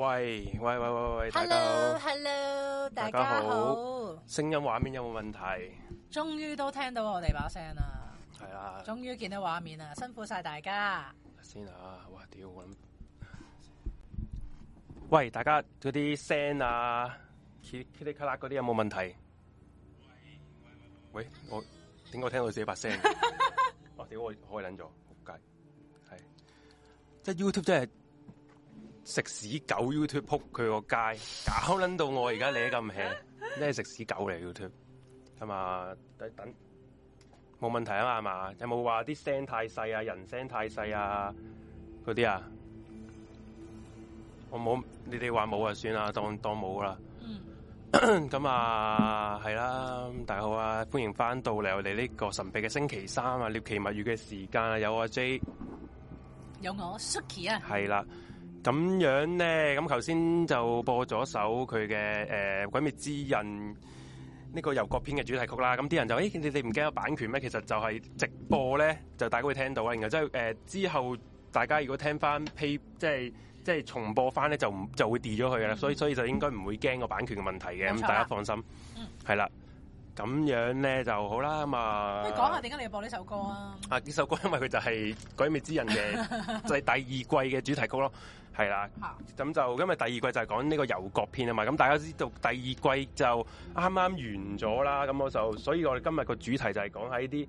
喂喂喂喂喂大家好，hello hello，大家，好大家好，聲音畫面有冇問題？終於都聽到我哋把聲啦，係啊，終於見到畫面啦，辛苦晒大家。先，我先家啊，哇屌我諗，喂大家嗰啲聲啊，kiki 啲卡拉嗰啲有冇問題？喂，喂喂我點解聽到自己把聲、 啊？我屌我我我開撚咗，撲街，係，即係 YouTube 真係。食屎狗 YouTube 撲佢個街，搞捻到我而家你咁氣，咩食屎狗嚟 YouTube？咁啊，等，等，冇問題啊嘛？係嘛？有冇話啲聲太細啊？人聲太細啊？嗰啲啊？我冇，你哋話冇啊？算啦，當當冇啦。咁啊，係啦，大家好啊，歡迎翻到嚟我哋呢個神秘嘅星期三啊，獵奇物語嘅時間啊，有阿 J，有我 Suki 啊，係啦、啊。咁樣咧，咁頭先就播咗首佢嘅誒《鬼滅之刃》呢、這個遊國篇嘅主題曲啦。咁啲人就誒，你唔唔驚有版權咩？其實就係直播咧，就大家會聽到啊。然後即係誒之後，大家如果聽翻批，即係即係重播翻咧，就就會 delete 咗佢㗎啦。所以所以就應該唔會驚個版權嘅問題嘅。咁、嗯、大家放心。係、嗯、啦，咁樣咧就好啦。咁、嗯、啊。你講下點解你要播呢首歌啊？啊，呢首歌因為佢就係、是《鬼滅之刃》嘅就係、是、第二季嘅主題曲咯。 係啦，咁就因為第二季就係講呢個遊國篇啊嘛，咁大家知道第二季就啱啱完咗啦，咁我就所以我哋今日個主題就係講喺啲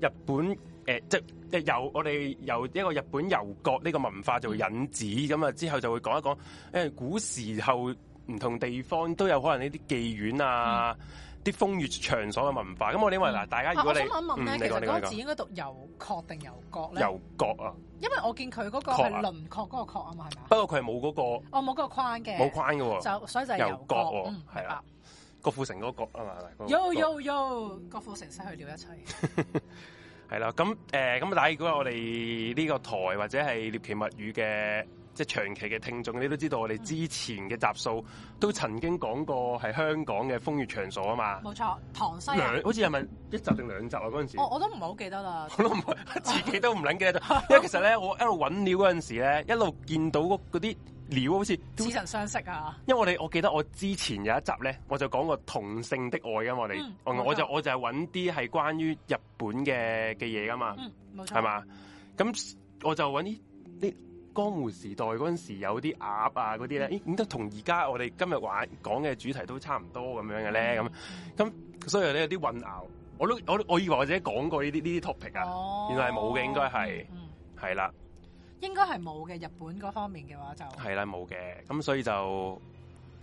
日本誒，即、呃就係、由我哋由一個日本遊國呢個文化做引子，咁啊之後就會講一講，古時候唔同地方都有可能呢啲妓院啊。嗯啲風月場所嘅文化，咁我認為嗱，大家如果你，啊、我想問一問咧，其實嗰字應該讀右廓定右角咧？右角啊，因為我見佢嗰個係輪廓嗰個廓啊嘛，係、呃、咪？不過佢係冇嗰個，哦冇嗰個框嘅，冇框嘅喎，就所以就係右角喎，係、嗯、啦，郭富城嗰、那個啊嘛，喲喲右，郭，yo, yo, yo, 郭富城失去了一切 了，係啦，咁誒咁啊！但係如果我哋呢個台或者係獵奇物語嘅。即係長期嘅聽眾，你都知道我哋之前嘅集數都曾經講過係香港嘅風月場所啊嘛，冇錯，唐西，好似係咪一集定兩集啊？嗰陣時，我我都唔係好記得啦，我都唔係 自己都唔撚記得， 因為其實咧，我一路揾料嗰陣時咧，一路見到嗰啲料好似似曾相識啊，因為我哋我記得我之前有一集咧，我就講過同性的愛㗎嘛。我、嗯、哋，我就我就係揾啲係關於日本嘅嘅嘢噶嘛，冇、嗯、錯係嘛？咁我就揾啲。江湖時代嗰陣時候有啲鴨啊嗰啲咧，咦點解同而家我哋今日話講嘅主題都差唔多咁樣嘅咧？咁、嗯、咁所以你有啲混淆，我都我我以為我自己講過呢啲呢啲 topic 啊、哦，原來係冇嘅，應該係係啦，應該係冇嘅。日本嗰方面嘅話就係啦冇嘅，咁所以就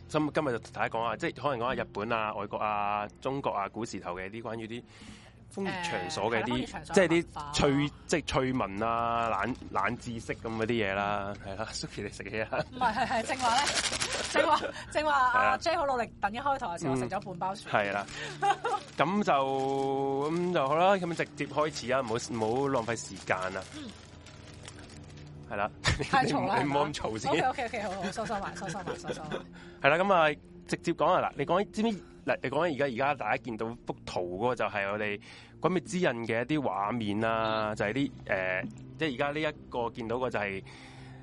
所以今今日就大家講下，即係可能講下日本啊、外國啊、中國啊古時頭嘅一啲關於啲。風月場所嘅、嗯就是，一啲，即係啲趣，即係趣聞啊，冷冷知識咁嗰啲嘢啦，係啦，Suki 你食嘢啊？唔係係係正話咧，正話呢正話阿 J 好努力，等一開頭嘅時候我食咗半包薯。係啦，咁 就咁就好啦，咁直接開始啊，唔好唔好浪費時間啊。嗯。係啦。太重啦！ 你唔好咁嘈先。O K、okay, O K、okay, O、okay, K，好好收收埋收收埋收收。係 啦，咁啊。直接講下嗱，你講啲知唔知？嗱，你講啲而家而家大家見到幅圖嗰個就係我哋《鬼滅之刃》嘅一啲畫面啊，就係啲誒，即係而家呢一個見到個就係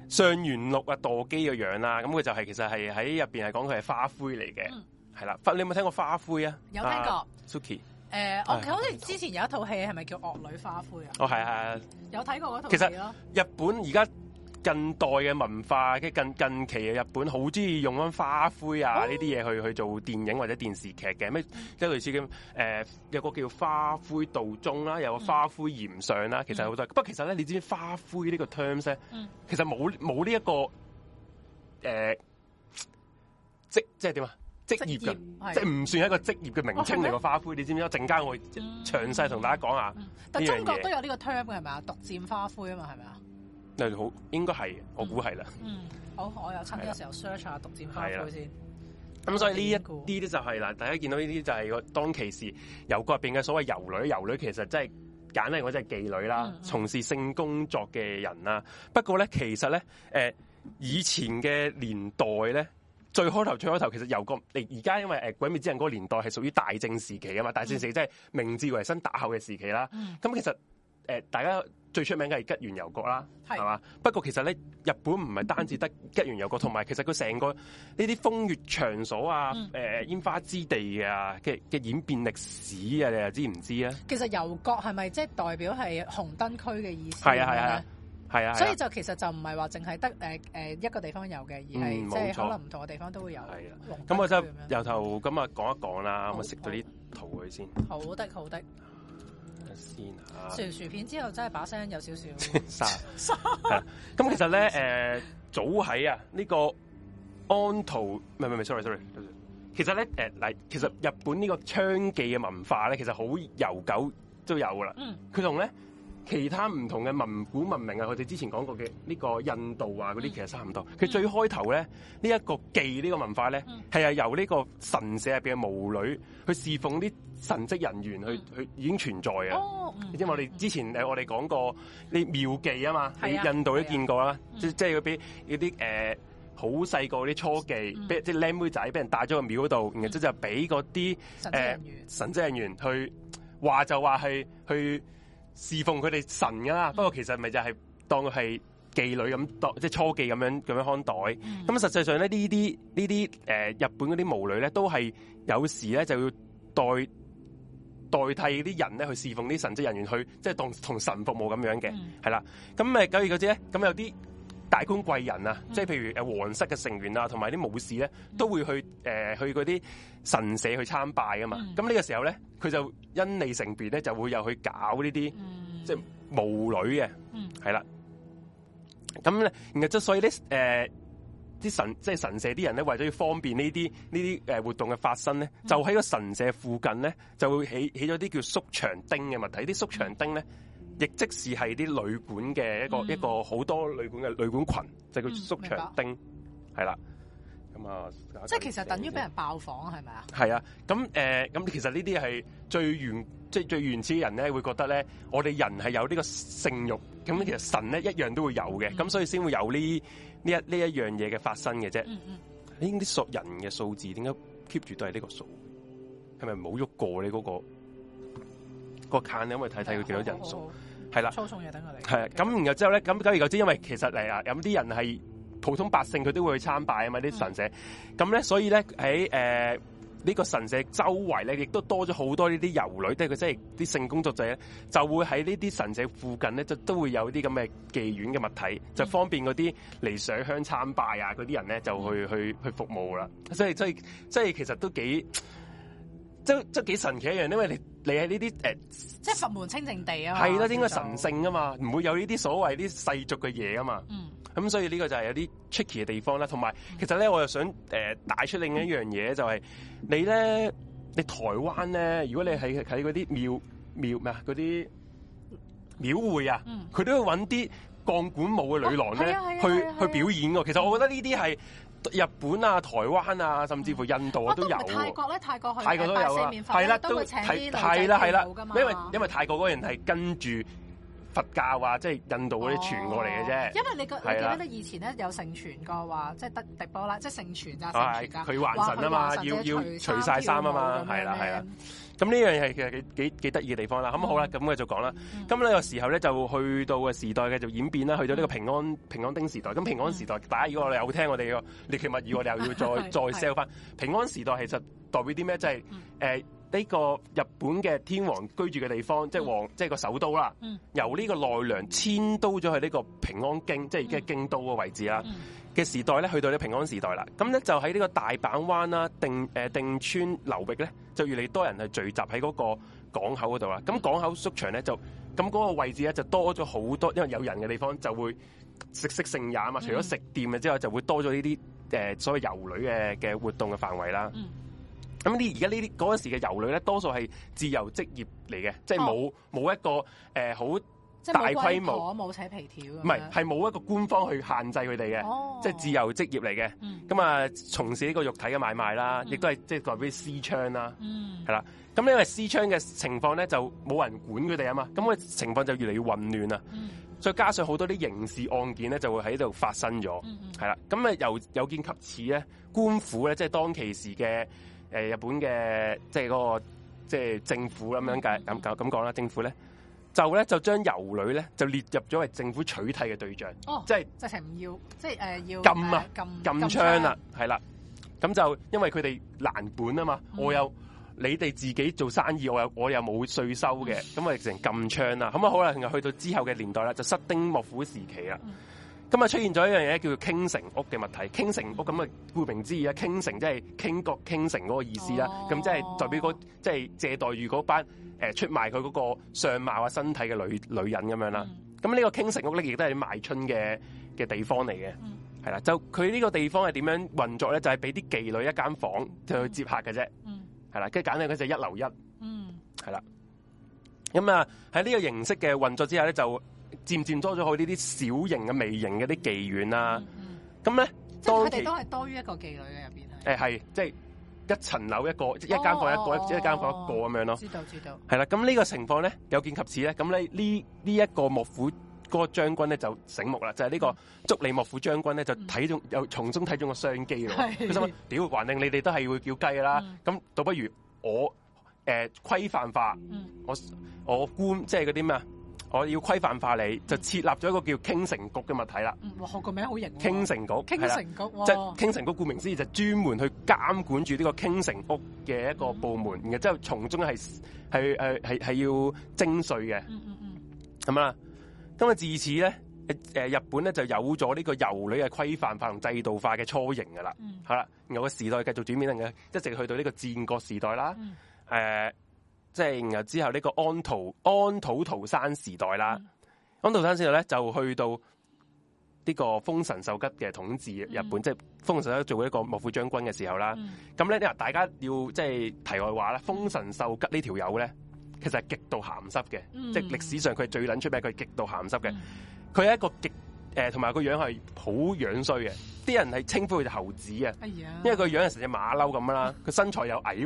上弦六啊墮姬嘅樣啦。咁佢就係、是、其實係喺入邊係講佢係花魁嚟嘅，係、嗯、啦。你有冇聽過花魁啊？有聽過，Suki。誒、uh, 呃，我好似之前有一套戲，係咪叫《惡女花魁》啊？哦，係係有睇過嗰套戲咯。其實日本而家。近代嘅文化，跟近近期嘅日本好中意用翻花魁啊呢啲嘢去去做電影或者電視劇嘅，咩即係類似嘅誒、呃，有一個叫花魁道中啦，有個花魁岩上啦，嗯，其實好多，嗯。不過其實咧，你知唔知花魁呢個 terms 咧，嗯，其實冇冇呢一個誒職即係點啊職業嘅，即係唔算係一個職業嘅名稱嚟個花魁。你知唔知啊？陣間我會詳細同大家講下，嗯嗯嗯。但中國都有呢個 term 係咪啊？獨占花魁啊嘛，係咪啊？好，應該係、嗯，我估係啦。嗯，好，我有趁呢個時候 search 下獨占花都先。咁、嗯嗯、所以呢一啲就係、是、啦、嗯，大家見到呢啲就係當其時遊國入邊嘅所謂遊女，遊女其實即係簡單講即係妓女啦，從事性工作嘅人啦、嗯。不過咧，其實咧，誒、呃、以前嘅年代咧，最開頭最開頭其實遊國，而而家因為鬼滅之刃嗰個年代係屬於大正時期啊嘛，大正時期即係明治維新打後嘅時期啦。咁、嗯嗯、其實誒、呃、大家。最出名嘅係吉原遊郭啦，係嘛？不過其實咧，日本唔係單止得吉原遊郭，同埋其實佢成個呢啲風月場所啊、誒、嗯呃、煙花之地啊嘅嘅演變歷史啊，你又知唔知啊？其實遊郭係咪即係代表係紅燈區嘅意思？係啊係啊係啊，啊，啊！所以就其實就唔係話淨係得誒誒一個地方有嘅，而係即係可能唔同嘅地方都會有。係、嗯、啊！咁我就由頭噉啊、嗯、講一講啦，我食到啲圖佢先。好的好的。食薯,薯片之後真係把聲有少少 了殺 。咁其實咧誒，呃、 早喺啊呢、呢個安徒，唔係唔係 sorry sorry，其實咧誒嗱，其實日本呢個娼妓嘅文化咧，其實好悠久都有噶啦。嗯，佢同咧。其他唔同嘅文古文明啊，我哋之前講過嘅呢個印度啊嗰啲其實差唔多。佢、嗯、最開頭咧，呢、這、一個妓呢、這個文化咧，係、嗯、啊由呢個神社入邊嘅巫女去侍奉啲神職人員去去、嗯、已經存在啊，因為我哋之前誒我哋講過啲廟妓啊嘛，喺、嗯、印度都見過啦、嗯嗯，即係啲、呃很嗯、即係啲嗰啲誒好細個啲初妓，俾即靚妹仔俾人帶咗去廟嗰度，然之即就俾嗰啲誒神職人、呃、人員去話，說就話係去。侍奉佢哋神噶啦，不過其實咪就係當佢係妓女咁，當即係初妓咁樣咁樣看待。咁啊，實際上咧呢啲呢啲誒日本嗰啲巫女咧，都係有時咧就要代代替啲人咧去侍奉啲神職人員，去即係當同神服務咁樣嘅，係、嗯、啦。咁咪久而久之咧，咁有啲。大官貴人啊，即係譬如誒皇室嘅成員啊，同埋啲武士咧，都會去誒、呃、去嗰啲神社去參拜啊嘛。咁、嗯、呢個時候咧，佢就因利成別咧，就會又去搞呢啲、嗯、即係巫女嘅，係、嗯、啦。咁咧，然後即所以咧，誒、呃、啲神即係神社啲人咧，為咗要方便呢啲呢啲誒活動嘅發生咧，就喺個神社附近咧，就會起起咗啲叫縮長丁嘅物體，啲縮長丁咧。嗯亦即是係啲旅館嘅一個、嗯、一個好多旅館嘅旅館群，就叫宿場丁，係、嗯、啦。咁啊，即係、嗯、其實等於俾人爆房係咪啊？係啊，咁誒，咁、呃、其實呢啲係最原即係最原始嘅人咧，會覺得咧，我哋人係有呢個性慾，咁、嗯、其實神咧一樣都會有嘅，咁、嗯、所以先會有呢呢一呢一樣嘢嘅發生嘅啫。呢啲熟人嘅數字點解 keep 住都係呢個數？係咪冇喐過你嗰、那個？個坑你可以睇睇佢幾多人數，係啦。操送嘢等佢嚟。係咁，然後之後咧，咁久而久之，因為其實嚟啊，有啲人係普通百姓，佢都會去參拜啊嘛啲神社。咁咧，所以咧喺呢、呃呢個神社周圍咧，亦都多咗好多呢啲遊女，即係佢即係啲性工作者咧，就會喺呢啲神社附近咧，都都會有啲咁嘅妓院嘅物體，嗯、就方便嗰啲嚟上香參拜啊嗰啲人咧，就去去、嗯、去服務啦。即係即係即係，其實都幾。即即幾神奇一樣，因為你你喺呢啲誒，即係佛門清淨地啊嘛，係咯，應該神聖噶嘛，唔、嗯、會有呢啲所謂啲世俗嘅嘢啊嘛。咁、嗯、所以呢個就係有啲 tricky 嘅地方啦。同埋其實咧，我又想誒、呃、帶出另一樣嘢、就係，就、嗯、係你咧，你台灣咧，如果你喺喺嗰啲廟廟咩啊啲廟會啊，佢、嗯、都要揾啲鋼管舞嘅女郎咧、啊啊啊、去、啊啊啊、去表演嘅。其實我覺得呢啲係。嗯日本啊、台灣啊，甚至乎印度啊都有喎。泰國咧，泰國去泰國都有啦。係啦，都請啲老嘢做嘅嘛。因為因為泰國嗰人係跟住。佛教啊，即係印度嗰啲傳過嚟嘅啫。因為你個，我記得以前咧有盛傳過話，即係得迪波拉，即係盛傳就盛佢、哦、還神啊嘛，要要除晒衫啊嘛，係啦係啦。咁呢、嗯、樣嘢其實幾幾得意嘅地方啦。咁、嗯嗯、好啦，咁繼續講啦。咁呢個時候咧就去到嘅時代嘅就演變啦，去到呢個平安、嗯、平安丁時代。咁平安時代，嗯、大家如果我哋有聽我哋個歷奇物語，我哋又要再 再 sell 翻平安時代，其實代，代表啲咩？即係誒。嗯呢、這個日本嘅天皇居住嘅地方，即係皇，即係個首都啦、嗯。由呢個奈良遷都咗去呢個平安京，嗯、即係而家京都嘅位置啦。嘅、嗯、時代咧，去到呢平安時代啦。咁、嗯、咧就喺呢個大阪灣啦、定誒、呃、定川流域咧，就越嚟多人去聚集喺嗰個港口嗰度啦。咁、嗯、港口縮長咧，就咁嗰個位置咧就多咗好多，因為有人嘅地方就會食色性也啊嘛。除咗食店嘅之外，就會多咗呢啲誒所謂遊女嘅嘅活動嘅範圍啦。嗯嗯咁呢而家呢啲嗰陣時嘅遊女咧，多數係自由職業嚟嘅，即係冇冇一個好、呃、大規模，冇扯皮條，唔係係冇一個官方去限制佢哋嘅，即、哦、係、就是、自由職業嚟嘅。咁、嗯、啊，從事呢個肉體嘅買賣啦、嗯，亦都係即係代表私娼啦，係啦。咁因為私娼嘅情況咧，就冇人管佢哋啊嘛，咁嘅情況就越嚟越混亂啊。再、嗯、加上好多啲刑事案件咧，就會喺度發生咗，係啦、嗯。咁、嗯、啊，有有見及此咧，官府咧，即、就、係、是、當其時嘅。誒日本嘅即、嗰個、即政府咁樣計咁咁講啦，政府咧就咧就將遊女咧就列入咗為政府取締嘅對象，哦就係、即係即唔要，即係要禁啊，禁、啊、禁娼啦、啊，係啦、啊，咁就因為佢哋難管啊嘛，嗯、我又你哋自己做生意，我又我又冇稅收嘅，咁、嗯、啊成禁娼啦，咁啊好啦，去到之後嘅年代啦，就失丁莫苦時期啦。嗯咁啊，出現咗一樣嘢叫做傾城屋嘅物體，傾、mm-hmm. 城屋咁啊，顧名之義啊，傾城即係傾國傾城嗰個意思啦。咁即係代表、那個即係、就是、借貸與嗰班誒、mm-hmm. 出賣佢嗰個相貌啊、身體嘅女女人咁樣啦。咁、mm-hmm. 呢個傾城屋咧，亦都係賣春嘅嘅地方嚟嘅，係、mm-hmm. 啦。就佢呢個地方係點樣運作咧？就係俾啲妓女一間房就去接客嘅啫，係、mm-hmm. 啦。跟住揀到佢就一樓一，嗯、mm-hmm.，係啦。咁啊，喺呢個形式嘅運作之下咧，就。漸漸多咗去呢啲小型嘅微型嘅啲妓院啊，咁、嗯、咧、嗯、即佢哋都係多於一個妓女嘅入邊。誒係，即、哎、係、就是、一層樓一個，哦、一間房一個，哦、一間房一個咁樣咯。知道知道。係啦，咁呢個情況咧，有見及此咧，咁咧呢呢一個幕府嗰、那個將軍咧就醒目啦，就係、是、呢個祝你幕府將軍咧就睇中，又、嗯、從中睇中個商機喎。佢心諗：屌，橫掂，你哋都係會叫雞噶啦，咁、嗯、倒不如我誒、呃、規範化，嗯、我我官即係嗰啲咩啊？就是那些什麼我要規範化你，你就設立咗一個叫傾城局嘅物體啦，嗯。哇，個名好型啊。傾城局，傾城局，即係傾城局。哦，就是城顧名思義，就專門去監管住呢個傾城屋嘅一個部門，嗯，然後之後從中係係係係要徵稅嘅。咁、嗯、啊、咁、嗯、啊、嗯嗯嗯，自此咧，誒，日本咧就有咗呢個遊女嘅規範化同制度化嘅雛形噶啦。嗯，係啦。然後個時代繼續轉變，咧一直去到呢個戰國時代啦。誒、嗯。呃即係之後呢個安土安土桃山時代啦、嗯，安土桃山時代咧就去到呢個豐臣秀吉嘅統治、嗯、日本，即係豐臣秀吉做一個幕府將軍嘅時候啦。咁、嗯、咧、呢、嗯、大家要即係題外話豐臣秀吉呢條友咧，其實係極度咸濕嘅，即係歷史上佢係最捻出名的，佢係極度咸濕嘅，佢、嗯、係一個極。誒、呃，同埋個樣係好樣衰嘅，啲人係稱呼佢隻猴子啊、哎，因為個樣係成隻馬騮咁啦，個身材又矮，矮，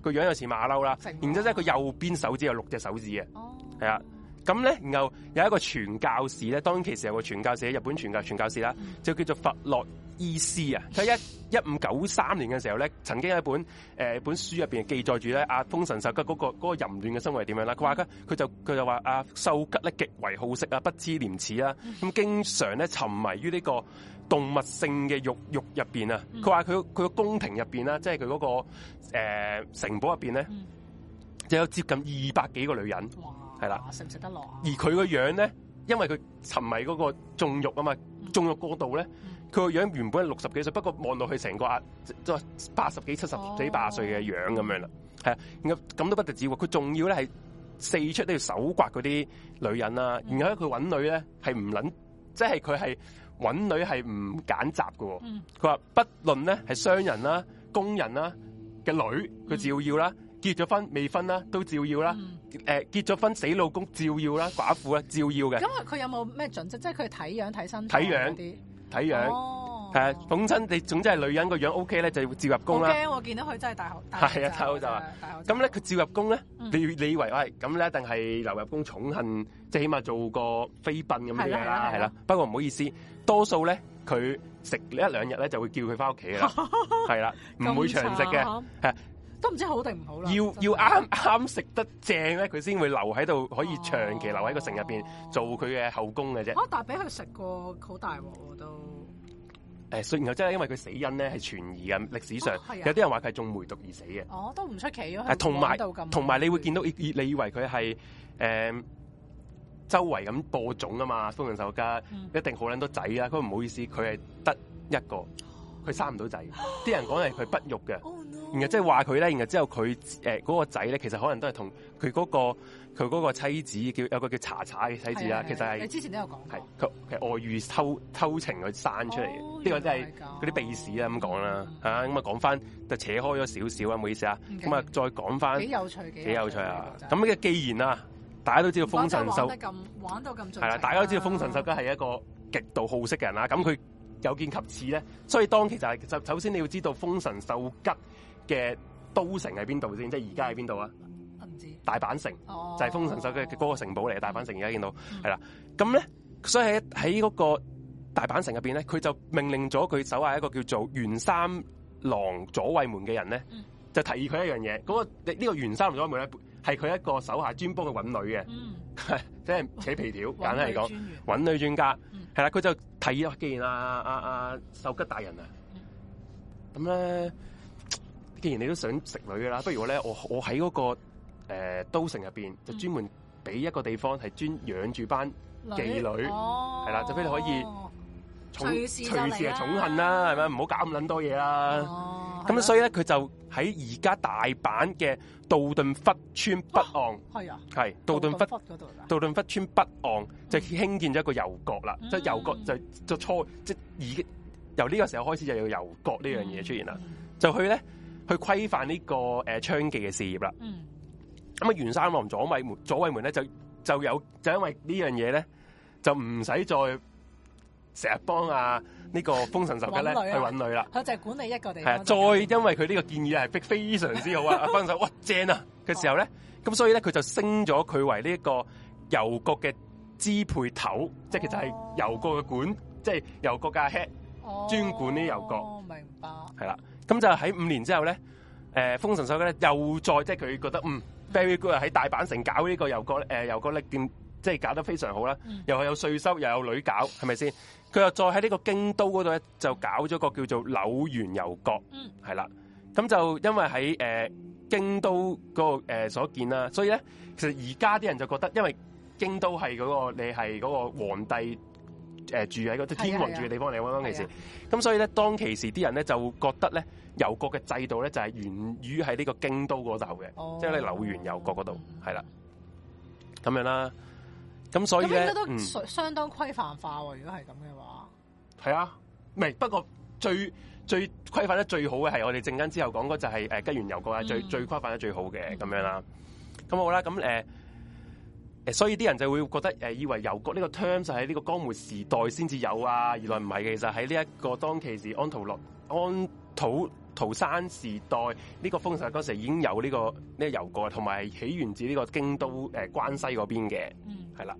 個 樣又似馬騮啦，然之後咧佢右邊手指有六隻手指嘅，係、哦、啊，咁咧，然後有一個傳教士咧，當其時有個傳教士，喺日本傳教傳教士啦，就叫做佛洛。意思啊！喺一一五九三年嘅時候咧，曾經喺本誒、呃、本書入邊記載住咧，阿、啊、封神豐臣秀吉嗰、那個那個淫亂嘅生活係點樣啦、啊？佢話佢佢就佢就話阿秀吉咧極為好色啊，不知廉恥啊，咁經常咧沉迷於呢個動物性嘅慾欲入邊啊。佢話佢佢個宮廷入邊啦，即係佢嗰個、呃、城堡入邊咧，就有接近二百幾個女人。哇！係啦，食唔食得落、啊、而佢個樣咧，因為佢沉迷嗰個縱慾啊嘛，縱慾過度咧。嗯佢個樣原本係六十幾歲，不過望落去成個阿即係八十幾、七十幾、八歲嘅樣咁、oh. 樣啦，係啊，咁都不得止。佢仲要咧係四出都要手刮嗰啲女人啦，mm. 然後佢揾女咧係唔捻，即係佢係揾女係唔揀擇嘅。佢、mm. 話不論咧係商人啦、工人啦嘅女，佢照要啦，mm. 結咗婚未婚啦都照要啦。誒、mm.，結咗婚死老公照要啦，寡婦咧照要嘅。咁 佢有冇咩準則？即係佢睇樣睇身睇樣啲。睇樣，係總你總之係女人個樣 O K 咧，就要照入宮啦。驚、okay，我見到佢真係大學，係啊，大學就話。咁咧佢照入宮咧、嗯，你你以為喂咁咧一定係流入宮寵幸，即、就、係、是、起碼做個妃嬪咁啲嘢啦，係啦、啊啊啊啊。不過唔好意思，多數咧佢食一兩日咧就會叫佢翻屋企啊，係啦，唔會長食嘅。啊。都唔知好定唔好啦。要要啱啱食得正咧，佢先會留喺度，可以長期留喺個城入邊、啊、做佢嘅後宮嘅啫。啊！但係俾佢食過好大鑊、啊、喎都。誒、呃，然後真係因為佢死因咧係傳疑嘅，歷史上有啲、啊啊、人話佢係中梅毒而死嘅。哦、啊，都唔出奇咯。同、啊、埋，同、啊、埋、啊、你會見到，以你以為佢係誒周圍咁播種啊嘛，風塵手家、嗯，一定好捻多仔啊。佢唔好意思，佢係得一個，佢生唔到仔。啲人講係佢不育嘅。啊哦然後即係話佢咧，然後之後佢嗰、欸那個仔咧，其實可能都係同佢嗰個佢嗰個妻子叫有個叫茶茶嘅妻子啦。其實係你之前都有講係佢外遇偷偷情佢生出嚟嘅。呢、哦這個真係嗰啲秘史啦咁講啦咁啊講翻就、嗯嗯、扯開咗少少啊，唔好意思啊。咁啊再講翻幾有趣嘅，幾有趣啊！咁既然啊，大家都知道豐臣秀咁玩到咁啦，大家都知道豐臣秀吉係一個極度好色嘅人啦、啊。咁佢有見及此咧，所以當其實係首首先你要知道豐臣秀吉。嘅都城喺邊度先？即係而家喺邊度啊？嗯、知大阪城就係封神手嘅嗰個城堡嚟嘅，大阪城而家見到係啦。咁、嗯、咧，所以喺喺嗰個大阪城入邊咧，佢就命令咗佢手下一個叫做袁三郎左衛門嘅人咧、嗯，就提議佢一樣嘢。嗰、那個呢、這個袁三郎左衛門咧，係佢一個手下專幫佢揾女嘅，即、嗯、係 扯皮條、嗯，簡單嚟講揾女專家。係、嗯、啦，佢就提議，既然阿阿阿秀吉大人啊，咁、嗯、咧。既然你都想食女噶啦，不如我咧，我我喺嗰個誒都、呃、城入邊，就專門俾一個地方係專養住班妓女，係啦、哦，就俾你可以寵，隨時係寵幸啦，係咪？唔好搞咁捻多嘢啦。咁、哦、所以咧，佢就喺而家大阪嘅道頓忽村北岸，係啊，係道頓忽嗰度，道頓忽村北岸就興建咗一個遊廓啦，即係遊廓就就初即係已經由呢個時候開始就有遊廓呢樣嘢出現啦、嗯，就去咧。去規範呢個誒娼、呃、妓嘅事業啦、嗯。嗯。咁啊，袁三郎左衛門左衛門咧就就有就因為呢樣嘢咧，就唔使再成日幫啊。呢個豐臣秀吉咧去揾女啦。佢就係管理一個地方。係啊。再因為佢呢個建議係逼非常之好啊！ 分封神哇正啊嘅、哦、時候咧，咁所以咧佢就升咗佢為呢個遊郭嘅支配頭，即係其實係遊郭嘅管，哦、即係遊郭嘅 head，專、哦、管呢遊郭。哦，明白。係啦。咁就喺五年之後咧，誒豐臣秀吉咧又再即係佢覺得嗯，very good，啊喺大阪城搞呢個遊閣誒遊閣力店，即係搞得非常好啦，又係有稅收，又有女搞，係咪先？佢又再喺呢個京都嗰度咧，就搞咗個叫做柳原遊閣，係啦。咁就因為喺誒京都嗰個誒所見啦，所以咧其實而家啲人就覺得，因為京都係嗰個你係嗰個皇帝。呃、住喺嗰天皇住嘅地方嚟，當其時，咁、啊啊、所以咧，當其時啲人咧就覺得咧，遊國嘅制度咧就係、是、源於喺呢個京都嗰度嘅，即係咧柳原遊國嗰度，係、嗯、啦，咁樣啦，咁所以咧都相相當規範化喎、嗯。如果係咁嘅話，係啊，唔不過最最規範得最好嘅係我哋陣間之後講嗰就係、是、誒、呃、吉原遊國啊、嗯，最最規範得最好嘅咁、嗯、樣啦。咁好啦，咁誒。呃誒，所以啲人就會覺得誒，以為遊國呢個 term 就喺呢個江戶時代先至有啊，原來唔係嘅，其實喺呢一個當其時安徒，安土樂安土桃山時代呢個豐臣嗰時已經有呢、呢個呢、呢個遊國同埋起源自呢個京都誒、呃、關西嗰邊嘅，嗯，係啦。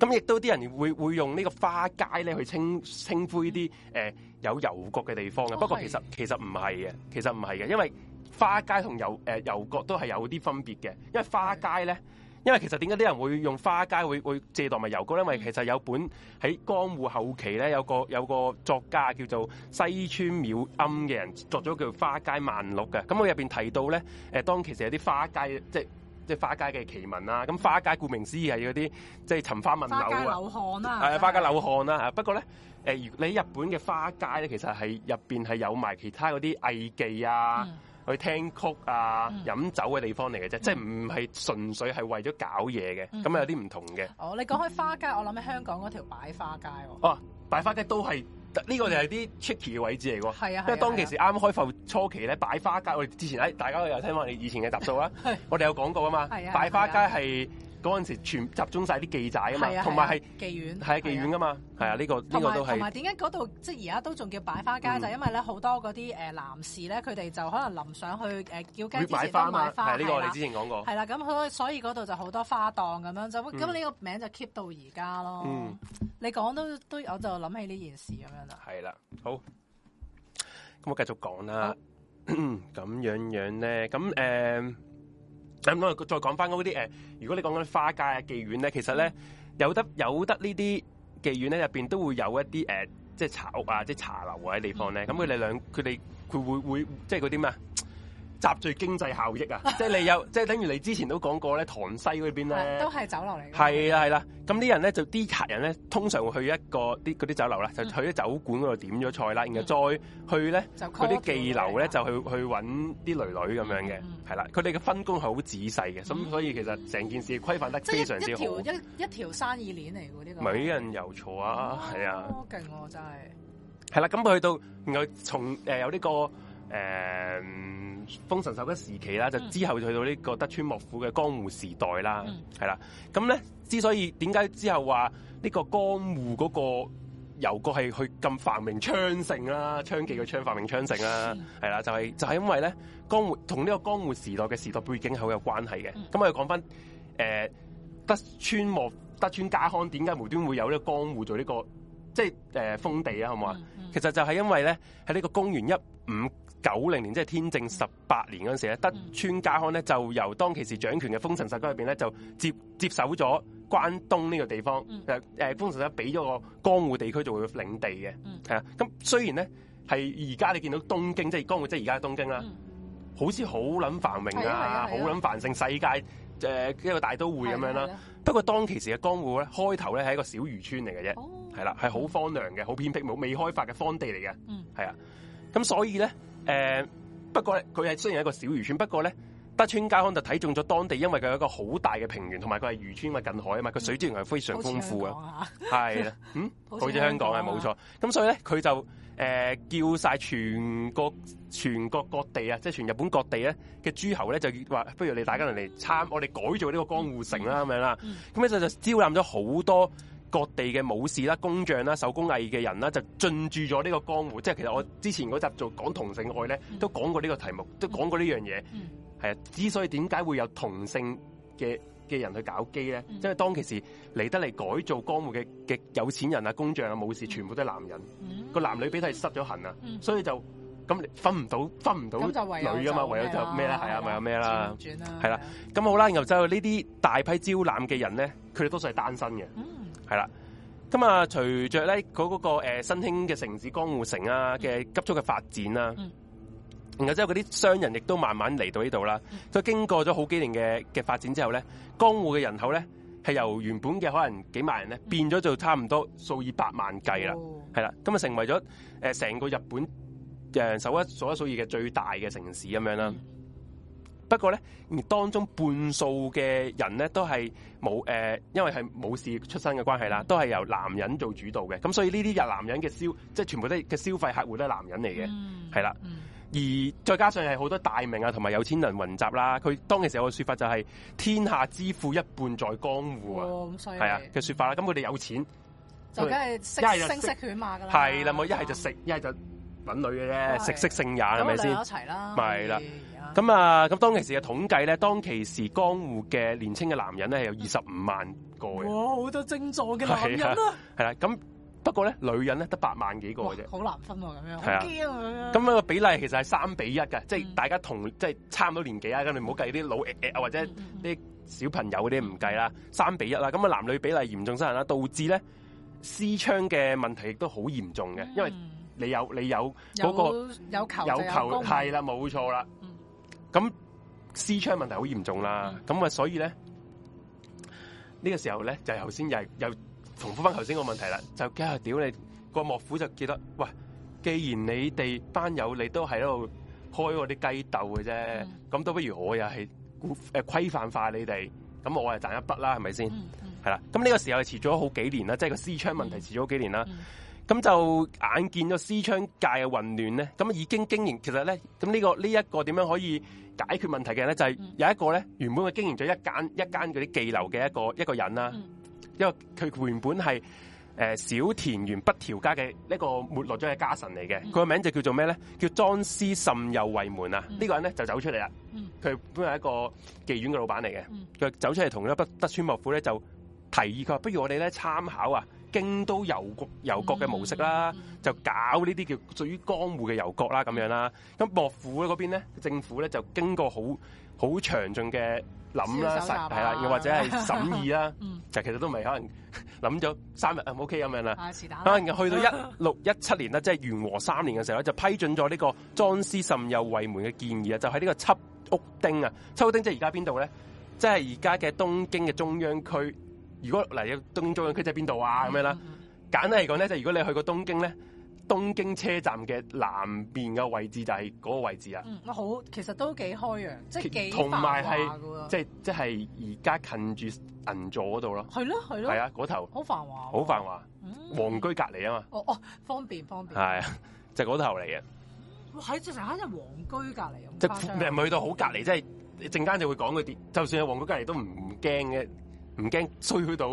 咁亦都啲人會會用呢個花街咧去稱稱呼呢啲誒有遊國嘅地方嘅，不過其實其實唔係嘅，其實唔係嘅，因為花街同遊誒遊國都係有啲分別嘅，因為花街咧。因為其實點解啲人會用花街會會借代埋遊廓咧？因為其實有本喺江戶後期咧，有個有個作家叫做西村妙庵嘅人作咗叫《花街萬六》嘅。咁我入邊提到咧，誒當其實有啲花街，即係即係花街嘅奇聞啦。咁花街顧名思義係嗰啲即係尋花問柳，花街柳巷啊，啊。花街柳巷啊。係花街柳巷啦。不過咧，誒、呃、你日本嘅花街咧，其實係入邊係有埋其他嗰啲藝妓啊。嗯去聽曲啊、飲酒嘅地方嚟嘅啫，即係唔係純粹係為咗搞嘢嘅，咁、嗯、有啲唔同嘅。哦，你講開花街，我諗起香港嗰條擺花街喎、哦。哦，擺花街都係呢、就係啲 tricky 嘅位置嚟喎。係、嗯、啊，因為當其時啱開埠初期咧，擺花街我哋之前喺、哎、大家都有聽過你以前嘅集數啦。 我哋有講過啊嘛。 啊，擺花街係。嗰陣時，全集中晒啲記仔啊嘛，同埋係妓院，係、啊、妓院噶嘛，係啊、呢、啊啊啊這個呢、嗯這個都係。同埋點解嗰度即係而家都仲叫擺花街、嗯、就係、是、因為咧好多嗰啲誒男士咧佢哋就可能臨上去誒叫雞之前買花，我哋之前講、嗯啊這個、過係啦，咁、啊嗯、所以嗰度就好多花檔咁樣，就咁呢、嗯、個名就 keep 到而家咯。嗯、你講都都，我就諗起呢件事咁樣啦。係啦、啊，好，咁我繼續講啦。咁 樣樣咧，咁誒咁我再講翻嗰啲誒，如果你講緊花街啊、妓院咧，其實咧有得有得呢啲妓院咧，入面都會有一啲誒，即係茶屋啊、即係茶樓嗰啲地方咧。咁佢哋兩，佢哋佢會會即係嗰啲咩啊？集聚經濟效益啊！即係你有，即係等於你之前也過塘西那邊呢都講過咧，塘西嗰邊咧都係酒樓嚟。嘅。係、嗯、啊，係啦，咁啲人咧就啲客人咧，通常會去一個啲啲酒樓啦、嗯，就去啲酒館嗰度點咗菜啦，然後再去咧嗰啲妓樓咧就去去揾啲女女咁樣嘅，係、嗯、啦。佢哋嘅分工係好仔細嘅，咁、嗯、所以其實成件事規範得非常之好。嗯、一條一條生意鏈嚟㗎呢個。咪人又嘈啊！係、哦、啊，多勁喎真係。係啦，咁佢去到然後從誒、呃、有呢、這個誒。呃豐臣秀吉時期啦，就之後去到呢個德川幕府嘅江戶時代啦，係、嗯、啦。咁咧，之所以點解之後話呢個江戶嗰個遊國係去咁繁榮昌盛啦、啊，昌記嘅昌繁榮昌盛啦、啊，係啦，就係、是、就係、是、因為咧，江戶同呢個江戶時代嘅時代背景係好有關係嘅。咁、嗯、我哋講翻誒德川幕德川家康點解無端會有呢個江戶做呢、這個即係誒封地啊？好唔好啊？其實就係因為咧，喺呢個公元一五九零年即係天正十八年嗰陣時咧、嗯，德川家康咧就由當其時掌權嘅豐臣秀吉入邊咧就接接手咗關東呢個地方，誒誒豐臣秀吉俾咗個江戶地區做佢領地嘅，係、嗯、啊。咁雖然咧係而家你見到東京即係江戶即係而家嘅東京啦、嗯，好似好撚繁榮啊，好撚繁盛，世界誒、呃、一個大都會咁樣啦。不過當其時嘅江戶咧，開頭咧係一個小漁村嚟嘅啫，係、哦、啦，係好荒涼嘅，好偏僻，冇未開發嘅荒地嚟嘅，係、嗯、啊。咁所以咧。誒、呃，不過咧，佢係雖然係一個小漁村，不過咧，德川家康就睇中咗當地，因為佢有一個好大嘅平原，同埋佢係漁村嘛，近海啊嘛，佢水資源係非常豐富嘅，係啦，嗯，好似、嗯、香，香港啊，冇錯。咁所以咧，佢就誒、呃、叫晒全國全國各地啊，即係全日本各地咧嘅諸侯咧，就話不如你大家嚟嚟參，我哋改造呢個江戶城啦，咁、嗯、樣啦。咁咧就就招攬咗好多。各地嘅武士啦、工匠啦、手工藝嘅人啦，就進駐咗呢個江湖。即係其實我之前嗰集做講同性愛咧、嗯，都講過呢個題目，嗯、都講過呢樣嘢。係、嗯、啊，之所以點解會有同性嘅嘅人去搞基咧，即、嗯、係當其時嚟得嚟改造江湖嘅嘅有錢人啊、工匠啊、武士，全部都係男人。個、嗯、男女比例失咗衡啊，所以就咁分唔到，分唔到女噶嘛，唯有就咩啦，係啊，咪有咩啦，係啦。咁好啦，然後就呢啲大批招攬嘅人咧，佢哋多數係單身嘅。係啦，咁啊，隨着咧嗰嗰個誒新興嘅城市江戶城啊嘅急速嘅發展啦、嗯，然後之後嗰啲商人亦都慢慢嚟到呢度啦，都、嗯、經過咗好幾年嘅嘅發展之後咧，江戶嘅人口咧係由原本嘅可能幾萬人咧變咗做差唔多數以百萬計啦，係、哦、啦，咁啊成為咗誒成個日本誒首一數一數二嘅最大嘅城市咁樣啦。嗯不過咧，而當中半數嘅人咧，都係冇誒，因為係冇事出身嘅關係啦，都係由男人做主導嘅。咁、嗯、所以呢啲就男人嘅消，即係全部費都嘅消費客戶都係男人嚟嘅，係、嗯、啦、嗯。而再加上係好多大名啊，同埋有，有錢人混集啦。佢當其時候嘅說法就係、是、天下之富一半在江湖啊，係、哦嗯、啊嘅說法啦。咁佢哋有錢就梗係食色犬馬噶啦，係啦，嗯、我一係就食，一係就揾女嘅啫，食色性也係咪先？一齊啦，係啦。咁啊，咁當其時嘅統計咧，當其時江戶嘅年輕嘅男人咧係有二十五萬個嘅。哇，好多精壯嘅男人啊！係啦、啊，咁、啊、不過咧，女人咧得八萬幾個啫、啊啊，好難分喎咁樣。啊，咁、那、樣個比例其實係三比一嘅、嗯，即係大家同即係差唔多年紀啊，咁你唔好計啲老誒、呃、啊、呃嗯嗯嗯，或者啲小朋友嗰啲唔計啦，三比一啦，咁、那、啊、個、男女比例嚴重失衡啦，導致咧私娼嘅問題亦都好嚴重嘅、嗯，因為你有你有嗰、那個有求，有求，係啦，冇、啊、錯啦、啊。咁私窗問題好嚴重啦，咁、嗯、啊所以咧呢個時候咧就頭、是、先又又重複翻頭先個問題啦，就家下屌你個幕府就記得，喂，既然你哋班友你都喺度開我啲雞竇嘅啫，咁、嗯、都不如我又係誒規範化你哋，咁我係賺一筆啦，係咪先？係、嗯嗯、啦，咁呢個時候係遲咗好幾年啦，即係個私窗問題遲咗幾年啦，咁、嗯、就眼見咗私窗界嘅混亂咧，咁已經經營其實咧，咁呢個呢一個點樣可以？解決問題嘅咧就係有一個咧原本佢經營咗一間一間嗰啲妓樓嘅一個一個人啦、啊嗯，因為佢原本係誒、呃、小田原北條家嘅一個沒落咗嘅家臣嚟嘅，佢、嗯、嘅名字就叫做咩咧？叫莊思慎右衛門啊！呢、嗯呢個人咧就走出嚟啦，佢、嗯、本來係一個妓院嘅老闆嚟嘅，佢、嗯、走出嚟同咗不德川幕府咧就提議佢話：他不如我哋咧參考啊！京都遊國、遊國嘅模式啦、嗯嗯，就搞呢啲叫屬於江湖嘅遊國啦，咁樣啦。咁幕府咧嗰邊咧，政府咧就經過好好詳盡嘅諗啦，審係啦，又或者係審議啦，就、嗯、其實都唔係可能諗咗三日啊，OK 咁、嗯、樣啦。啊，去到一六一七年啦， 即係元和三年嘅時候咧，就批准咗呢個莊司甚右衛門嘅建議啊，就喺、是、呢個七屋町啊，七屋町即係而家邊度咧？即係而家嘅東京嘅中央區。如果嚟有東京中央區即係邊度啊？咁樣啦、嗯嗯，簡單嚟講咧，就是、如果你去過東京咧，東京車站嘅南邊嘅位置就係嗰個位置啊、嗯。好，其實都幾開揚，即係幾同埋係即係即係而家近住銀座嗰度咯。係咯，係咯。係啊，嗰頭。好繁，繁華。好繁華。皇居隔離啊嘛。哦哦，方便方便。係啊，就嗰、是、頭嚟嘅。喺係成係喺人皇居隔離咁。即係唔去到好隔離？即係陣間就會講佢啲。就算係皇居隔離都唔驚嘅。嗯唔驚衰去到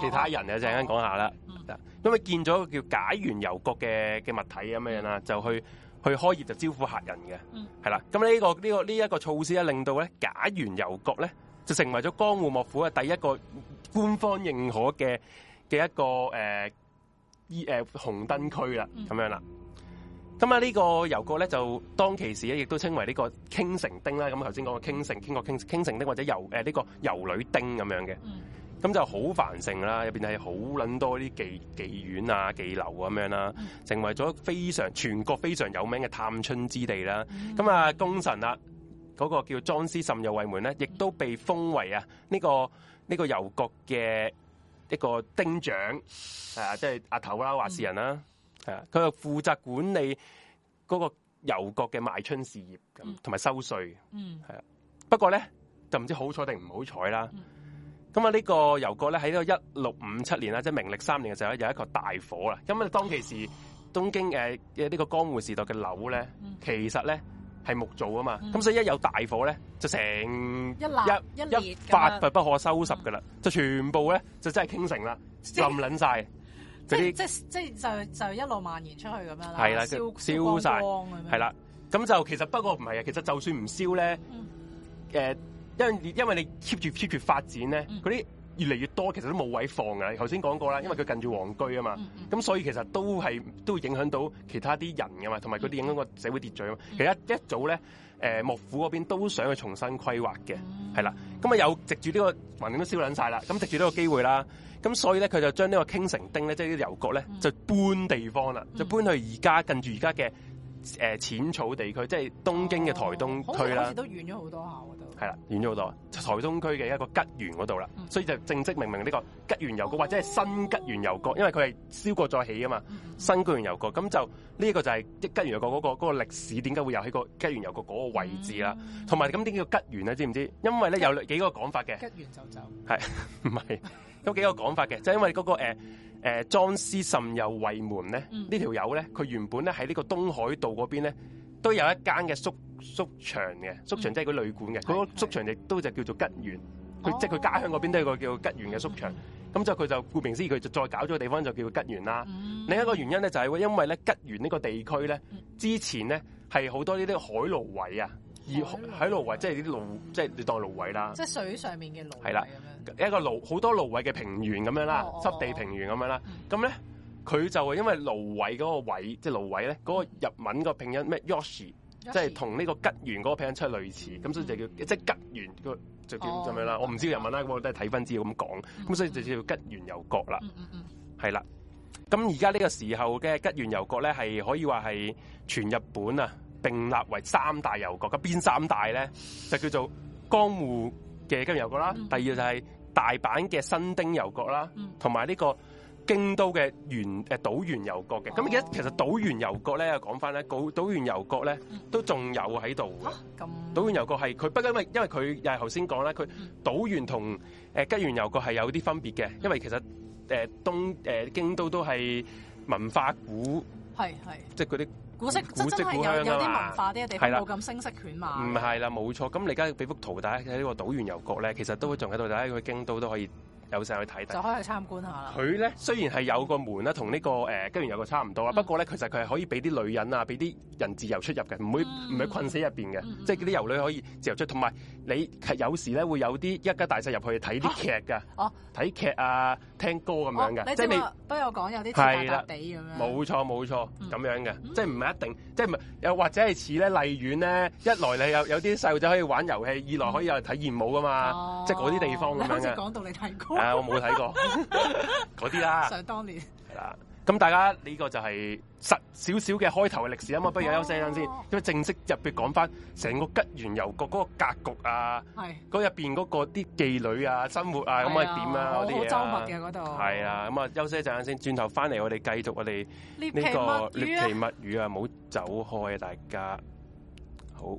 其他人嘅，陣間講下啦。因、哦、為、哦哦嗯、見咗個叫吉原遊廓嘅嘅物體咁樣啦，就去去開業就招呼客人嘅，係、嗯、啦。咁呢、這個呢、這個呢一、這個措施咧，令到咧吉原遊廓咧就成為咗江戶幕府嘅第一個官方認可嘅嘅一個誒，依誒、呃、紅燈區啦，咁樣啦。咁啊，呢個遊國咧就當其時咧，亦都稱為呢個傾城丁啦。咁頭先講嘅傾城、傾國傾城丁，或者呢、呃這個遊女丁咁樣嘅。咁、嗯、就好繁盛啦，入面係好撚多啲妓妓院啊、妓樓咁樣啦，成為咗非常全國非常有名嘅探春之地啦。咁、嗯嗯、啊，功、那、臣、個、啊，嗰個叫莊思甚右衛門咧，亦都被封為啊呢、這個呢、這個遊國嘅一個丁長，啊、即係阿頭啦、話事人啦、啊。嗯係啊，佢又負責管理嗰個遊國嘅賣春事業，同、嗯、埋收稅。嗯，係啊。不過咧，就唔知好彩定唔好彩啦。咁、嗯、啊，呢個遊國咧喺呢個一六五七年啦，即係明曆三年嘅時候咧，有一個大火啦。咁啊，當其時東京誒嘅呢個江戶時代嘅樓咧、嗯，其實咧係木造啊嘛。咁、嗯、所以一有大火咧，就成一一,一,一,一發就不可收拾噶啦、嗯，就全部咧就真係傾城啦，冧冧晒。輪輪即係即係就就一路蔓延出去咁樣啦，燒光光咁係啦，咁就其實不過唔係啊，其實就算唔燒咧，誒、呃，因為因為你 keep 住 keep 住發展咧，嗰、嗯、啲越嚟越多，其實都冇位放噶。頭先講過啦、嗯，因為佢近住皇居啊嘛，咁、嗯、所以其實都係都會影響到其他啲人噶嘛，同埋嗰啲影響個社會秩序啊、嗯。其實一,一早咧，誒、呃，幕府嗰邊都想去重新規劃嘅，係、嗯、啦，咁啊有藉住呢個環境都燒捻晒啦，咁藉住呢個機會啦。咁所以咧，佢就將呢個傾城町咧，即係啲遊廓咧，就搬地方啦、嗯，就搬去而家近住而家嘅誒淺草地區，即係東京嘅台東區啦、嗯嗯。好似都遠咗好多下，我覺得係啦，遠咗好多。台東區嘅一個吉原嗰度啦，所以就正式命名呢個吉原遊廓、哦，或者係新吉原遊廓，因為佢係燒過再起啊嘛、嗯。新吉原遊廓咁就呢、這個就係吉原遊廓嗰個嗰、那個歷史，點解會有喺個吉原遊廓嗰個位置啦？同埋咁點叫吉原啊？知唔知？因為咧有幾個講法嘅。吉原就走係唔係？ 有幾個講法嘅，就是、因為嗰、那個誒誒、呃、莊司甚右衛門咧，嗯這個、呢條友咧，佢原本咧喺呢在這個東海道嗰邊咧，都有一間嘅宿宿場嘅，宿場即係嗰旅館嘅，嗰宿場亦、嗯嗯那個嗯嗯、都就叫做吉原。佢即係佢家鄉嗰邊都有一個叫吉原嘅宿場。咁、嗯嗯、就佢就顧名思義，佢就再搞咗個地方就叫做吉原啦、嗯。另一個原因咧，就係因為咧吉原呢個地區咧，之前咧係好多呢啲海蘆葦啊，而海蘆葦即係啲蘆，即係你當蘆葦啦。即係水上面嘅蘆。係啦。一個蘆好多蘆葦嘅平原咁樣啦，濕、哦、地平原咁樣啦，咁咧佢就因為蘆葦嗰個位，即係蘆葦咧，嗰個日文個拼音咩？Yoshi，即係同呢個吉原嗰個拼音出類似，咁、嗯、所以就叫即係、就是、吉原個就叫咁樣啦。我唔知個日文啦、啊，我都係睇返資料咁講，咁、嗯、所以就叫吉原遊廓啦。係、嗯、啦，咁而家呢個時候嘅吉原遊廓咧，係可以話係全日本啊並立為三大遊廓。咁邊三大咧就叫做江戶嘅吉原遊廓啦，第二就係、是。大阪嘅新丁遊郭啦，同埋呢個京都嘅原誒島原遊郭嘅。咁而家其實島原遊郭咧，又講返咧，島島原遊郭咧都仲有喺度嘅。島原遊郭係佢，不過、哦啊嗯、因為因為佢又係頭先講啦，佢島原同誒、呃、吉原遊郭係有啲分別嘅。因為其實誒、呃、東誒、呃、京都都係文化古，係係即係嗰啲。古色古色古香啊嘛，係啦，冇咁聲色犬馬。唔係啦，冇、嗯、錯。咁你而家俾幅圖大家睇呢個島原遊廓咧，其實都仲喺度，大家去京都都可以有時去睇。就可以去參觀下。佢咧雖然係有個門啦，同呢、呢個誒吉原有個差唔多啦、嗯，不過咧其實佢係可以俾啲女人啊，俾啲人自由出入嘅，唔會唔會、嗯、困死入邊嘅，即係啲遊女可以自由出。同埋你有時咧會有啲一家大細入去睇啲劇㗎，睇、啊啊、劇啊。聽歌咁樣噶，即係你都有講有啲雜雜地咁樣。冇錯冇錯，咁、嗯、樣嘅、嗯，即係唔係一定，即係唔係又或者係似咧荔園咧，一來你有有啲細路仔可以玩遊戲，二來可以有睇演舞噶嘛，哦、即係嗰啲地方咁樣嘅。講到你睇過啊，我冇睇過嗰啲 啦。想當年係啦。咁大家，呢、這個就係實少少嘅開頭嘅歷史啊嘛，不如休息一陣先，咁、oh，啊、oh。正式入邊講翻成個吉原遊局嗰個格局啊，嗰入邊嗰個啲妓女啊，生活啊，咁啊點啊，嗰啲嘢度。係啊，咁啊，啊，啊休息一陣先，轉頭翻嚟我哋繼續我哋呢、這個獵奇物語啊，冇、啊、走開、啊，大家好。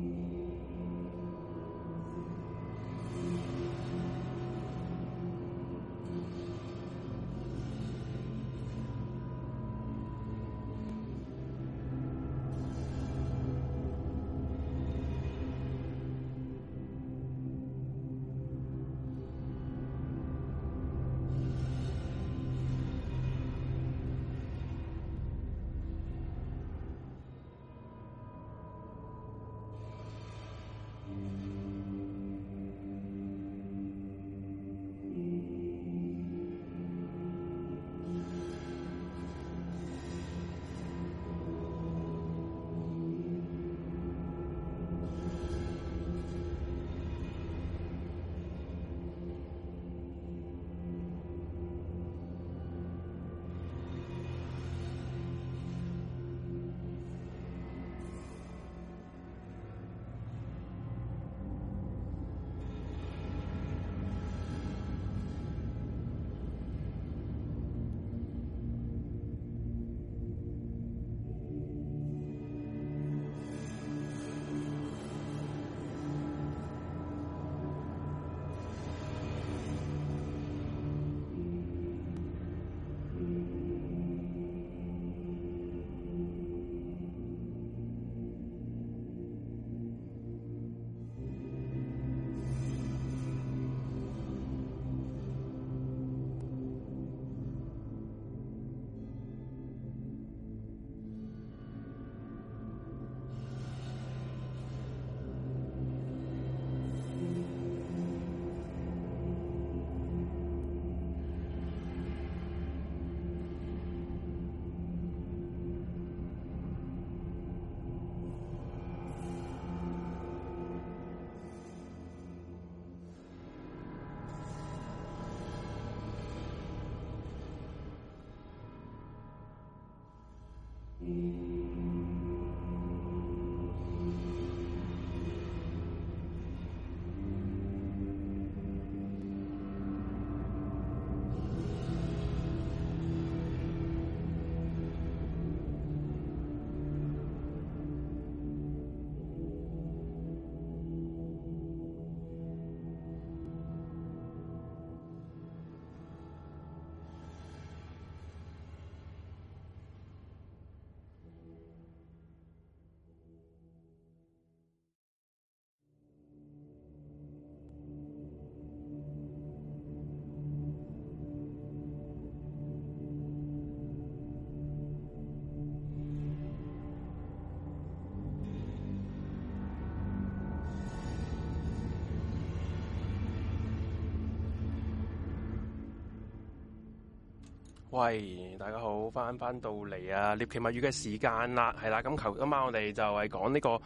喂，大家好，翻翻到嚟啊！獵奇物語嘅時間啦，係啦，咁求今晚我哋就係講呢個誒、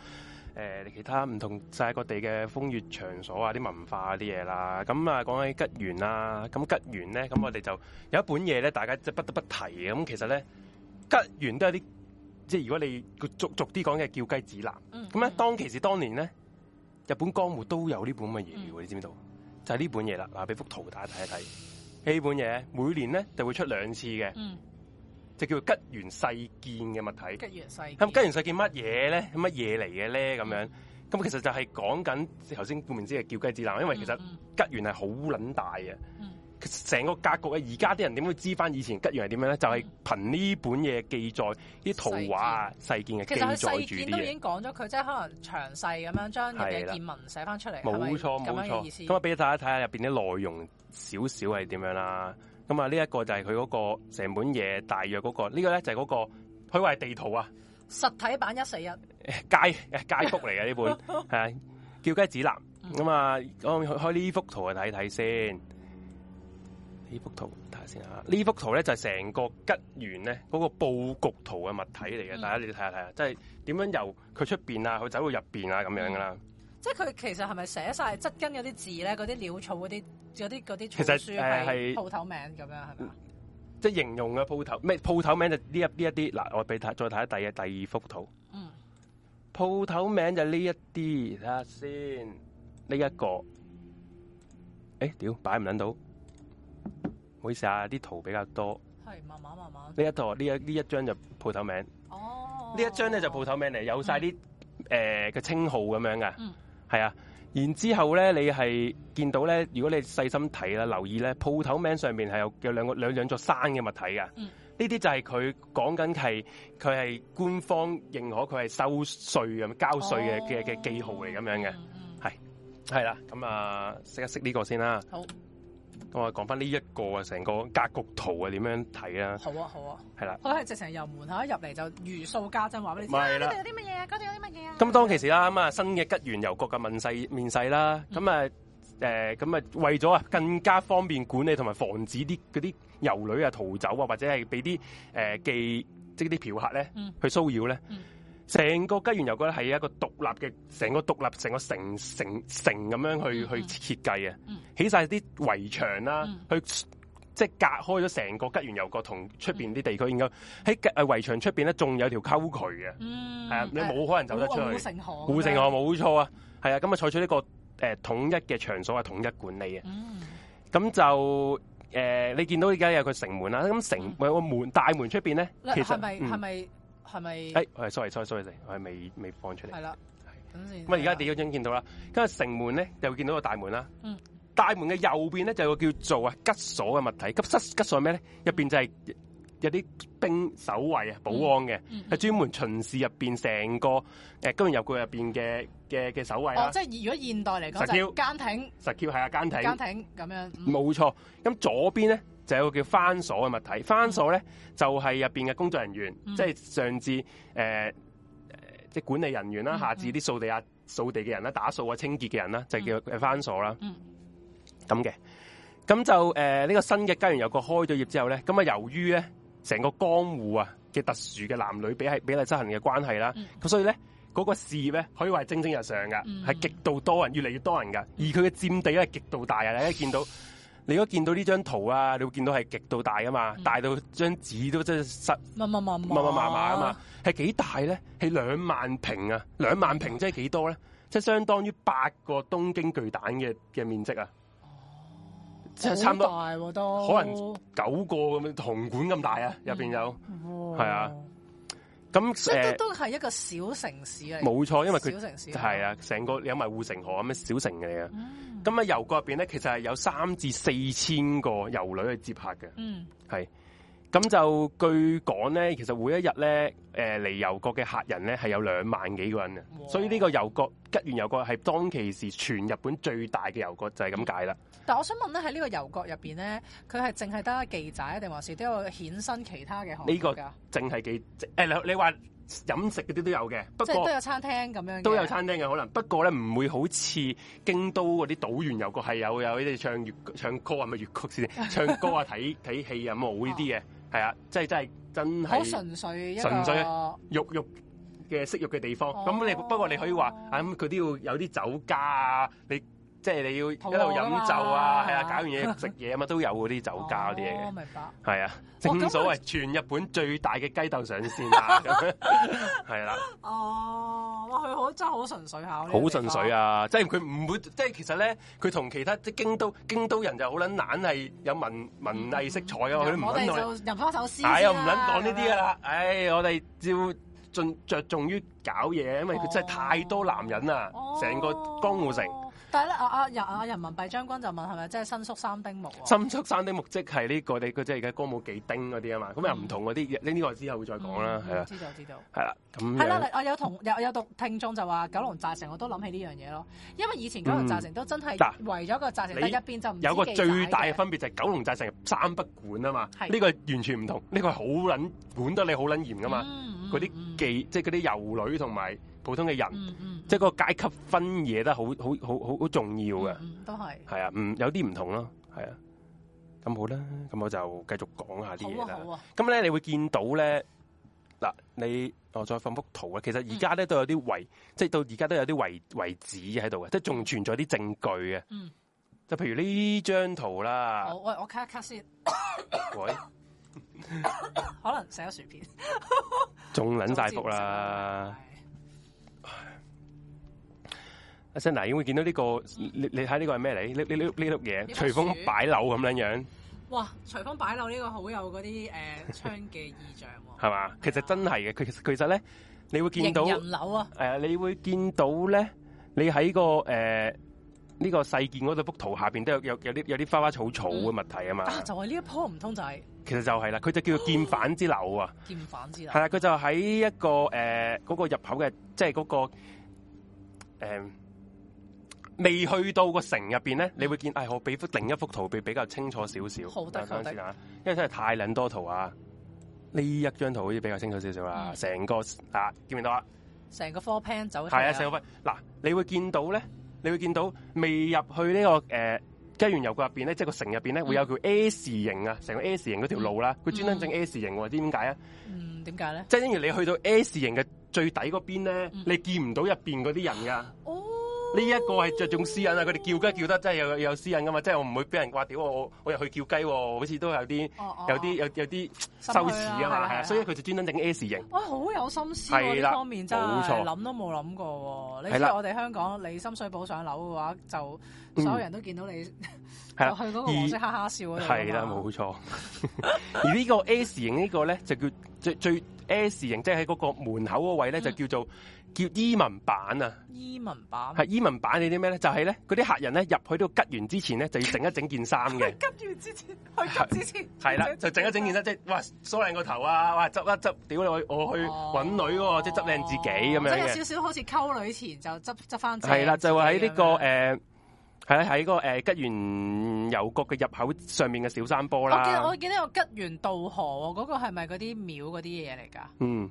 呃、其他唔同世界各地嘅風月場所啊，啲文化啊啲嘢啦。咁啊，講起吉原啦，咁吉原咧，咁我哋就有一本嘢咧，大家即係不得不提。咁其實咧，吉原都有啲，即係如果你逐逐啲講嘅叫雞指南。咁、嗯、咧，當其時當年咧，日本江湖都有呢本咁嘅書，你知唔知道？就係、是、呢本嘢啦，嗱，俾幅圖大家睇一睇。呢本嘢每年咧就會出兩次嘅、嗯，就叫做「吉原細見」嘅物體。吉原細咁吉原細見乜嘢咧？乜嘢嚟嘅咧？咁樣咁、嗯、其實就係講緊頭先顧名思義叫雞子籃，因為其實吉原係好撚大嘅，成、嗯、個格局嘅。而家啲人點會知翻以前吉原係點樣咧？就係憑呢本嘢記載啲圖畫細見嘅記載住嘅嘢。其實細見都已經講咗，佢即係可能詳細咁樣將嘅見聞寫翻出嚟，冇錯冇錯。咁啊，俾大家睇下入邊啲內容。少少係點樣啦、啊，咁啊呢一個就係佢嗰個成本嘢大約嗰、那個，這個、呢個咧就係、是、嗰、那個，佢話係地圖啊，實體版一四一，街誒街幅嚟嘅呢本，係叫雞指南，咁啊我開呢幅圖嚟睇睇先，呢幅圖睇下先啊，呢幅圖咧就係、是、成個吉園咧嗰個布局圖嘅物體嚟嘅、嗯，大家你睇下睇下，即係點樣由佢出邊啊佢走到入邊啊咁樣噶啦、啊。嗯即係佢其實係咪寫晒側跟嗰啲字咧？嗰啲潦草嗰啲，嗰啲嗰啲。其實係係鋪頭名咁樣係咪？即係形容嘅鋪頭，咩鋪頭名就呢一呢一啲嗱。我俾睇再睇下第二第二幅圖。嗯。鋪頭名就呢一啲，睇下先。呢、這、一個。誒、哎，屌擺唔捻到？唔好意思啊，啲圖比較多。係慢慢慢慢。呢一度呢一呢一張就是鋪頭名。哦。呢一張咧就是鋪頭名嚟、哦哦，有晒啲誒嘅稱號咁樣㗎。嗯係啊，然之後咧，你係見到咧，如果你細心睇啦、留意咧，鋪頭名上面係有有兩個兩兩座山嘅物體嘅，呢、嗯、啲就係佢講緊係佢係官方認可佢係收稅咁交稅嘅嘅嘅記號嚟咁樣嘅，係係啦，咁啊識、啊、一識呢個先啦。好我話講翻呢一個啊，成個格局圖啊，點樣睇啦？好啊，好啊，係啦，佢係直情由門口一入嚟就如數家珍，話俾你知。咁你有啲乜嘢啊？咁有啲乜嘢啊？咁當其時啦，咁啊新嘅吉原遊廓嘅問世面世啦，咁啊誒，咁啊、呃呃、為咗啊更加方便管理同埋防止啲嗰啲遊女啊逃走啊，或者係俾啲誒妓即啲嫖客咧去騷擾咧。嗯嗯。成個吉原遊閣係一個獨立嘅，成個獨立成個城城城咁樣去、嗯、去設計啊、嗯！起晒啲圍牆啦、嗯，去即係隔開咗成個吉原遊角同出面啲地區。嗯、然後喺圍牆出邊咧，仲有條溝渠嘅，嗯、啊！你冇可能走得出去。護城河，護城河冇錯啊，係啊！咁啊採取呢個、呃、統一嘅場所啊，統一管理啊。咁、嗯、就、呃、你見到依家有個城門啦，咁城有個、嗯呃、門大門出面咧，其實係咪？係係咪？誒、哎，係 sorry, sorry，sorry，sorry，我係未未放出嚟。係啦，咁咁而家地第已經見到啦，跟住城門咧，就會見到一個大門啦。嗯，大門嘅右邊咧就個叫做啊吉所嘅物體。急失吉所咩咧？入邊就係有啲兵守衛啊，保安嘅，係、嗯嗯嗯、專門巡視入邊成個誒、呃、金門入據入邊嘅嘅嘅守衛哦，即係如果現代嚟講叫監艇，實叫係啊，監艇。監艇，咁樣。冇、嗯、錯，咁左邊咧。就有一個叫翻鎖嘅物體，翻鎖咧就係入邊嘅工作人員，即、嗯、係、就是，上至誒誒即係管理人員啦、嗯，下至啲掃地啊、掃地嘅人啦、打掃啊、清潔嘅人啦，就叫誒翻鎖啦。咁、嗯、嘅，咁就誒呢、呃這個新嘅家園有個開咗業之後咧，咁啊由於咧成個江湖啊嘅特殊嘅男女比係比例失衡嘅關係啦，咁、嗯、所以咧嗰個事業咧可以話係蒸蒸日上噶，係、嗯、極度多人越嚟越多人噶，而佢嘅佔地咧係極度大啊，你一見到。你如果見到呢張圖啊，你會見到係極度大噶嘛，大到張紙都真係塞，密密麻麻，麻麻麻麻啊嘛，係幾大呢？係兩萬平啊，兩萬平即係幾多呢？即係相當於八個東京巨蛋嘅面積啊！即、嗯、係、啊、差唔多，可能九個咁樣紅館咁大啊，入面有，係、嗯、啊。咁誒、呃，都係一個小城市嚟，冇錯，因為佢小城市係啊，成個有埋護城河咁小城嚟嘅。咁啊遊廓入邊咧，其實係有三至四千個遊女去接客嘅，嗯，係。咁就據講咧，其實每一日咧，誒嚟遊國嘅客人咧係有兩萬幾個人嘅，所以呢個遊國吉原遊國係當其時全日本最大嘅遊國就係咁解啦。但我想問咧，喺呢個遊國入面咧，佢係淨係得記仔，定還是都有衍生其他嘅項目㗎？淨係記誒，你你話飲食嗰啲都有嘅，不過都有餐廳咁樣，都有餐廳嘅可能。不過咧，唔會好似京都嗰啲島原遊國係有有啲唱粵唱歌啊，咪粵曲先，唱歌啊，睇睇戲啊冇呢啲嘅。 係啊，即係真係真係好純粹，純粹肉肉嘅色慾嘅地方。咁、oh. 你不過你可以話啊，咁、嗯、佢都要有啲酒家啊，你。即係你要一路飲酒啊，係啊，啊，搞完嘢食嘢啊嘛，都有嗰啲酒家嗰啲嘢嘅。明白。係啊、哦，正所謂全日本最大嘅雞竇上線啊，係、哦、啦、 啊。哦，哇！佢好真係好純粹下呢好純粹啊！即係佢唔會，即、就、係、是、其實咧，佢同其他即京都，京都人就好撚懶，係有文文藝色彩、嗯、他不啊。佢唔撚講。我哋就吟返首詩啦，係又唔撚講呢啲噶啦，唉！我哋照盡着重於搞嘢，因為佢真係太多男人啊，成、哦、個江戶城。哦係啦，阿、啊啊啊、人民幣將軍就問係咪即係新宿三丁目？新宿三丁目即係呢、這個你即係而家歌舞幾丁嗰啲啊嘛，咁又唔同嗰啲，呢、這、啲、個、之後會再講啦。係、嗯、啊，知道知道。係啦，咁係啦。我有同有有讀聽眾就話九龍寨城，我都諗起呢樣嘢咯。因為以前九龍寨城都真係圍咗個寨城，得一邊就唔有個最大嘅分別就係九龍寨城三不管啊嘛。呢、這個完全唔同，呢、這個係好撚管得你好撚嚴噶嘛。嗰啲妓即係嗰啲遊女同埋。普通嘅人，即係嗰個階級分嘢都好好好好好重要嘅，都係係啊，嗯，有啲唔同咯，係、嗯嗯、啊，咁、啊、好啦，咁我就繼續講下啲嘢啦。咁咧，你會見到咧嗱，你我、哦、再放幅圖啊。其實而家咧都有啲遺、嗯，即係到而家都有啲遺遺址喺度啊，即係仲存在啲證據嘅、嗯。就譬如呢張圖啦。我我卡一卡先。喂，可能食咗薯片，仲捻晒幅啦。阿 s e n a 已經你會見到呢，這個，你你睇呢個係咩嚟？呢呢呢呢碌嘢，隨、這個這個、風擺樓咁樣樣。哇，隨風擺樓呢個好有嗰啲誒、槍、呃、嘅意象，哦。係 嘛，哎，其實真係嘅。佢其實咧，你會見到人樓啊。係、呃、啊，你會見到咧，你喺個誒。呃呢、這個細劍嗰度幅圖下邊都有有有啲有啲花花草草嘅物體啊嘛，嗯、啊就係、是、呢一樖唔通就係、是、其實就係啦，佢就叫做「劍反之樓啊！劍反之樓係啦，佢就喺一個誒嗰、呃那個入口嘅，即係嗰、那個、呃、未去到個城入邊咧，你會見誒我比另一幅圖比較清楚少少，好得確定啊，因為真係太撚多圖啊！呢一張圖好似比較清楚少少啦，成、嗯、個嗱見唔見到啊？成個 four pan 走係啊，成個嗱你會見到咧。你會見到未入去呢、這個誒吉原遊廓入邊咧，即係個城入邊咧，會有條 S 型啊，成、嗯、個 S 型條路啦，佢專登整 S 型，知唔知點解啊？嗯，點解咧？即係等如你去到 S 型嘅最底嗰邊咧、嗯，你見唔到入邊啲人噶。哦呢、這、一個係着重私隱啊！佢哋叫雞叫得真係有有私隱噶嘛？即係我唔會俾人話屌我！我我入去叫雞喎，好似都有啲有啲有有啲羞恥啊嘛！係啊，所以佢就專登整 S 型。哇！好有心思喎，呢方面真係諗都冇諗過。你知我哋香港，你深水埗上樓嘅話，就所有人都見到你。係、嗯、啊， 就去嗰個屋先哈哈笑的。係啦，冇錯。 而呢個 S 型呢個咧，就叫最最 S 型，即係喺嗰個門口嗰位咧，就叫做。嗯叫伊文版啊，伊文版係伊文版，你啲咩咧？就係、是、咧，嗰啲客人咧入去到吉原之前咧，就要整一整件衫嘅。吉原之前，去吉之前係啦， 就整一整件衫， 即係哇梳靚個頭啊，哇執一執，屌你我去搵女嘅，哦，即係執靚自己咁，哦哦、樣嘅。即有少少好似溝女前就執執翻。係啦，就喺呢，這個誒，係啦，喺，呃、個誒、呃呃、吉原遊閣嘅入口上面嘅小山坡啦，我記得。我見我見到個吉原渡河嗰，哦那個係咪嗰啲廟嗰啲嘢嚟噶？嗯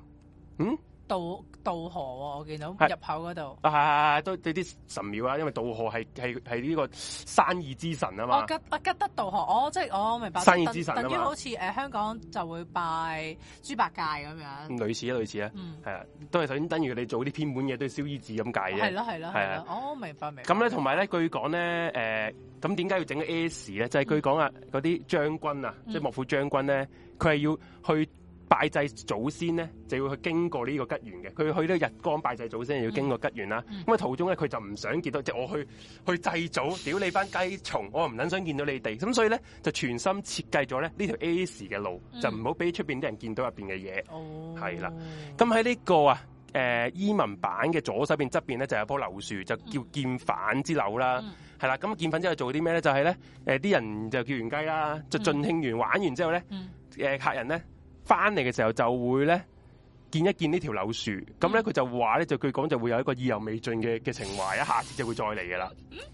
嗯。道道河、哦、我見到入口嗰度，係係係都對啲神廟啊，因為道河係係係呢個生意之神啊嘛、哦。吉我吉得道河，哦，即係我、哦、明白。生意之神、啊、等，等於好似誒、呃、香港就會拜豬八戒咁樣，類似啊類似啊，係、嗯、啊，都係首先等於你做啲偏門嘢，都係燒衣紙咁解嘅。係咯係咯係啊，我、啊啊啊啊哦、明白明白。咁咧同埋咧，據講咧誒，咁點解要整個 S 咧？就係、是、據講啊，嗰啲將軍啊，嗯、即係幕府將軍咧，佢係要去。拜祭祖先咧，就要去經過呢個桔園嘅。佢去呢日光拜祭祖先，嗯、要經過桔園啦。咁、嗯、啊途中咧，佢就唔想見到，即、就、係、是、我去去祭祖，屌你班雞蟲，我唔撚想見到你哋。咁所以咧，就全心設計咗咧呢條 A 時嘅路，嗯、就唔好俾出面啲人見到入面嘅嘢。係、哦、啦，咁喺呢個啊、呃、伊文版嘅左手邊側邊咧，就有一棵柳樹，就叫劍反之柳啦。係、嗯、啦，咁劍反之後做啲咩咧？就係咧啲人就叫完雞啦，就盡興完、嗯、玩完之後咧，誒、嗯呃、客人咧。翻嚟嘅時候就會咧見一見呢條柳樹，咁咧佢就話咧就據講就會有一個意猶未盡嘅嘅情懷，一下子就會再嚟噶啦。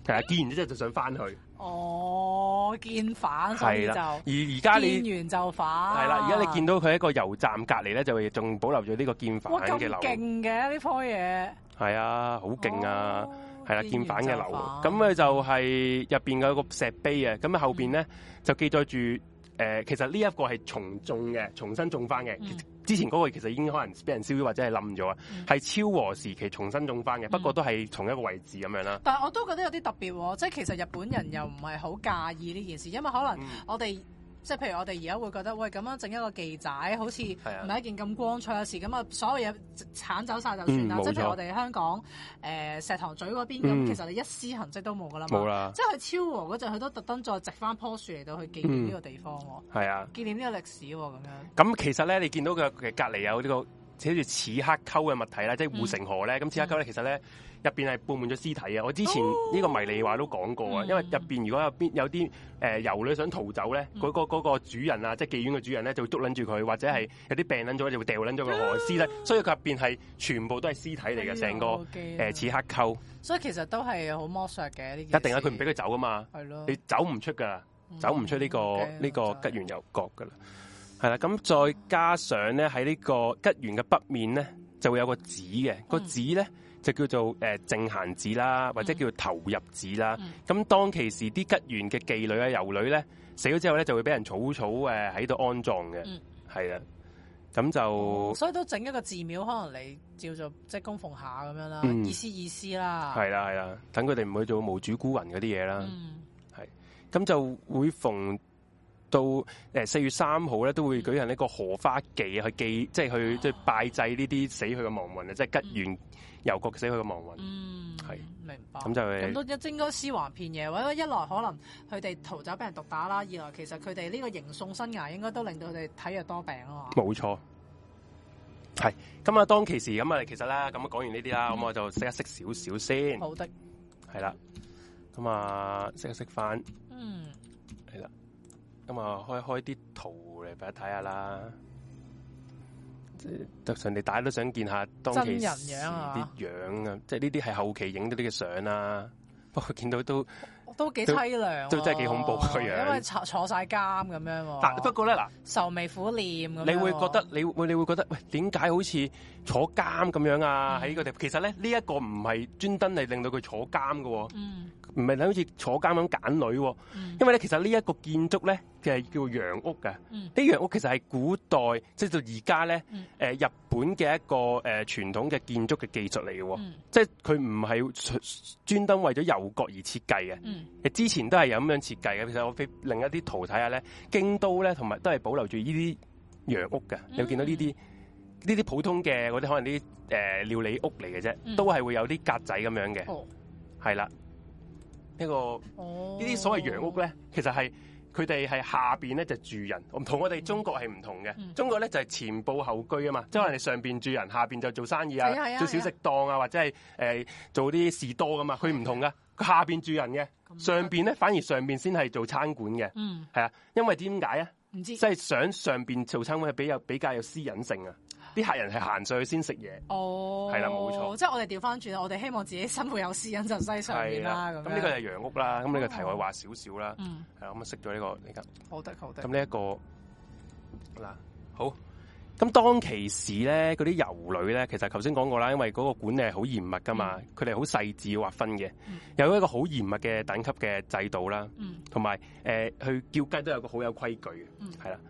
係、嗯、啊、啊、見完之後就想翻去。哦，見反所以就是、啊、而而家你見完就反。係啦、啊，而家你見到佢喺個油站隔離咧，就仲保留住呢個見反嘅柳。哇，咁勁嘅呢樖嘢。係啊，好勁啊，係、哦、啦，見、啊、反嘅柳。咁、嗯、啊就係入邊有一個石碑啊，咁喺後邊咧、嗯、就記載住，誒、呃，其實呢一個係重種嘅，重新種翻嘅。嗯、之前嗰個其實已經可能俾人燒咗或者係冧咗啊，係、嗯、昭和時期重新種翻嘅，不過都係同一個位置咁樣啦、嗯。但係我都覺得有啲特別喎、哦，即、就、係、是、其實日本人又唔係好介意呢件事，因為可能我哋、嗯。即係譬如我哋而家會覺得，喂，咁樣整一個記載，好似唔係一件咁光彩嘅事，咁、嗯、啊所有嘢鏟走曬就算啦。嗯、即係譬如我哋香港、呃、石塘咀嗰邊咁、嗯，其實一絲痕跡都冇噶啦嘛。即係佢超和嗰陣，佢都特登再植翻樖樹嚟到去紀念呢個地方喎。嗯嗯、啊，紀念呢個歷史喎、哦、咁樣、嗯。咁、嗯嗯、其實咧，你見到佢嘅隔離有呢、呢個寫住恉黑溝嘅物體啦，即係護城河咧。咁似黑溝咧，其實咧。嗯嗯入邊係布滿咗屍體啊！我之前呢個迷你話都講過啊、嗯，因為入邊如果有邊有啲誒遊女想逃走咧，嗰、嗯嗰個、嗰個主人啊，即係妓院嘅主人咧，就會捉撚住佢，或者係有啲病撚咗，就會掉撚咗個何屍咧。所以佢入邊係全部都係屍體嚟嘅，成、哎、個誒似黑溝。所以其實都係好剝削嘅呢一定啊！佢唔俾佢走噶嘛的，你走唔出噶、嗯，走唔出呢、呢個呢、嗯呢個吉原遊角噶啦。係、就、啦、是，咁再加上咧，喺呢個吉原嘅北面咧，就會有個寺嘅、嗯嗰個寺咧。即叫做誒、呃、正閑寺啦，或者叫做投入寺啦。咁、嗯、當其時啲吉原嘅妓女啊、遊女咧，死咗之後咧，就會俾人草草誒喺度安葬嘅。係、嗯、啊，咁就、嗯、所以都整一個寺廟，可能你叫做即係、就是、供奉下咁樣啦、嗯，意思意思啦。係啦係啦，等佢哋唔會做無主孤魂嗰啲嘢啦。係、嗯、咁就會逢到誒四月三號咧，都會舉行呢個荷花祭、嗯、去祭，即、就、係、是、去即係、就是、拜祭呢啲死去嘅亡魂啊，即、就、係、是、吉原。嗯。又焗死佢個亡魂，係、嗯、明白咁就咁都應該屍橫遍野，或者一來可能佢哋逃走俾人毒打啦，二來其實佢哋呢個迎送生涯應該都令到佢哋體弱多病啊，冇錯。係咁啊，當其時咁啊，其實啦，咁啊，講完呢啲啦，咁我就識一識少少先，冇得，係啦，咁啊識一識翻，嗯，係啦，咁啊、嗯、開一開啲圖嚟俾佢睇下啦。就人哋大家都想見下當其時啲樣啊！即係呢啲係後期影到啲嘅相啊。不過見到都。都幾淒涼、啊，都真係幾恐怖嘅、啊、嘢，因為坐晒曬監咁樣、啊。但不過咧，嗱愁眉苦臉咁、啊。你會覺得你會你會覺得喂，點解好似坐監咁樣啊？喺、嗯、呢個地方其實咧呢一、呢個唔係專登係令到佢坐監嘅、哦，唔係你好似坐監咁揀女、哦嗯。因為咧其實呢一個建築咧，佢係叫洋屋嘅。呢、嗯、洋屋其實係古代即係到而家咧，誒、嗯呃、日本嘅一個誒傳統嘅建築嘅技術嚟嘅、哦嗯，即係佢唔係專登為咗遊角而設計嘅。嗯。之前都係有咁樣設計嘅，其實我俾另一啲圖睇下咧，京都咧同埋都係保留住呢啲洋屋嘅、嗯，你會見到呢啲呢啲普通嘅嗰啲可能啲誒、呃、料理屋嚟嘅啫，都係會有啲格仔咁樣嘅，係、哦、啦、呢、這個呢啲所謂洋屋咧，其實係。佢哋係下邊咧就是、住人，唔同我哋中國係唔同嘅、嗯。中國咧就係、是、前鋪後居啊嘛，即係可能你上邊住人，下邊就做生意啊、嗯，做小食檔啊、嗯，或者係誒、呃、做啲士多噶嘛。佢唔同噶，佢、嗯、下邊住人嘅、嗯，上邊咧反而上邊先係做餐館嘅。嗯，係啊，因為點解啊？唔知即係、就是、想上邊做餐館係比較比較有私隱性啊。啲客人係行上去先食嘢，哦、oh，係啦，冇錯，即係我哋調翻轉啦，我哋希望自己生活有私隱，就西上面啦咁。咁呢個就洋屋啦，咁呢個題外話少少啦。Oh, 嗯，係啦、這個，咁啊識咗呢個呢個，好得，好得。咁呢一個嗱好，咁當其時咧，嗰啲遊女咧，其實頭先講過啦，因為嗰個管理係好嚴密噶嘛，佢哋好細緻劃分嘅，有一個好嚴密嘅等級嘅制度啦，嗯，同埋誒去叫雞都有個好有規矩嘅，嗯，係啦。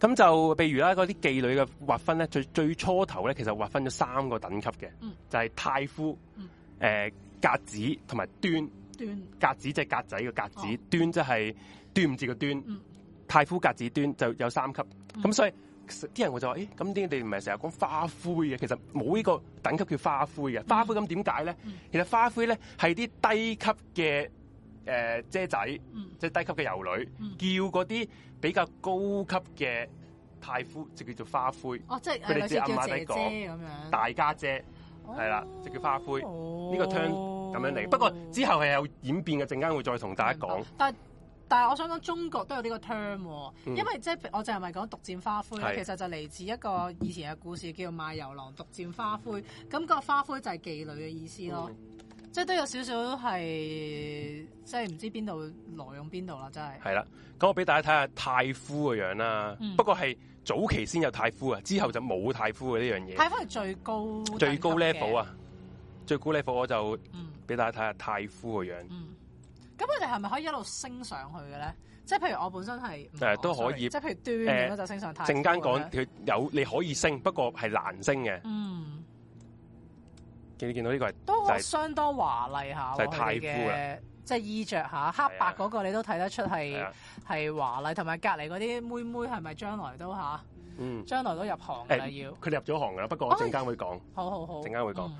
咁就譬如啦，嗰啲妓女嘅劃分咧，最最初頭咧，其實劃分咗三個等級嘅，嗯，就係、是、太夫、誒、嗯呃、格子同埋端。端格子即係格仔嘅格子，哦、端即係端唔字嘅端。太、嗯、夫格子端就有三級，咁、嗯、所以啲人會就話，誒，咁啲人哋唔係成日講花魁嘅，其實冇呢、欸、個等級叫花魁嘅。花魁咁點解咧？其實花魁咧係啲低級嘅。誒、呃、姐仔，嗯、即係低級嘅遊女，嗯、叫嗰啲比較高級嘅太夫，就叫做花魁。哦，即係佢哋知姐，媽，媽的講，大家姐係啦、哦，就叫花魁。呢、哦這個 term 咁樣嚟，不過之後係有演變嘅，陣間會再同大家講、嗯、但但係我想講中國都有呢個 term、哦、因為即係我就係咪講獨佔花魁、嗯、其實就嚟自一個以前嘅故事，叫賣油郎獨佔花魁。咁、那個花魁就係妓女嘅意思咯。嗯即係都有少少係，即係唔知邊度挪用邊度啦，真係。係啦，咁我俾大家睇下泰夫嘅樣啦、嗯。不過係早期先有泰夫啊，之後就冇泰夫嘅呢樣嘢。泰夫係最高最高 level 啊！最高 level 我就俾大家睇下泰夫嘅樣。咁佢哋係咪可以一路升上去嘅咧？即係譬如我本身係誒、嗯、都可以，sorry, 即係譬如端嘅、欸、就升上泰夫啦。陣間講佢有你可以升，不過係難升嘅。嗯你見到呢個係都相當華麗嚇，佢哋嘅即係衣着嚇，黑白嗰個你都睇得出係係華麗，同埋隔離嗰啲妹妹係咪將來都嚇？嗯，將來都入行㗎要。佢哋入咗行㗎啦，不過我陣間會講，哦。好好好，陣間會講。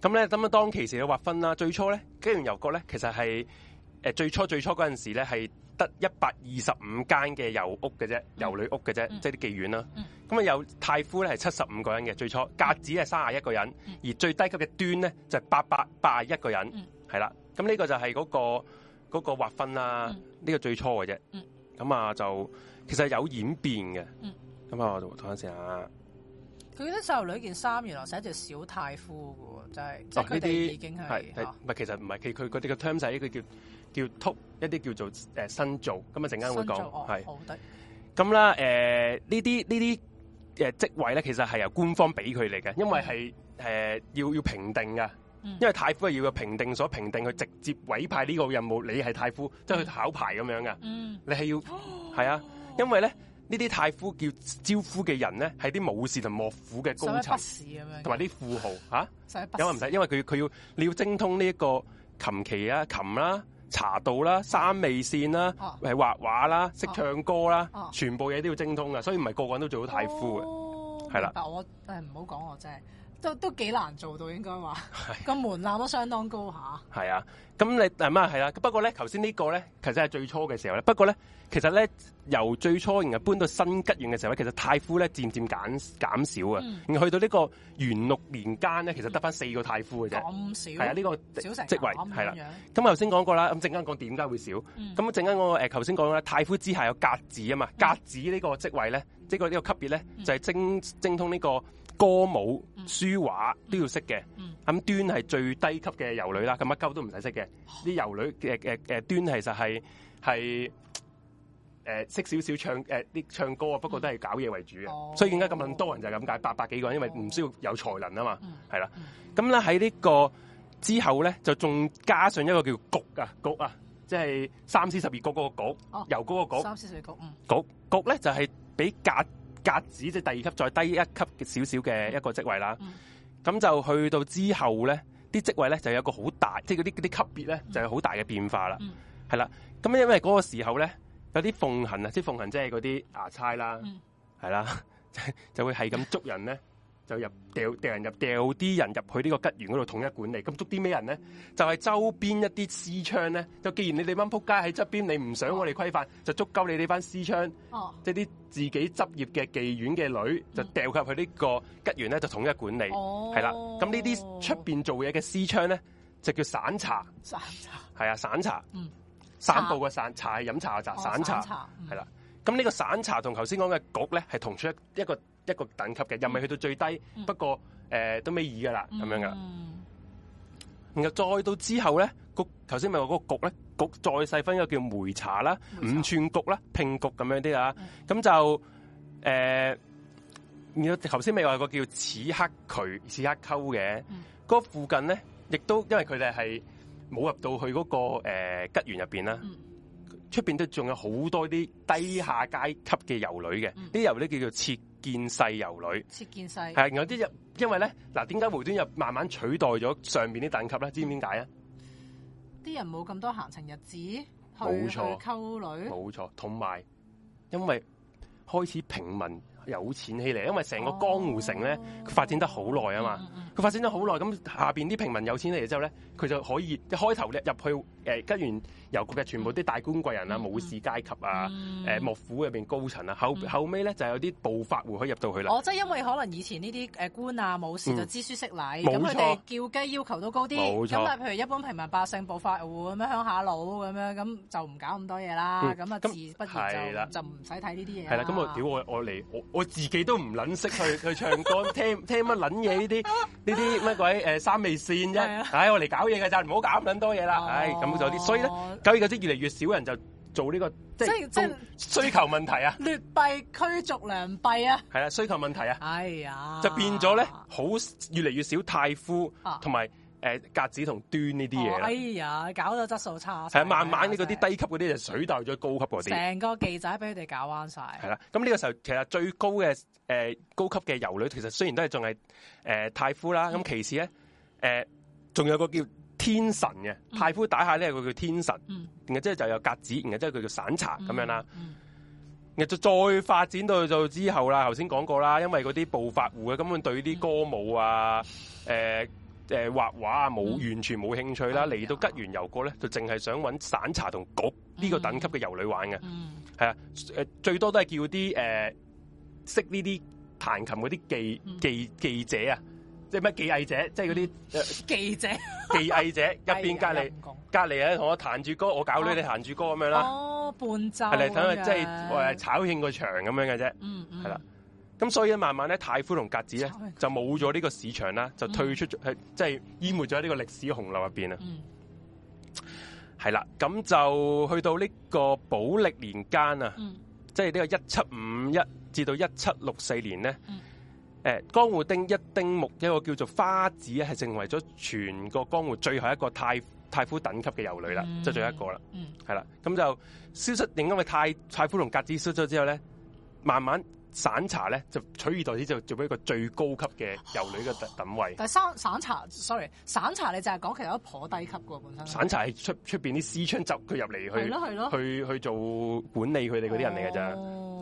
咁、嗯、咧，咁當其時嘅劃分啦。最初咧，機緣由角咧，其實係、呃、最初最初嗰陣時咧係。是得一百二十五間嘅遊屋嘅啫，遊、嗯、女屋嘅啫、嗯，即係啲妓院啦。咁啊，嗯、有太夫咧係七十五個人嘅，最初、嗯、格子係卅一個人、嗯，而最低級嘅端咧就八百八十一個人，係、嗯、啦。咁呢個就係嗰、嗰個嗰、嗰個劃分啦。呢、嗯呢個最初嘅啫。咁、嗯、啊，就其實有演變嘅。咁啊，我我睇下先吓。佢啲細路女件衫原來寫住小太夫噶喎，即係即係佢哋已經係唔係？其實唔係、嗯啊，其佢佢哋嘅 term 仔佢叫。叫 top 一啲叫做誒新造，咁啊陣間會講係。好得咁啦，誒呢啲呢啲嘅職位咧，其實係由官方俾佢嚟嘅，因為係誒、呃、要要評定嘅、嗯，因為太夫係要有評定所評定，佢直接委派呢個任務，你係太夫即係考牌咁樣嘅、嗯，你係要係、哦、啊，因為咧呢啲太夫叫招夫嘅人咧，係啲武士同幕府嘅高層，同埋啲富豪嚇、啊，因為唔使，因為佢佢要，要你要精通呢一個琴棋啊、琴啦、啊。茶道啦、三味線啦、係畫畫啦、識唱歌啦，全部嘢都要精通嘅，所以唔係個個人都做到太夫嘅，係啦，哦。但係我誒唔好講我真係。都都幾難做到，應該話個、啊、門檻都相當高下係啊，咁、啊、你係咩？係啦、啊。不過咧，頭先呢個咧，其實係最初嘅時候咧。不過咧，其實咧，由最初然後搬到新吉原嘅時候咧，其實太夫咧漸漸減，減少啊。嗯、去到呢個元六年間咧，其實得返四個太夫嘅啫。咁少。係啊，呢、呢個少成職位係啦。咁頭先講過啦，咁陣間講點解會少？咁陣間我誒頭先講啦，太夫、呃、之下有格子啊嘛，格子呢個職位咧、嗯，即個呢個級別咧、嗯，就係、是、精精通呢、呢個。歌舞書畫都要識嘅，咁、嗯嗯、端係最低級嘅遊女啦，咁乜鳩都唔使識嘅，啲遊女嘅、呃呃、端其實係係誒識少少唱誒啲、呃、唱歌，不過都係搞嘢為主嘅、嗯哦，所以點解咁多人就係咁解，八百幾個人，因為唔需要有才能啊嘛，係、哦、啦。咁咧喺呢個之後咧，就仲加上一個叫局啊局啊，即係三四十二局嗰個局，由嗰個局，三思十二局，局局咧就係俾格格子即係、就是、第二級，再低一級嘅少少嘅一個職位啦。咁、嗯、就去到之後咧，啲職位咧就有一個好大，即係嗰啲啲級別咧就有好大嘅變化啦。係、嗯、啦，咁因為嗰個時候咧有啲奉行啊，即係奉行即係嗰啲衙差啦，係、嗯、啦，就，就會係咁捉人咧。嗯就入掉掉人入掉啲人，人入去呢個吉原嗰度統一管理，咁捉啲咩人咧？就係、是、周邊一啲私娼咧。就既然你哋班仆街喺側邊，你唔想我哋規範，哦、就捉鳩你哋班私娼。哦。即、就、啲、是、自己執業嘅妓院嘅女，就掉佢入去個呢個吉原咧，就統一管理。哦。係啦。咁呢啲出邊做嘢嘅私娼咧，就叫散茶。散茶。係、嗯、啊、嗯哦，散茶。散步嘅散茶，飲茶嘅茶。散、嗯、茶。係啦。咁、這、呢個散茶剛才說的是同頭先講嘅局咧，係同出一一個一個，一個等級嘅，又未去到最低，嗯、不過誒、呃、都尾二噶啦咁樣噶、嗯。然後再到之後咧，局頭先咪話嗰個局咧，局再細分一個叫梅茶啦、五寸局啦、拼局咁樣啲啊。咁、嗯、就誒、呃，然頭先咪話個叫屎黑渠、屎黑溝嘅，嗰、嗯那個、附近咧亦都因為佢哋係冇入到去嗰、那個誒、呃、吉園入邊啦。嗯出邊都仲有好多啲低下階級嘅遊女嘅，啲、嗯、遊女叫做切見世遊女，切見世，係，有啲又，因為咧，嗱點解無端又慢慢取代咗上邊啲等級咧、嗯？知唔知點解啊？啲人冇咁多閒情日子去去溝女，冇錯，同埋因為開始平民有錢起嚟，因為成個江湖城咧、哦、發展得好耐啊嘛。嗯嗯嗯佢發展咗好耐，咁下面啲平民有錢嚟之後咧，佢就可以一開頭咧入去誒、呃、吉原遊廓嘅全部啲大官貴人啊、嗯、武士階級啊、嗯呃、幕府入面高層啊，後、嗯、後尾咧就有啲暴發戶可以入到去啦。我即係因為可能以前呢啲官啊、武士就知書識禮，咁佢哋叫雞要求都高啲。咁但係譬如一般平民百姓暴發戶咁樣鄉下佬咁樣，咁就唔搞咁多嘢啦。咁、嗯、啊，就自然就就唔使睇呢啲嘢。係啦。咁我屌我我嚟我我自己都唔撚識去 去唱歌聽聽乜撚嘢呢啲。 呢啲乜鬼誒三味線啫！唉、啊哎，我嚟搞嘢嘅、哦哎、就唔好搞咁多嘢啦！唉，咁就啲，所以咧，九二九三越嚟越少人就做呢、這個、就是、即係需求問題啊！劣幣驅逐良幣啊！係啊，需求問題啊！哎呀，就變咗咧，好越嚟越少泰夫同埋誒格子同端呢啲嘢啦！哎呀，搞到質素差，係、啊啊、慢慢呢，嗰啲低級嗰啲就取代咗高級嗰啲，成個技仔俾佢哋搞彎晒。係啦、啊，咁呢個時候其實最高嘅。誒、呃，高級嘅遊女其實雖然都係仲係誒太夫啦，咁其次咧，誒、呃、仲有個叫天神嘅太夫打下咧，佢叫天神，然後即係就是有格子，然後即係佢叫散茶咁樣啦。然後就再發展到就之後啦，頭先講過啦，因為嗰啲暴發戶嘅根本對啲歌舞啊，誒誒畫畫啊冇完全冇興趣啦，嚟、嗯、到吉原遊過咧，就淨係想揾散茶同局呢個等級嘅遊女玩嘅，係、嗯、啊，誒、嗯呃、最多都係叫啲誒。呃識呢啲彈琴嗰啲記記記者啊，即係咩記藝者，即係嗰啲記者、記藝者入邊隔籬，隔籬啊，同、嗯 哎、我彈住歌，我搞你你彈住歌咁、哦、樣啦。哦，伴奏係嚟，等即係、就是嗯嗯就是、炒興個場咁樣嘅啫。嗯係啦。咁、嗯、所以慢慢咧，太夫同格子咧就冇咗呢個市場啦，就退出咗，即係淹沒咗喺呢個歷史洪流入邊啊。嗯，係、就、啦、是。咁、嗯、就去到呢個寶曆年間啊，即係呢個一七五一。至到一七六四年咧，誒，江戶丁一丁目的一個叫做花子，係成為咗全個江戶最後一個太太夫等級嘅遊女啦，即、嗯、係最後一個啦，係、嗯、啦，咁就消失，因為太太夫同格子消失咗之後咧，慢慢。散茶咧，就取而代之，就做俾一個最高級嘅遊女嘅等位。但係散散茶，sorry，散茶你就係講其實都頗低級嘅本身是。散茶係出出邊啲私娼執佢入嚟去去去做管理佢哋嗰啲人嚟㗎咋，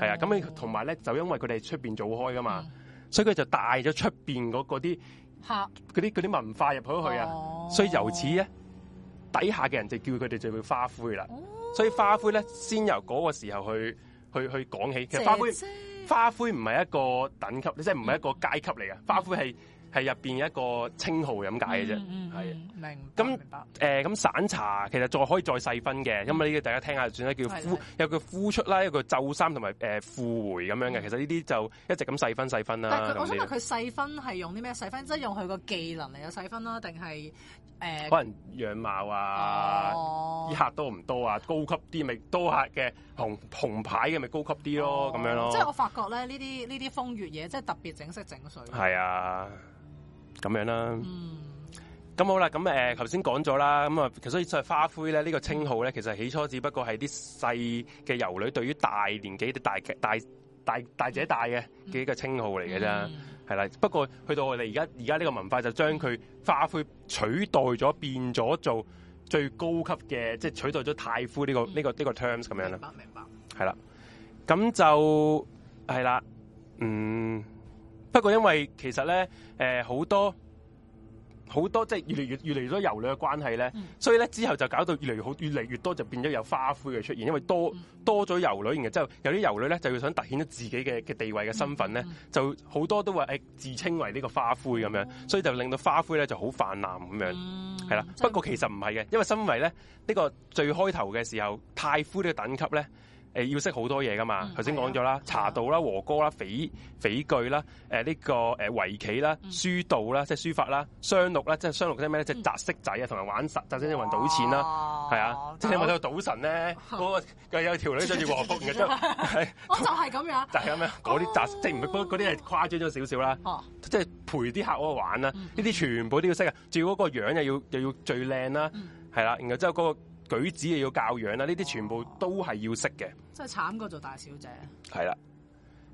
係啊。咁同埋咧，就因為佢哋出邊做開噶嘛、嗯，所以佢就帶咗出邊嗰啲客，嗰啲啲文化入去去啊、哦，所以由此咧，底下嘅人就叫佢哋就叫花魁啦、哦。所以花魁咧先由嗰個時候去去去講起姐姐，其實花魁。花灰唔係一個等級，你即係唔係一個階級嚟嘅、嗯。花灰係係入邊一個稱號咁解嘅啫，係、嗯嗯嗯。明白。咁誒咁散茶其實再可以再細分嘅，因為呢個大家聽下就算啦，叫枯有叫枯出啦，一個皺衫同埋誒富回咁樣嘅、嗯。其實呢啲就一直咁細分細分啦、啊。但係我想問佢細分係用啲咩細分？即、就、係、是、用佢個技能嚟嘅細分啦、啊，定係？誒可能樣貌啊，啲、哦、客多唔多啊？高級啲咪多客嘅紅紅牌嘅咪高級啲咯，咁、哦、樣咯。即係我發覺咧，呢啲呢啲風月嘢，即係特別整色整水。係啊，咁樣啦。嗯。咁好啦，咁誒頭先講咗啦，咁、呃、啊，其實所以所謂花魁咧，這個、稱呢個稱號咧，其實起初只不過係啲細嘅遊女對於大年紀嘅大大大大姐大嘅幾個稱號嚟嘅啫。嗯嗯係啦，不過去到我哋而家而家呢個文化就將佢花魁取代咗，變咗做最高級嘅，即係取代咗太夫呢個呢、嗯呢個呢、呢個 terms 咁樣啦。明白明白。係啦，咁就係啦，嗯，不過因為其實咧，誒、呃、好多。好多即係越嚟越越嚟越多遊女嘅關係咧、嗯，所以咧之後就搞到越嚟越好，越嚟越多就變咗有花魁嘅出現，因為多多咗遊女，然後之後有啲遊女咧就要想凸顯咗自己嘅嘅地位嘅身份咧、嗯，就好多都話自稱為呢個花魁咁樣、嗯，所以就令到花魁咧就好泛濫咁樣，係啦、嗯。不過其實唔係嘅，因為身為咧呢、這個最開頭嘅時候，太夫呢個等級咧。要識好多嘢㗎嘛？頭先講咗啦，茶道啦、啊、和歌啦、俳俳句啦、呢、呃這個、呃、圍棋啦、嗯、書道啦，即係書法啦、雙陸啦，即係雙陸啲咩咧？即係擲骰仔，色仔啊，同埋玩骰，即係即係玩賭錢啦，係啊，啊！即係玩到賭神咧，嗰、啊那個佢有條女著住和服，啊、然後係，我、啊、 就係咁樣，就係咁樣嗰啲擲即係唔係嗰嗰啲係誇張咗少少啦，即係陪啲客玩啦，呢、嗯、啲全部都要識啊！照嗰個樣又要又要最靚啦，係、嗯、啦、啊，然後之後嗰個。舉止又要教養啦，呢啲全部都係要識嘅、哦。真係慘過做大小姐。係啦，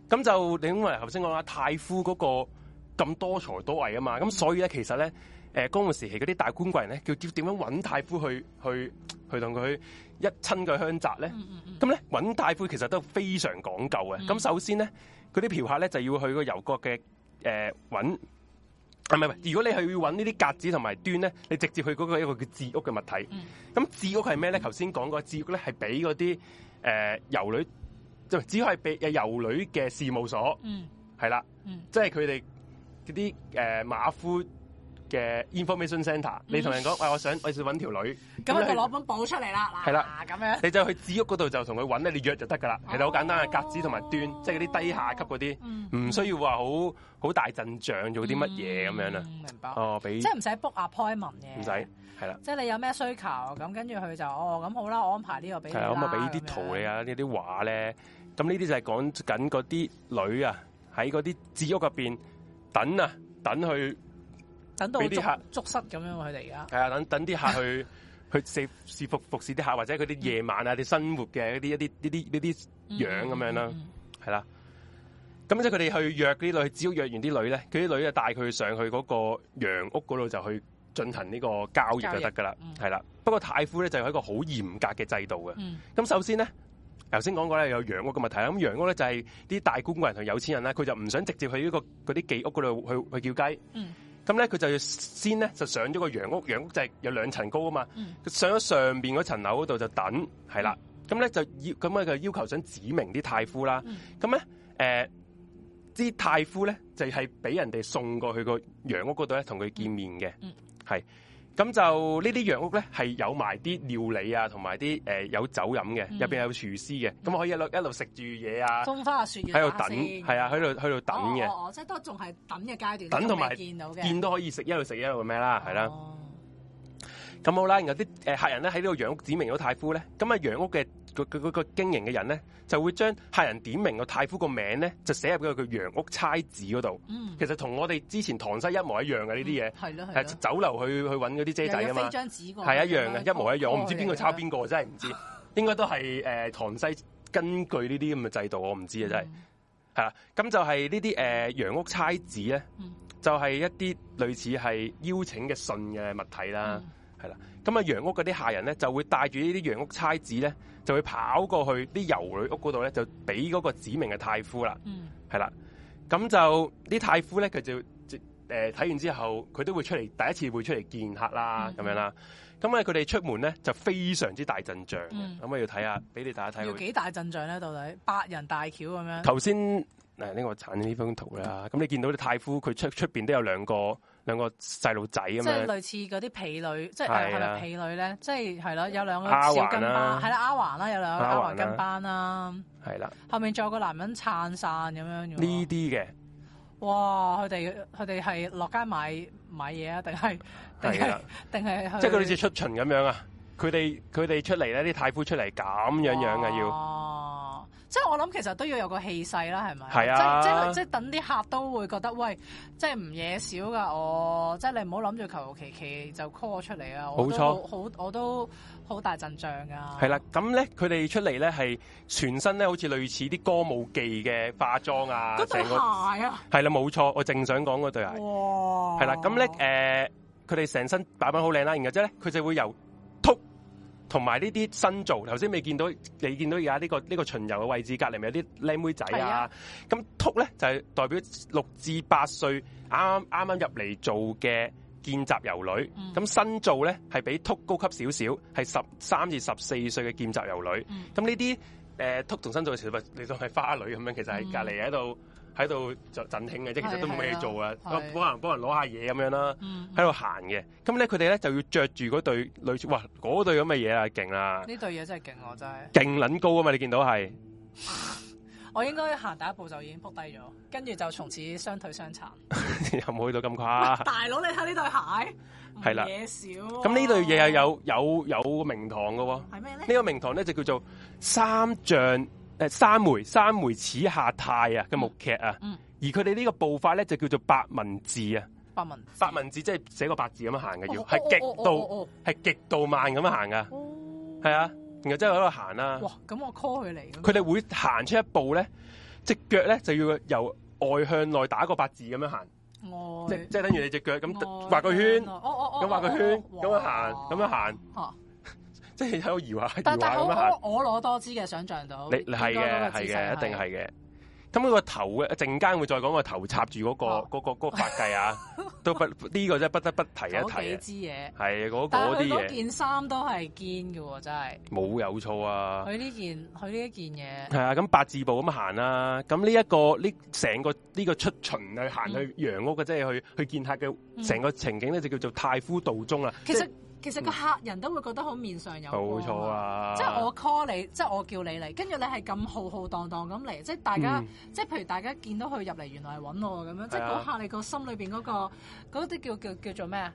咁就你咁話頭先講啊，太夫嗰個咁多才多藝啊嘛，咁、嗯、所以咧其實咧，誒江戶時期嗰啲大官貴人咧，叫點點樣揾太夫去去去同佢一親嘅鄉宅咧？咁咧揾太夫其實都非常講究嘅。咁、嗯、首先咧，嗰啲嫖客咧就要去個遊廓嘅誒揾。呃唔係唔係，如果你係要揾呢啲格子同埋端咧，你直接去嗰個一個叫置屋嘅物體。咁、嗯、置屋係咩咧？頭先講過置屋咧，係俾嗰啲誒遊女，就只要係俾誒遊女嘅事務所，係、嗯、啦、嗯，即係佢哋嗰啲誒馬夫。嘅 information center 你同人講，喂，我想，我想揾條女，咁、嗯、你就攞本簿出嚟啦，係啦，咁樣，你就去字屋嗰度就同佢揾咧，你約就得噶啦，其、哦、啦，好簡單啊，格子同埋端，哦、即係嗰啲低下級嗰啲，唔、嗯、需要話好好大陣仗做啲乜嘢咁樣啊，明白？哦，俾即係唔使 book appointment 嘅，唔使，係啦，即係你有咩需求，咁跟住佢就，哦，咁好啦，我安排呢個俾你，係啊，咁啊俾啲圖你啊，呢啲畫咧，咁呢啲就係講緊嗰啲女啊，喺嗰啲字屋入邊等啊，等去。等到啲客捉室咁樣，佢哋而家係啊，等等啲客去 去侍服服侍啲客，或者佢啲夜晚啊，啲、嗯、生活嘅一啲一啲一啲一啲樣咁樣啦，係、嗯、啦。咁即係佢哋去約嗰啲女，只要約完啲女咧，佢啲女就帶佢上去嗰個羊屋嗰度就去進行呢個交易就得㗎啦，係啦、嗯。不過太夫咧就係一個好嚴格嘅制度嘅。咁、嗯嗯、首先咧，頭先講過咧有羊屋嘅問題啦。咁羊屋咧就係啲大官貴人同有錢人啦，佢就唔想直接去呢、那個嗰啲妓屋嗰度去去叫雞。嗯咁咧佢就要先咧就上咗個洋屋，洋屋就係有兩層高啊嘛。佢上咗上邊嗰層樓嗰度就等，係啦。咁咧就要咁樣嘅要求，想指明啲太夫啦。咁、嗯、咧，誒啲太夫咧就係、是、俾人哋送過去個洋屋嗰度咧，同佢見面嘅，係、嗯。咁就呢啲洋屋咧，係有埋啲料理啊，同埋啲有酒飲嘅，入面有廚師嘅，咁、嗯、可以一路一路食住嘢啊，風花雪月喺度等，係啊，喺度喺度等嘅，哦，哦，哦即係都仲係等嘅階段，等同埋見到嘅，見到可以食，一路食一路咩啦，係啦，咁、哦、好啦，然後啲客人咧喺呢個洋屋指名咗太夫咧，咁啊洋屋嘅。個、那個個經營嘅人咧，就會將客人點名個太夫個名咧，就寫入佢個佢洋屋差紙那」嗰、嗯、度。其實同我哋之前唐西一模一樣嘅呢啲嘢，係係酒樓去去揾嗰啲姐仔啊嘛，係一樣嘅，一模一樣。我唔知邊個抄邊個，啊、真係唔知， 應該都係誒、呃、唐西根據呢啲咁嘅制度，我唔知啊，真係係咁就係呢啲誒洋屋差紙呢」咧、嗯，就係、是、一啲類似係邀請嘅信嘅物體啦，係、嗯、啦。咁啊洋屋嗰啲客人咧，就會帶住呢啲洋屋差紙呢」咧。就會跑過去啲遊女屋嗰度咧，就俾嗰個指名嘅太夫啦、嗯，係啦，咁就啲太夫咧，佢就誒睇、呃、完之後，佢都會出嚟，第一次會出嚟見客啦，咁、嗯、樣啦。咁啊，佢哋出門咧就非常之大陣仗，咁、嗯、啊要睇下俾你大家睇下有幾大陣仗咧？到底八人大橋咁樣？頭先嗱，呢個產呢封圖啦，咁你見到啲太夫佢出出邊都有兩個。兩個細路仔咁樣，即係類似嗰啲婢女，即係係咪婢女咧？即係係咯，有兩個小跟班，係啦、啊，阿環啦、啊，有兩個阿環跟班啦、啊，係啦。後面仲有個男人撐傘咁樣要。呢啲嘅，哇！佢哋佢哋係落街買買嘢啊？定係係啊？定係即係佢哋好似出巡咁樣，來來來來樣啊！佢哋佢哋出嚟咧，啲太夫出嚟咁樣樣嘅要。即係我諗，其實都要有個氣勢啦，係咪？係啊即！即係即係等啲客都會覺得，喂，即係唔嘢少㗎，我即係你唔好諗住求求其其就 call 我出嚟啊。冇錯好我都好大陣仗㗎、啊。係啦，咁咧佢哋出嚟咧係全身咧好似類似啲歌舞伎嘅化妝啊，嗰對鞋啊，係啦、啊，冇錯，我正想講嗰對鞋。哇、啊！係啦，咁咧誒，佢哋成身擺返好靚啦，然後即係佢就會由同埋呢啲新造，頭先未見到，你見到而家呢個呢、這個巡遊嘅位置隔離咪有啲靚妹仔啊？咁禿咧就係、是、代表六至八歲啱啱啱啱入嚟做嘅見習遊女，咁、嗯、新造咧係比禿高級少少，係十三至十四歲嘅見習遊女。咁呢啲誒禿同新造嘅時候，你當係花女咁樣，其實係隔離喺度。嗯喺度就振興嘅，即其實都冇咩做啊，可能幫人攞下嘢咁樣啦，喺度行嘅。咁咧佢哋咧就要着住嗰對類似，哇嗰對咁嘅嘢啊，勁啊！呢對嘢真係勁喎，真係。勁撚高啊嘛，你見到係。 我應該行第一步就已經撲低咗，跟住就從此雙腿雙殘。 又冇去到咁誇？ 大佬，你睇呢對鞋。係啦，嘢少、啊。咁呢對嘢又有有有名堂嘅喎。係咩咧？呢、呢個名堂咧就叫做三象。誒，三枚三枚齒下太啊嘅木屐啊，嗯、而佢哋呢個步法咧就叫做八文、啊、文字啊，八文八文字即係寫個八字咁樣行嘅、哦，要係極度係極、哦哦哦、度慢咁樣行噶，係、哦、啊，然後真係喺度行啦、啊。哇，咁我 call 佢嚟。佢哋會行出一步咧，隻腳咧就要由外向內打個八字咁樣行。哦，即係等於你隻腳咁畫個圈，咁、哦、畫、哦、個圈咁、哦哦哦、樣行，咁樣行。有疑惑，但係好，好我攞多支嘅，想象到你係嘅，係嘅、那個，一定係嘅。咁、那、佢個頭嘅，陣間會再講個頭插住嗰、那個，嗰個個髮髻啊，那個、啊 都不呢、這個真係不得不提一提。幾支嘢係嗰嗰啲嘢。件衫都係堅嘅，真係冇有，有錯啊！佢呢件，佢呢一件嘢係啊。咁八字步咁行啦。咁呢一個，呢、這、成個呢、這個這個出巡去行去洋屋嘅、嗯，即係去去見客嘅成、這個情景咧，就叫做太夫道中啦、嗯。其實。其實個客人都會覺得好面上，有冇錯啊！即係我 call 你，即、就、係、是、我叫你嚟，跟住你係咁浩浩蕩蕩咁嚟，即、就、係、是、大家，即、嗯、係譬如大家見到佢入嚟，原來係揾我咁樣，即係嗰刻你個心裏邊、那、嗰個嗰啲、那個、叫叫叫做咩？嗰、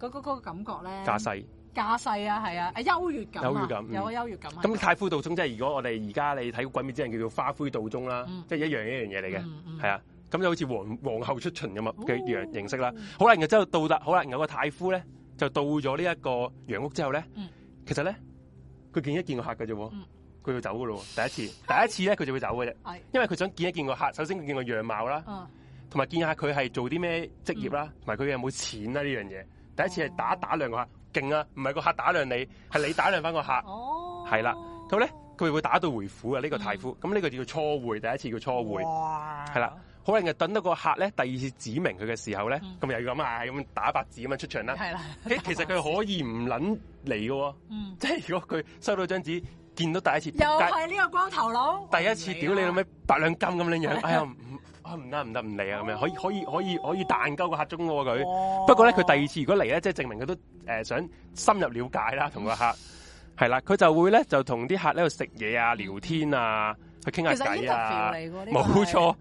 那、嗰個感覺咧？架勢？架勢啊，係啊，優、啊越，啊、越感，優、嗯、越感，有個優越感。咁太夫道中即係如果我哋而家你睇《鬼滅之刃》叫做花魁道中啦，嗯、即係一樣一樣嘢嚟嘅，係、嗯嗯、啊。咁就好似皇皇后出巡咁嘅樣的形式啦、哦好啦後後。好啦，然之後到達，好啦，有個太夫咧。就到咗呢一個洋屋之後咧，嗯、其實咧佢見一見個客㗎啫喎，佢、嗯、就走嘅咯。第一次，第一次咧佢就會走嘅啫， 因為佢想見一見個客，首先見個樣貌啦，同、啊、埋見下佢係做啲咩職業啦，同埋佢有冇錢啦呢樣嘢。第一次係打打量個客，勁呀、啊，唔係個客打量你，係 你打量翻個客，係、哦、啦。咁咧佢會打到回府呀。呢、呢個太夫，咁、嗯、呢個叫初會，第一次叫初會，哇，係啦。可能就等到個客咧，第二次指明佢嘅時候咧，咁、嗯、又要咁啊，咁打白紙咁樣出場啦。係、嗯、啦，其實佢可以唔捻嚟嘅，即係如果佢收到張紙，見到第一次，又係呢個光頭佬，第一次屌你老味，八兩金咁樣樣。哎呀，唔、哎、得，唔得唔嚟啊咁樣，可以可以可以可以彈鳩個客中咯佢、哦。不過咧，佢第二次如果嚟咧，即係證明佢都誒、呃、想深入了解啦，同個客係啦，佢 就會咧就同啲客喺度食嘢啊，聊天啊。去傾下偈啊！冇錯，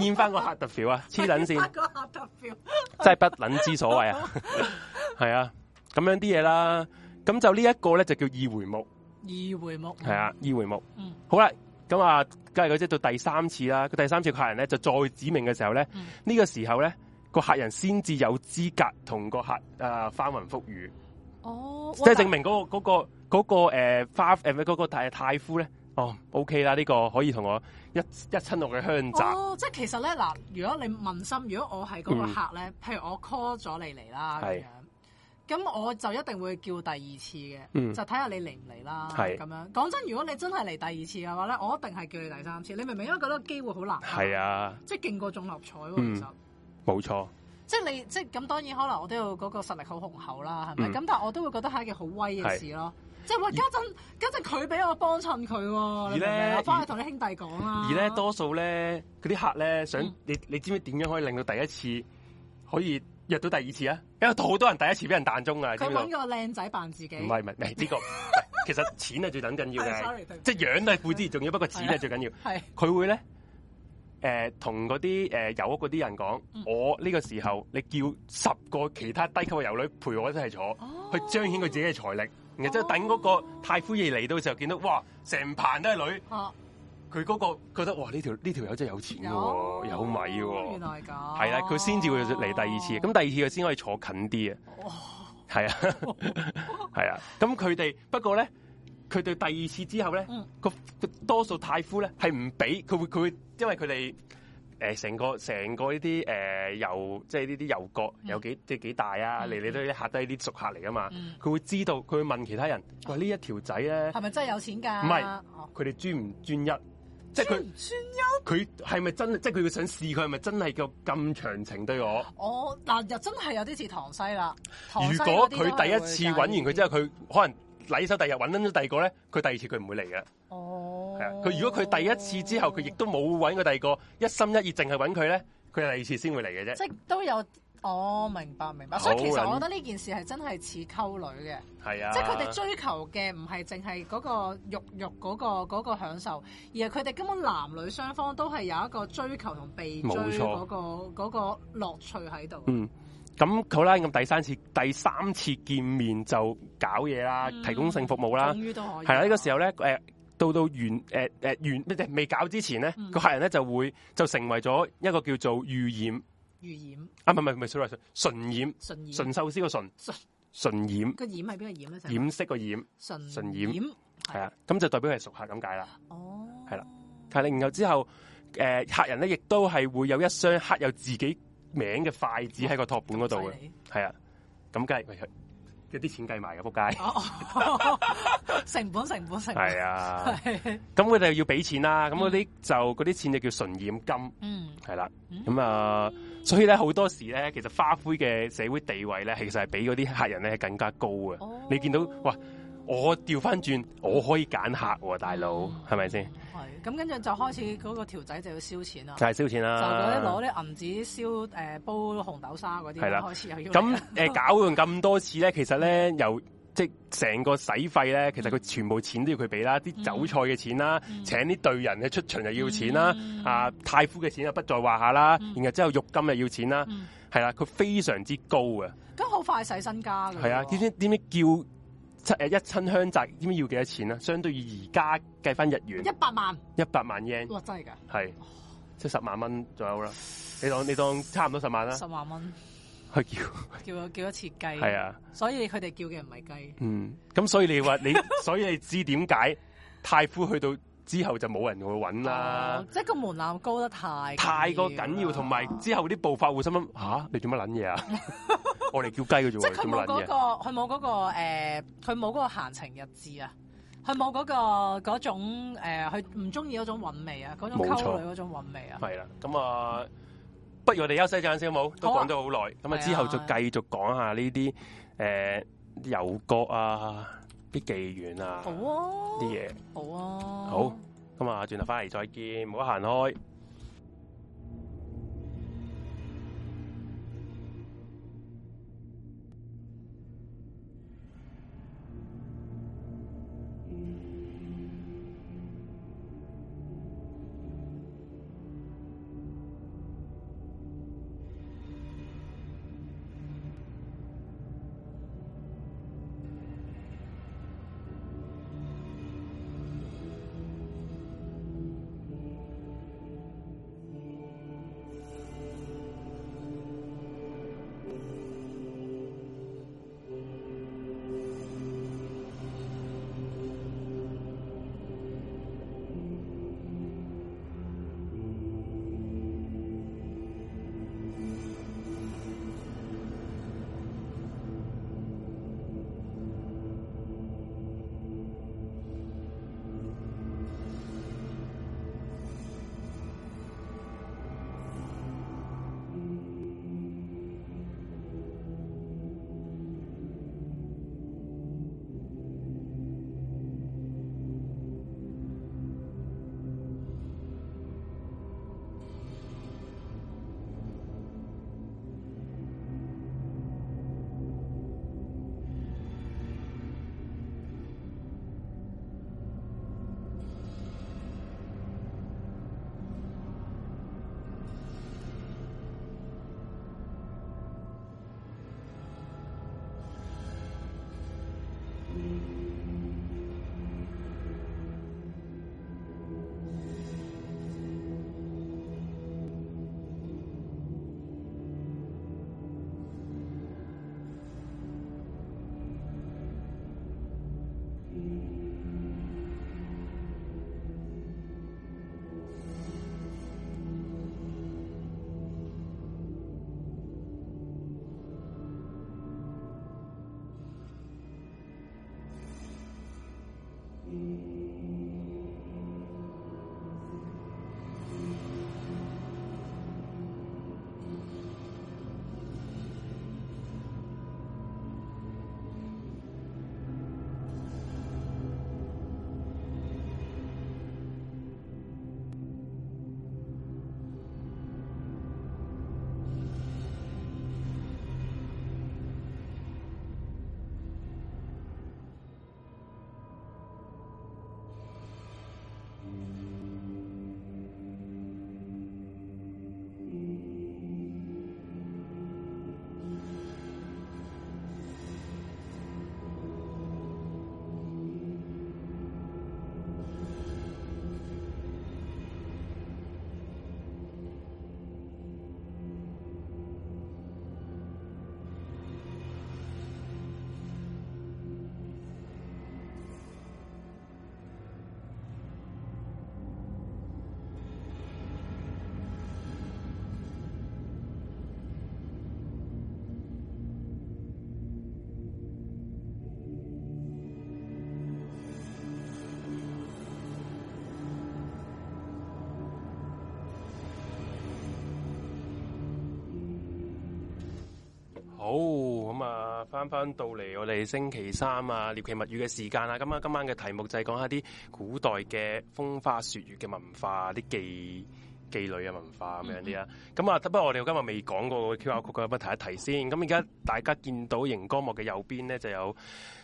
演翻個客特 feel 啊！黐捻先，即係不捻之所謂啊！係啊，咁樣啲嘢啦。咁就呢一個咧，就叫二回目。二回目係啊，二回目。嗯、好啦，咁啊，梗係佢即到第三次啦。佢第三次客人咧，就再指名嘅時候咧，呢、嗯這個時候咧，個客人先至有資格同個客誒、啊、翻雲覆雨。哦，即、就、係、是、證明嗰、那個嗰、那個嗰、那個誒、那個呃、花誒嗰、呃那個太太夫咧。哦，OK 啦，呢、這個可以同我一一親六嘅香澤。哦，即係其實咧嗱，如果你問心，如果我係嗰個客咧、嗯，譬如我 call 咗你嚟啦，咁樣，咁我就一定會叫第二次嘅、嗯，就睇下你嚟唔嚟啦。係咁樣，講真，如果你真係嚟第二次嘅話咧，我一定係叫你第三次。你明唔明？因為覺得機會好難。係啊，即係勁過中六合彩咯、嗯，其實冇錯。即係你，即係咁，當然可能我都有嗰個實力好雄厚啦，係咪？咁、嗯，但我都會覺得係一件好威嘅事咯。即係話，家陣家陣佢俾我幫襯佢喎。而咧，我翻去同你兄弟講啦。而咧，多數咧，佢啲客咧想，嗯、你你知唔知點樣可以令到第一次可以約到第二次啊？因為好多人第一次俾人彈中啊！佢揾個靚仔扮自己。唔係唔係，呢、這個 其實錢係最等緊要嘅。即係樣都係固之重要，不過錢咧最緊要的。係佢會咧，誒同嗰啲誒遊屋嗰啲人講、嗯，我呢個時候你叫十個其他低級嘅遊女陪我一齊坐、哦，去彰顯佢自己嘅財力。然後即等嗰個太夫爺嚟到嘅時候，見到哇，成棚都係女，佢、啊、嗰個覺得哇，呢條呢條友真係有錢嘅喎，有米喎，原來咁，係啦，佢先至會嚟第二次，咁、啊、第二次佢先可以坐近啲啊，係啊，係 啊，咁佢哋不過咧，佢哋第二次之後咧，個多數太夫咧係唔俾，佢會佢會，會，因為佢哋。誒、呃、成個成個呢啲誒遊，即係呢啲遊角有幾即係、嗯、幾大啊？嚟、嗯、嚟都嚇低啲熟客嚟噶嘛？佢、嗯、會知道，佢會問其他人，喂，呢一條仔咧係咪真係有錢㗎？唔係佢哋專唔專一，哦、即係佢專，專一。佢係咪真？即係佢會想試佢係咪真係叫咁長情對我？哦，嗱又真係有啲似唐西啦。西如果佢第一次揾完佢之後，佢可能。禮首第日揾得到第二個咧，佢第二次佢唔會嚟嘅。哦，係啊，佢如果佢第一次之後，佢亦都冇揾過第二個，一心一意淨係揾佢咧，佢係第二次先會嚟嘅啫。即係都有，哦，明白明白。所以其實我覺得呢件事係真係似溝女嘅。係啊，即係佢哋追求嘅唔係淨係嗰個肉肉嗰個嗰個享受，而係佢哋根本男女雙方都係有一個追求同被追嗰個嗰個樂趣喺度。嗯。咁、嗯嗯、好啦，咁第三次第三次見面就搞嘢啦，提供性服務啦，係、嗯、啦，呢、嗯這個時候咧、呃，到到完、呃、完未搞之前咧，個、嗯、客人咧就會就成為咗一個叫做預染。預染？啊唔係唔係唔係，sorry sorry，馴染，馴，馴獸師個馴，馴，馴染，個染係邊個染咧？染色個染，馴，馴染，係啊，咁就代表係熟客咁解啦。哦，係啦，係另然後之後、呃、客人咧，亦都係會有一雙刻有自己。名嘅筷子喺個托盤嗰度嘅，係啊，咁梗係、哎、有啲錢計埋嘅，仆街 成本成本成本係啊，咁佢哋又要俾錢啦，咁嗰啲就嗰啲錢就叫純染金，嗯，係啦、啊，咁、嗯、啊、嗯，所以咧好多時咧，其實花灰嘅社會地位咧，其實係比嗰啲客人咧更加高嘅、哦，你見到哇。我調翻轉，我可以揀客喎，大佬，係咪先？咁、嗯嗯，跟住就開始嗰個條仔就要燒錢啦。就係、是、燒錢啦，就嗰啲攞啲銀紙燒誒煲、呃、紅豆沙嗰啲。係啦，開始又要咁、呃、搞完咁多次咧，其實咧又即係成個使費咧，其實佢全部錢都要佢俾啦，啲酒菜嘅錢啦、嗯，請啲隊人嘅出場又要錢啦、嗯，啊太夫嘅錢就不在話下啦、嗯，然後之後浴金又要錢啦，係、嗯、啦，佢非常之高啊。咁、嗯、好、嗯嗯、快洗身家㗎。係啊，點知點知叫？七誒一親鄉宅，知唔知要幾多錢啊？相對於而家計翻日元，一百萬，一百萬 yen，哇！真係㗎，即係十萬蚊左右啦。你當你當差唔多十萬啦，十萬蚊去叫，叫咗幾多次雞？係啊，所以佢哋叫嘅唔係雞。嗯，咁所以你話你，所以你知點解太夫去到？之後就冇人去揾啦，嗯，即係個門檻高得太，太過緊要，同埋之後啲暴發戶心諗吓，啊，你做乜撚嘢啊？我 哋叫雞嘅啫喎，即係佢冇嗰個，佢冇嗰個，誒，那個，佢冇嗰個閒情逸致啊，佢冇嗰個嗰種，誒，呃，佢唔中意嗰種韻味，味啊，嗰種溝女嗰種韻味啊。係啦，咁啊，不如我哋休息陣先好冇？都講咗好耐，咁啊，之後就繼續講下呢啲，誒，呃，油角啊。啲技院啊，好啊，啲嘢、啊，好啊，好，咁啊，轉頭翻嚟再見，唔好行開。翻翻到嚟我哋星期三啊，獵奇物語嘅時間啦。咁啊，今晚嘅題目就係講下啲古代嘅風花雪月嘅文化，啲妓妓女嘅文化咁樣啲啊。咁、嗯、啊，不過我哋今日未講過嘅 QR Code，咁不提一提先。咁而家大家見到熒光幕嘅右邊呢，就有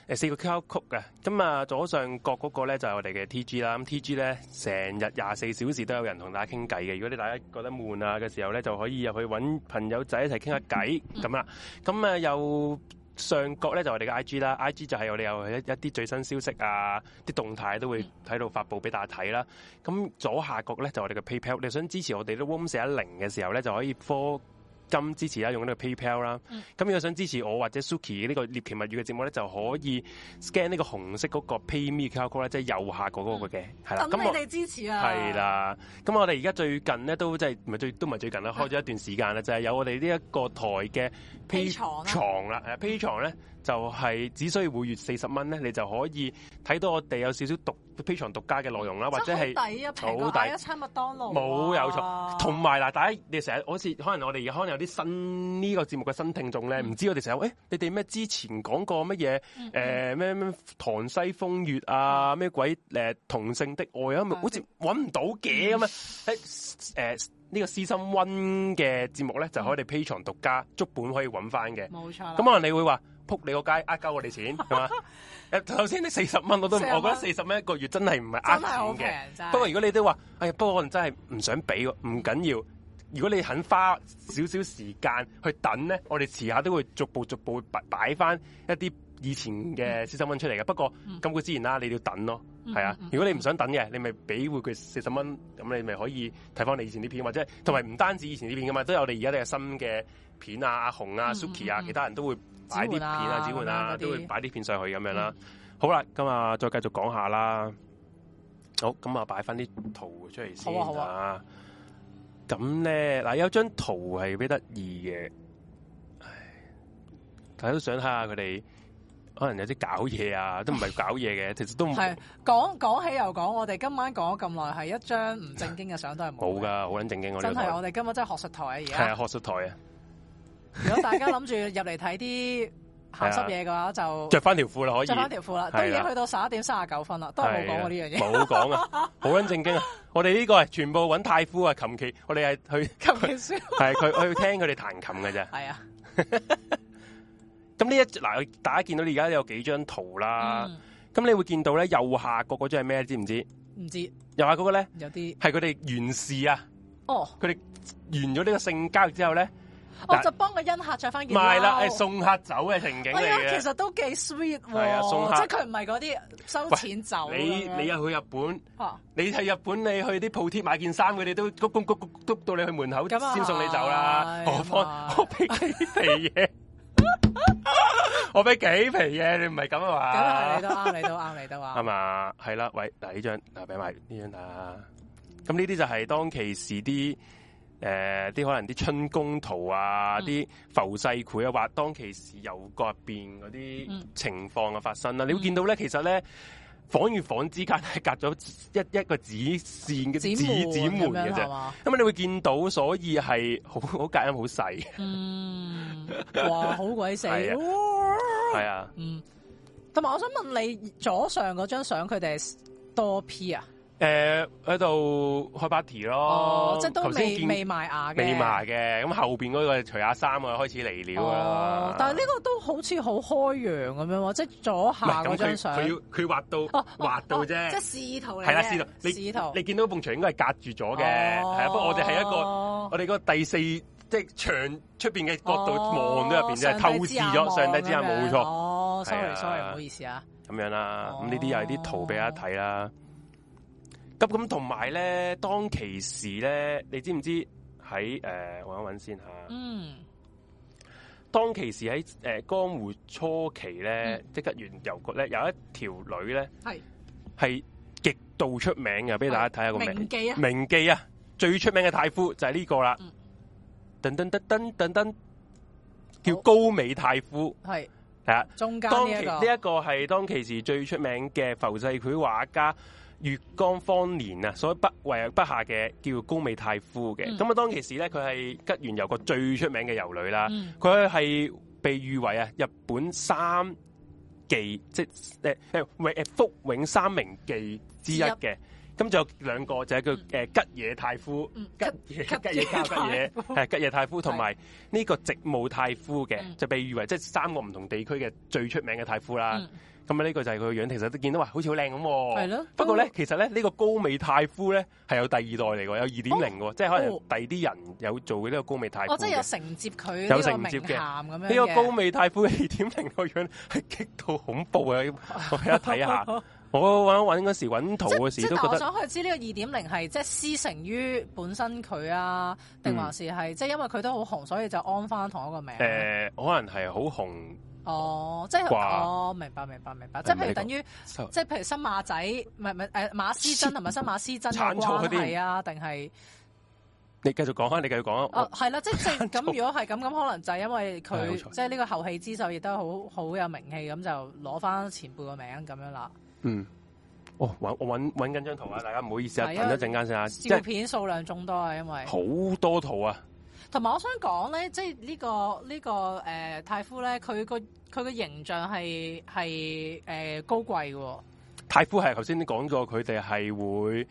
誒四個 QR Code 嘅。咁啊，左上角嗰個咧就係、是、我哋嘅 T G 啦。咁 T G 咧，成日廿四小時都有人同大家傾偈嘅。如果你大家覺得悶啊嘅時候咧，就可以入去揾朋友仔一齊傾下偈咁啦。咁啊又～上角咧就我哋嘅 IG 啦，IG 就係我哋有一一啲最新消息啊，啲動態都會喺度發布俾大家睇啦。咁左下角咧就我哋嘅 PayPal，你想支持我哋啲 room 四一零嘅時候咧，就可以科金支持啦、啊，用呢個 PayPal 啦。咁、嗯、如果想支持我或者 Suki 呢個獵奇物語嘅節目咧，就可以 scan 呢個紅色嗰個 PayMe QR code 咧，即係右下角嗰個嘅、那個。啦、嗯，咁你哋支持啊。係啦，咁我哋而家最近咧都即係唔係最都唔係最近啦，開咗一段時間啦，就係、是、有我哋呢一個台嘅 Patreon 啦，誒 Patreon 咧。床呢就係、是、只需要每月四十蚊咧，你就可以睇到我哋有少少獨披藏獨家嘅內容啦，或者係好抵一餐麥當勞冇有錯。同埋嗱，大家你成日好似可能我哋可能有啲新呢、這個節目嘅新聽眾咧，唔、嗯、知道我哋成日誒你哋咩之前講過乜嘢誒咩咩唐西風月啊咩、嗯、鬼誒、欸、同性的愛啊、嗯，好似揾唔到嘅咁啊誒呢個私心 o 嘅節目咧、嗯，就可以披藏獨家足本可以揾翻嘅冇錯。咁可能你會話。撲你個街，呃鳩我哋錢係嘛？頭先呢四十蚊我都，我覺得四十蚊一個月真係唔係呃錢嘅。 不過如果你都話，哎呀，不過可能真係唔想俾喎，唔緊要。如果你肯花少少時間去等咧，我哋遲下都會逐步逐步擺擺翻一啲以前嘅四十蚊出嚟嘅。不過今個之前啦，你要等咯，係啊嗯嗯嗯嗯。如果你唔想等嘅，你咪俾回佢四十蚊，咁你咪可以睇翻你以前啲片或者同埋唔單止以前啲片噶嘛，都有你而家啲新嘅片啊，阿紅啊，Suki 啊、嗯嗯嗯，其他人都會。擺啲、啊、片啊，紙糊啊，okay，都會擺啲片上去咁樣啦、啊嗯。好啦，咁、嗯、啊，再繼續講下啦。好，咁、嗯、啊，擺翻啲圖出嚟先啊。咁咧、啊，嗱、啊、有張圖係幾得意嘅，唉，大家都想睇下佢哋，可能有啲搞嘢啊，都唔係搞嘢嘅， 其實都唔係。講講起又講，我哋今晚講咗咁耐係一張唔正經嘅相都係冇噶，好 捻正經的的、這個。我們今真係，我哋今日，真係學術台啊，而家係啊，學術台啊。 如果大家諗住入嚟睇啲鹹濕嘢嘅話就、啊，就着翻條褲啦，可以。着翻條褲啦，都已經去到十一點三十九分啦、啊，都係冇講過呢樣嘢。冇講啊，好撚正經啊！我哋呢個係全部揾泰夫啊，琴棋。我哋係去，去琴棋書。係、啊，佢 去，去聽佢哋彈琴嘅啫。係啊。咁 呢一嗱，大家見到你而家有幾張圖啦。咁、嗯、你會見到咧，右下角嗰張係咩？知唔知？唔知。右下嗰個咧？有啲。係佢哋完事啊！哦。佢哋完咗呢個性交易之後咧。我、哦、就幫個恩客着翻件褸。唔係啦，送客走嘅情景嚟嘅、哎。其實都幾 sweet。係、哎、啊，送客。即係佢唔係嗰啲收錢走。你你又去日本、啊？你去日本，你去啲鋪貼買件衫，佢哋都鞠躬鞠鞠鞠到你去門口先送你走啦、啊哎。何況、啊？我俾幾皮嘢？ 我俾幾皮嘢？你唔係咁啊嘛？梗係你都啱，你都啱， 你都啱。係嘛？係啦，喂，嗱呢張嗱俾埋呢張睇咁呢啲就係當其時啲。誒、呃、啲可能啲春宮圖啊，啲、嗯、浮世繪啊，或當其時右角邊嗰啲情況嘅發生啦、啊嗯，你會見到咧、嗯，其實咧房與房之間係隔咗一一個紙線嘅紙紙門嘅啫，咁、嗯、你會見到，所以係好好隔音好細、嗯。嗯、 啊，哇，好鬼死，係啊，嗯。同埋我想問你左上嗰張相，佢哋係多 P 啊？誒、呃，喺度開 party 咯，頭先未埋牙嘅，未埋嘅，咁後邊嗰個除下衫啊，開始嚟了啦、啊哦。但係呢個都好似好開揚咁樣，即係左下嗰張相。佢要佢畫到畫、哦、到啫、哦哦，即係試圖嚟係啦，試圖。圖你。你見到埲牆應該係隔住咗嘅，係、哦、啊。不過我哋係一個，哦、我哋個第四，即係牆出邊嘅角度望到入邊即係透視咗上帝之眼，冇錯。哦，sorry，sorry，唔好意思啊。咁樣啦、啊，咁呢啲又係啲圖俾大家睇啦。咁咁，同埋咧，當其時咧，你知唔知喺、誒、搵、呃、一搵先吓。嗯。當其時喺、誒、江湖初期咧，即、嗯、刻原遊局咧，有一條女咧，係係極度出名嘅，俾大家睇下個名。名記啊名！名記啊！最出名嘅太夫就係呢個啦。噔、嗯、噔噔噔噔噔，叫高尾太夫。係係啊，中間呢一個係當其時、這個、時最出名嘅浮世繪畫家。月江方年啊，所以北位北下嘅叫高美太夫嘅。咁、嗯、啊當其時咧，佢係吉原遊個最出名嘅遊女啦，佢、嗯、係被譽為啊日本三妓，即誒誒永福永三名妓之一嘅。嗯咁仲有兩個就係、是、叫吉野泰夫、嗯吉、吉野、吉野吉野， 吉野泰， 吉野泰夫同埋呢個直務泰夫嘅、嗯，就被譽為即、就是、三個唔同地區嘅最出名嘅泰夫啦。咁啊呢個就係佢個樣，其實都見到話好似好靚咁。係咯。不過咧、哦，其實咧呢、這個高美泰夫咧係有第二代嚟嘅，有二點零即係可能第二啲人有做嘅呢個高美泰夫，即係有承接佢呢個名銜，有承接嘅咁樣呢個高美泰夫二點零個，這個、樣係極度恐怖嘅， 我而家睇下。 我揾嗰時揾圖嗰時候都覺得，即,即我想去知呢個二點零係即係師承於本身佢啊，定還是係、嗯、即係因為佢都好紅，所以就安翻同一個名字、啊。誒、呃，可能係好紅。哦，即係我、哦、明白明白明白，即係譬如等於、這個，即係譬如新馬仔，咪咪誒馬師曾同埋新馬師曾的關係啊，定係？你繼續講你繼續講係啦，即係咁 如果係咁，咁可能就係因為佢、哎、即係呢個後起之秀，亦都好好有名氣，咁就攞翻前輩個名咁樣啦。嗯，哦，我搵搵緊張圖啊！大家唔好意思啊，等一陣間先啊。照片數量眾多啊，因為好多圖啊。同埋，我想講咧，即係、這個這個呃、呢個呢個誒太夫咧，佢個佢個形象係係誒高貴嘅。太夫係頭先講過，佢哋係會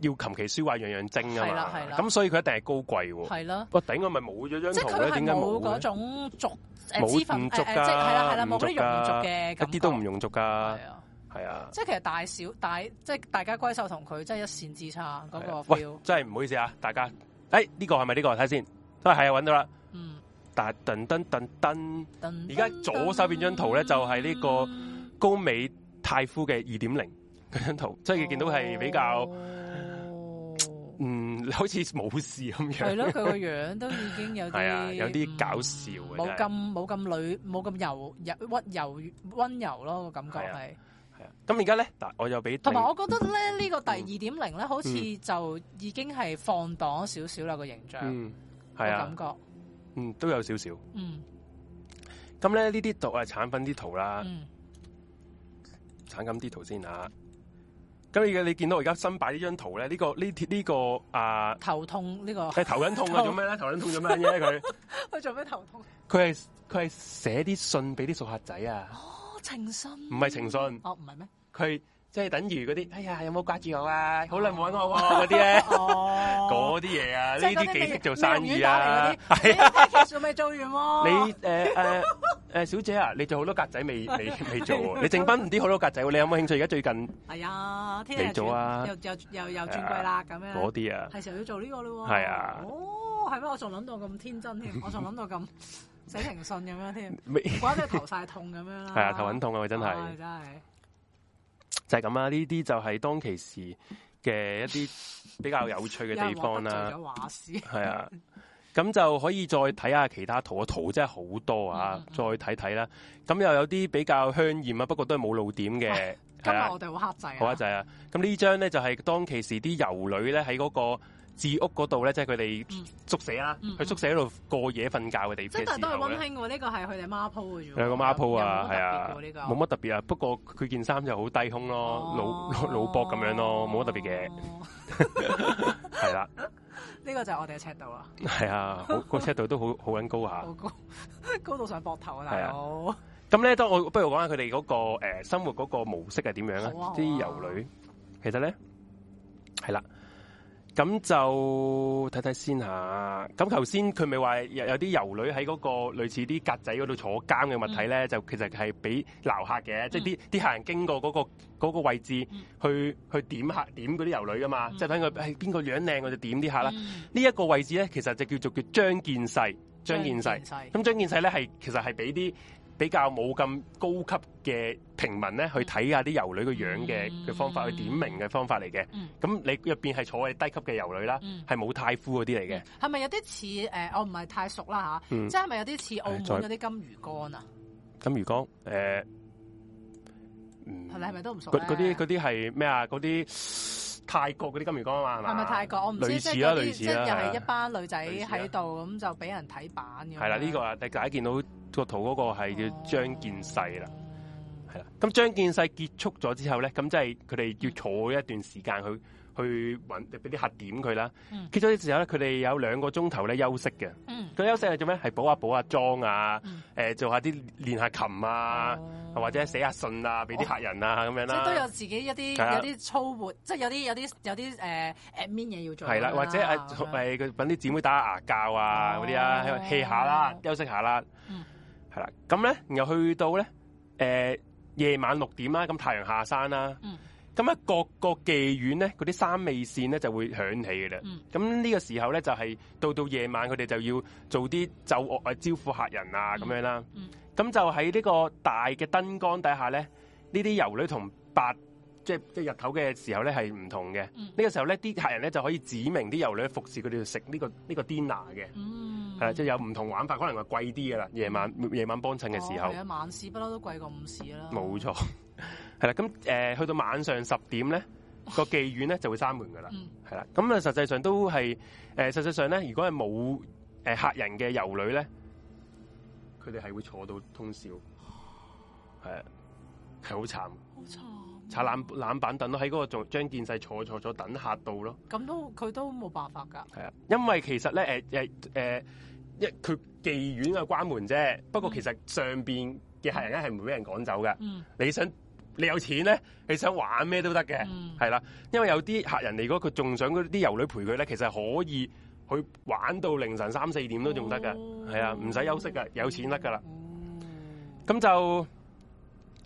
要琴棋書畫樣樣精啊。嘛，係啦係啦。咁所以佢一定係高貴。係咯。哇頂，我咪冇咗張圖呢？點解冇？嗰種族誒，冇混族係啦係啦，冇乜用族嘅，一啲都唔用族噶、啊。係啊，即係其實大小大，即係大家閨秀同佢即係一線之差嗰、那個 feel、啊。真係唔好意思啊，大家誒呢、哎這個係咪呢個睇先都係係啊，哎、揾到啦。嗯，但係噔噔噔噔，而家左手邊張圖咧就係呢個高美泰夫嘅二點零嗰張圖，即係見到係比較、哦、嗯好似冇事咁樣。係咯、啊，佢個樣都已經有係、嗯、啊，有啲搞笑冇咁冇咁女，冇咁柔柔溫柔溫柔咯個感覺係。咁而家咧，我又俾同埋，我覺得咧呢、呢個第二點零咧，好似就已經係放蕩少少啦個形象，係、嗯、啊感覺，嗯都有少少。嗯，咁咧、嗯、呢啲圖啊、嗯，產品啲圖啦，產品啲圖先啊。咁而家你見到我而家新擺呢張圖咧，呢個呢呢個啊頭痛呢個，係頭緊痛啊？做咩咧？頭緊痛做咩嘢咧？佢佢做咩頭痛？佢係佢係寫啲信俾啲熟客仔啊。情信唔係情信，哦唔係咩？佢即係等於嗰啲哎呀，有冇掛住我啊？好耐冇搵我嗰啲咧，哦，嗰啲嘢啊，呢啲幾識做生意啊，係仲未做完喎、啊？你誒誒誒，小姐啊，你做好多格仔未未未做啊？你正斌唔知好多格仔，你有冇興趣？而家最近係、哎、啊，聽日做啊，又又又轉季啦，咁、哎、樣嗰啲啊，係時候要做呢個咯，係啊。哎係咩？我仲諗到咁天真添， 我仲諗到咁寫情信咁樣添，反 正頭晒痛咁樣啦。係 啊，頭很痛啊，佢真係、哎。就係、是、咁啊！呢啲就係當其時嘅一啲比較有趣嘅地方啦。 有係 啊，咁就可以再睇下其他圖嘅 圖真係好多啊！ 再睇睇啦，咁又有啲比較香艷啊，不過都係冇露點嘅，啊啊。今日我哋好克制，啊，好克制啊！咁呢張咧就係、是、當其時啲遊女咧喺嗰個。自屋嗰度咧，即係佢哋宿舍啦，去宿舍喺度過夜瞓覺嘅地方。真係都係溫馨喎，呢個係佢哋孖鋪嘅啫。有個孖鋪啊，係啊，冇、這、乜、個、特別啊。不過佢件衫就好低胸咯，露露露膊咁樣咯，冇、哦、乜特別嘅。係、哦、啦，呢 這個就是我哋嘅尺度啊，係啊，好個尺度都好好緊高吓， 高高到上膊頭啊大佬，咁咧，當我不如講下佢哋嗰個誒、呃、生活嗰個模式係點樣啊？啲遊女其實咧係啦。咁就睇睇先吓，咁頭先佢咪話有有啲遊女喺嗰個類似啲格仔嗰度坐監嘅物體咧、嗯，就其實係俾留客嘅，即係啲啲客人經過嗰、嗰個嗰個位置去去點客點嗰啲遊女噶嘛，即係睇佢邊個樣靚我就點啲客啦。呢、嗯、一、呢個位置咧，其實就叫做叫張見世張見世。咁張見世咧係其實係俾啲。比較冇咁高級嘅平民咧，去睇下啲遊女嘅樣嘅嘅方法、嗯嗯，去點名嘅方法嚟嘅。咁你入邊係坐喺低級嘅遊女啦，係冇太夫嗰啲嚟嘅。係咪有啲似誒？我唔係太熟啦吓，即係咪有啲似澳門嗰啲金魚缸啊？金魚缸誒，咪、呃？係、嗯、咪都唔熟？啲嗰啲係咩啊？嗰啲，那些是什麼？那些泰國嗰啲金魚缸啊嘛，係咪泰國？我唔知類似啦，類似、啊、又係一班女仔喺度咁就俾人睇板嘅。係啦，呢、這個啊，大家見到圖的那個圖嗰個係叫張建世啦。係、哦、啦，咁張建世結束咗之後咧，咁即係佢哋要坐一段時間去去揾俾啲核點佢啦、嗯。結束嘅時候咧，佢哋有兩個鐘頭咧休息嘅。佢、嗯、休息係做咩？係補下補下妝啊，誒、嗯呃，做一下啲練下琴啊。哦或者寫下信啊，俾啲客人啊咁樣啦、啊。即係都有自己一啲有啲粗活，即係有啲有啲有啲誒、呃、admin 嘢要做。係啦，或者誒誒佢揾啲姊妹打下牙膠啊嗰啲啊 hea 下啦，休息下啦。係、嗯、啦，咁咧，然後去到咧誒、呃、夜晚六點啦，咁太陽下山啦。咁、嗯、啊，各個妓院咧，嗰啲三味線咧就會響起嘅啦。咁、嗯、呢、呢個時候咧、就是，就係到到夜晚，佢哋就要做啲奏樂招呼客人啊咁樣啦。嗯嗯咁就喺呢個大嘅燈光底下咧，呢啲遊女同白，即係即係日頭嘅時候咧係唔同嘅。呢、嗯呢個時候咧，啲客人咧就可以指明啲遊女服侍佢哋食呢個呢、呢個 dinner 嘅。即、嗯、係有唔同玩法，可能係貴啲噶啦。夜晚夜、嗯、晚幫襯嘅時候，哦、晚市不嬲都貴過午市啦。冇錯，係 啦。咁、呃、去到晚上十點咧，個妓院咧就會閂門噶啦。係、嗯、啦。咁啊、呃，實際上都係實際上咧，如果係冇、呃、客人嘅遊女咧。佢哋係會坐到通宵，係啊，係好慘，好慘，踩冷冷板凳咯，喺嗰個仲張件世坐坐坐等吓到咯，咁都佢都冇辦法噶，係啊，因為其實咧，誒誒誒，一佢妓院啊關門啫，不過其實上邊嘅客人係唔會俾人趕走噶，嗯，你想你有錢咧，你想玩咩都得嘅，嗯，係啦，因為有啲客人嚟講，佢仲想嗰啲遊女陪佢咧，其實可以。佢玩到凌晨三四點都仲得噶，係、哦、啊，唔使休息噶，有錢得噶啦。咁、嗯嗯、就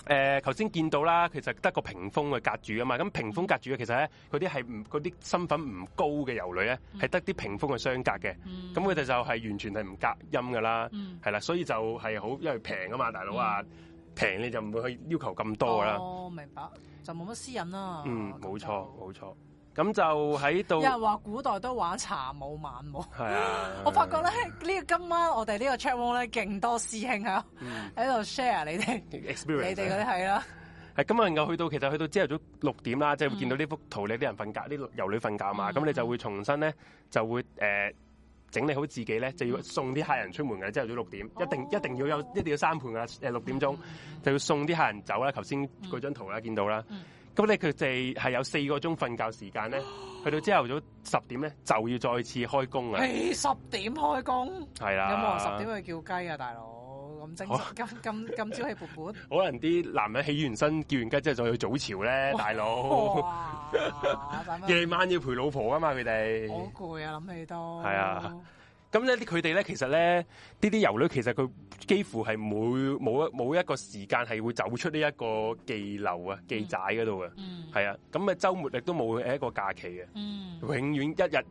誒，頭、呃、先見到啦，其實得個屏風嘅隔住啊嘛。咁屏風隔住、嗯，其實咧嗰啲係唔嗰啲身份唔高嘅遊女咧，係得啲屏風嘅相隔嘅。咁佢哋就係完全係唔隔音噶啦，係、嗯、啦、啊，所以就係好因為平啊嘛，大佬啊，平、嗯、你就唔會去要求咁多啦。哦，明白，就冇乜私隱啦。嗯，冇、哦、錯，冇錯。咁就喺度，有人話古代都玩茶舞晚舞。係啊， 我發覺咧呢個、啊、今晚我哋呢個 channel 咧勁多師兄喺喺度 share 你哋 experience，你哋嗰啲係啦係今日能去到，其實去到朝頭早六點啦，即係會見到呢幅圖，你啲人瞓覺，啲遊女瞓覺嘛。咁、嗯、你就會重新咧就會誒、呃、整理好自己咧，就要送啲客人出門嘅。朝頭早六點，一、哦、定一定要有，一定要三盤啊！六點鐘、嗯、就要送啲客人走啦。頭先嗰張圖啦，見到啦。嗯嗯咁咧佢哋係有四個鐘瞓覺時間咧，去到朝頭早十點咧就要再次開工喇。係、欸、十點開工，係啦。有冇話十點去叫雞啊，大佬？咁正，咁咁咁早起盤盤。可能啲男人起完身叫完雞，之後就去早朝咧，大佬。夜 晚要陪老婆噶嘛，佢哋。好攰啊，諗起都。係啊。咁咧啲佢哋咧，其實咧呢啲遊女其實佢幾乎係每冇一冇一個時間係會走出呢一個記留啊記仔嗰度嘅，係、嗯、啊，咁啊、嗯、週末亦都冇一個假期嘅、嗯，永遠一日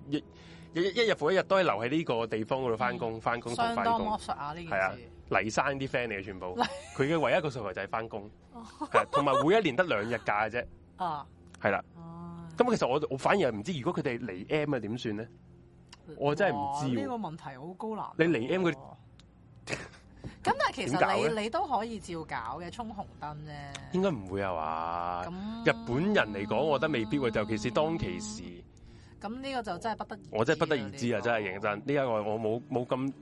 一日，一日復一日都係留喺呢個地方嗰度翻工翻工。相當，魔術啊！呢件事係啊，嚟生啲 friend 嚟嘅全部，佢 嘅唯一一個生活就係翻工，係同埋每一年得兩日假嘅啫。啊，係啦。咁、哎、其實我我反而係唔知，如果佢哋嚟 M 啊點算咧？我真係唔知呢、這個問題好高難度你零 M 啲？咁、啊， 但係其實你你都可以照搞嘅，衝紅燈啫。應該唔會係嘛、嗯？日本人嚟講，我覺得未必會，尤其是當其時。咁、嗯、呢、嗯、個就真係不得我真係不得而知啊、這個！真係認真呢、這個我冇冇咁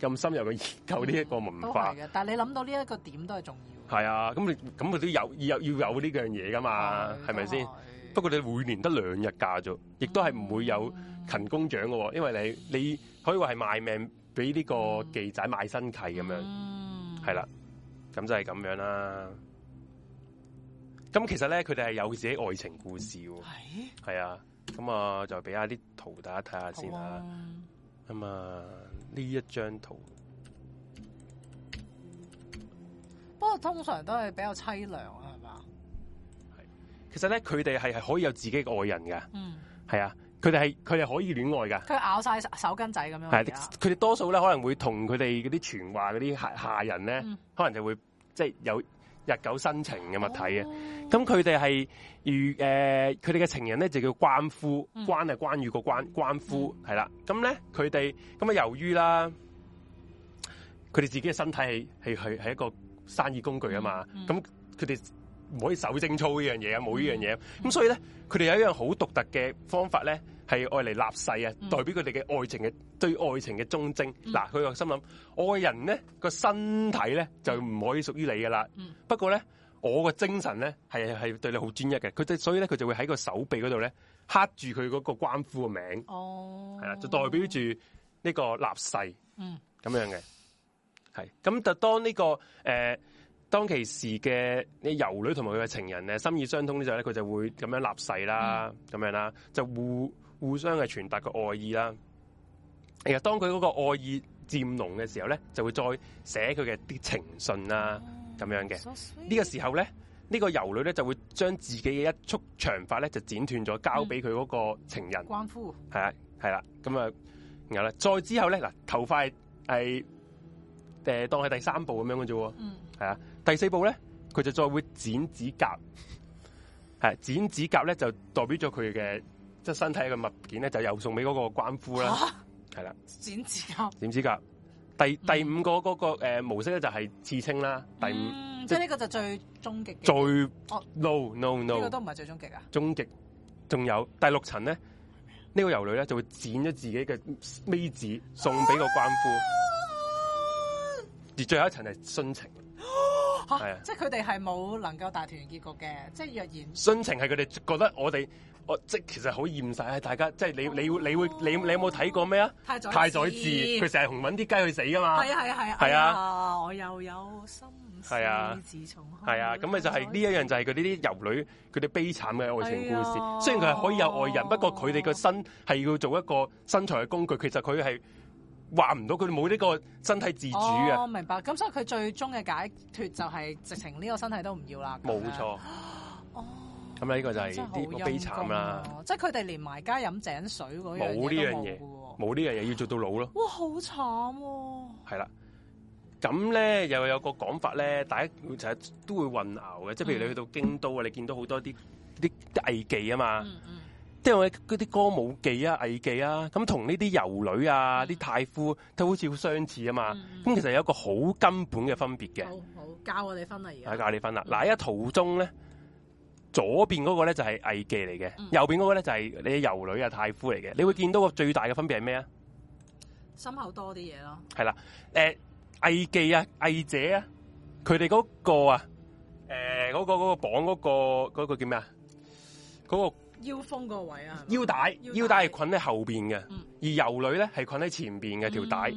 咁深入嘅研究呢一個文化。嘅、嗯，但係你諗到呢一個點都係重要。係啊，咁你咁佢都有有要,要有呢樣嘢噶嘛？係咪先？不過你每年得兩日假啫，亦都係唔會有。嗯勤工獎嘅，因為你你可以話係賣命俾呢個妓仔賣身契咁樣，係、嗯、啦，咁就係咁樣啦。咁其實咧，佢哋係有自己的愛情故事喎，係啊，咁啊，我就俾下啲圖大家睇下先啦。咁啊，呢、嗯、一張圖，不過通常都係比較淒涼啊，係嘛？係，其實咧，佢哋係係可以有自己嘅愛人嘅，嗯，係啊。佢哋係佢哋可以戀愛㗎，佢咬晒手巾仔咁樣，係佢哋多數咧可能會同佢哋嗰啲傳話嗰啲下下人咧，嗯、可能就會即係、即係、有日久生情嘅物體嘅。咁佢哋係如誒，佢哋嘅情人咧就叫關夫，關係關羽個關，關夫係啦。咁咧佢哋咁啊，咪由於啦，佢哋自己嘅身體係係係一個生意工具啊嘛，咁佢哋。嗯唔可以守貞操呢樣嘢啊，冇呢樣嘢。咁、嗯、所以咧，佢哋有一樣好獨特嘅方法咧，係愛嚟立誓啊、嗯，代表佢哋嘅愛情嘅對愛情嘅忠貞。嗱、嗯，佢又心諗，我嘅人咧個身體咧就唔可以屬於你噶啦、嗯。不過咧，我嘅精神咧係係對你好專一嘅。佢就所以咧，佢就會喺個手臂嗰度咧刻住佢嗰個鰥夫嘅名。哦，係啦，就代表住呢個立誓，嗯，咁樣嘅，係。咁就當呢、這個誒。呃當其時嘅你遊女同埋佢嘅情人咧，心意相通咧，候，咧佢就會咁樣立誓啦，咁、嗯、樣啦，就互互相嘅傳達個愛意啦。然當佢嗰個愛意漸濃嘅時候咧，就會再寫佢嘅啲情信啦，咁、哦、樣嘅。呢、so、個時候咧，呢、這個遊女咧就會將自己嘅一束長髮咧就剪斷咗，交俾佢嗰個情人。嗯、關夫係啊，係啦，咁啊，然後咧，再之後咧嗱，頭髮係誒當係第三步咁樣嘅啫。嗯係啊，第四步咧，佢就再會剪指甲，係剪指甲咧就代表咗佢嘅即係身體嘅物件咧就又送俾嗰個鰥夫啦，係啦，剪指甲，剪指甲。第、嗯、第五個嗰個誒模式咧就係刺青啦，第五，即係呢個就最終極，最、哦、no no no，呢個都唔係最終極啊，終極仲有第六層咧，呢、這個遊女咧就會剪咗自己嘅尾指送俾個鰥夫、啊，而最後一層係殉情。係啊，啊，即係佢哋係冇能夠大團圓結局嘅，即係若然殉情係佢哋覺得我哋，我即其實好厭晒，大家即係你、哦、你會你會你你有冇睇過咩啊，啊？太宰治，佢成日紅搵啲雞去死噶嘛？係係係係啊！我又有心思，自從係啊，咁咪就係呢一樣，就係佢呢啲遊女佢哋悲慘嘅愛情故事。哎、雖然佢係可以有愛人，不過佢哋個身係要做一個身材嘅工具。其實佢係。話唔到佢冇呢個身體自主嘅。哦。我明白。咁所以佢最終嘅解脫就係直情呢個身體都唔要啦。冇錯。哦。咁咧呢個就係悲慘啦，啊。即係佢哋連埋家飲井水嗰樣嘢都冇嘅，冇呢樣嘢，事要做到老咯。哇，好慘，啊。係啦。咁咧又有個講法咧，大家其實都會混淆嘅。即係譬如你去到京都啊，你見到好多啲啲藝妓啊嘛。嗯嗯即係我哋嗰啲歌舞伎啊、藝伎啊，咁同呢啲遊女啊、啲太夫，都好似好相似啊嘛、嗯。咁、嗯嗯、其實有一個好根本嘅分別嘅。好，教我哋分啦。係教我分嗯嗯，你分啦。嗱，喺圖中咧，左邊嗰個咧就係藝伎嚟嘅，右邊嗰個咧就係你遊女啊、太夫嚟嘅。你會見到個最大嘅分別係咩啊？心口多啲嘢咯。係啦，誒，藝伎啊、藝者啊，佢哋嗰個啊，誒，嗰個嗰個榜嗰個嗰個叫咩啊？嗰個。腰封個位啊，腰帶，腰帶係捆喺後邊嘅、嗯，而遊女咧係捆喺前邊嘅條帶。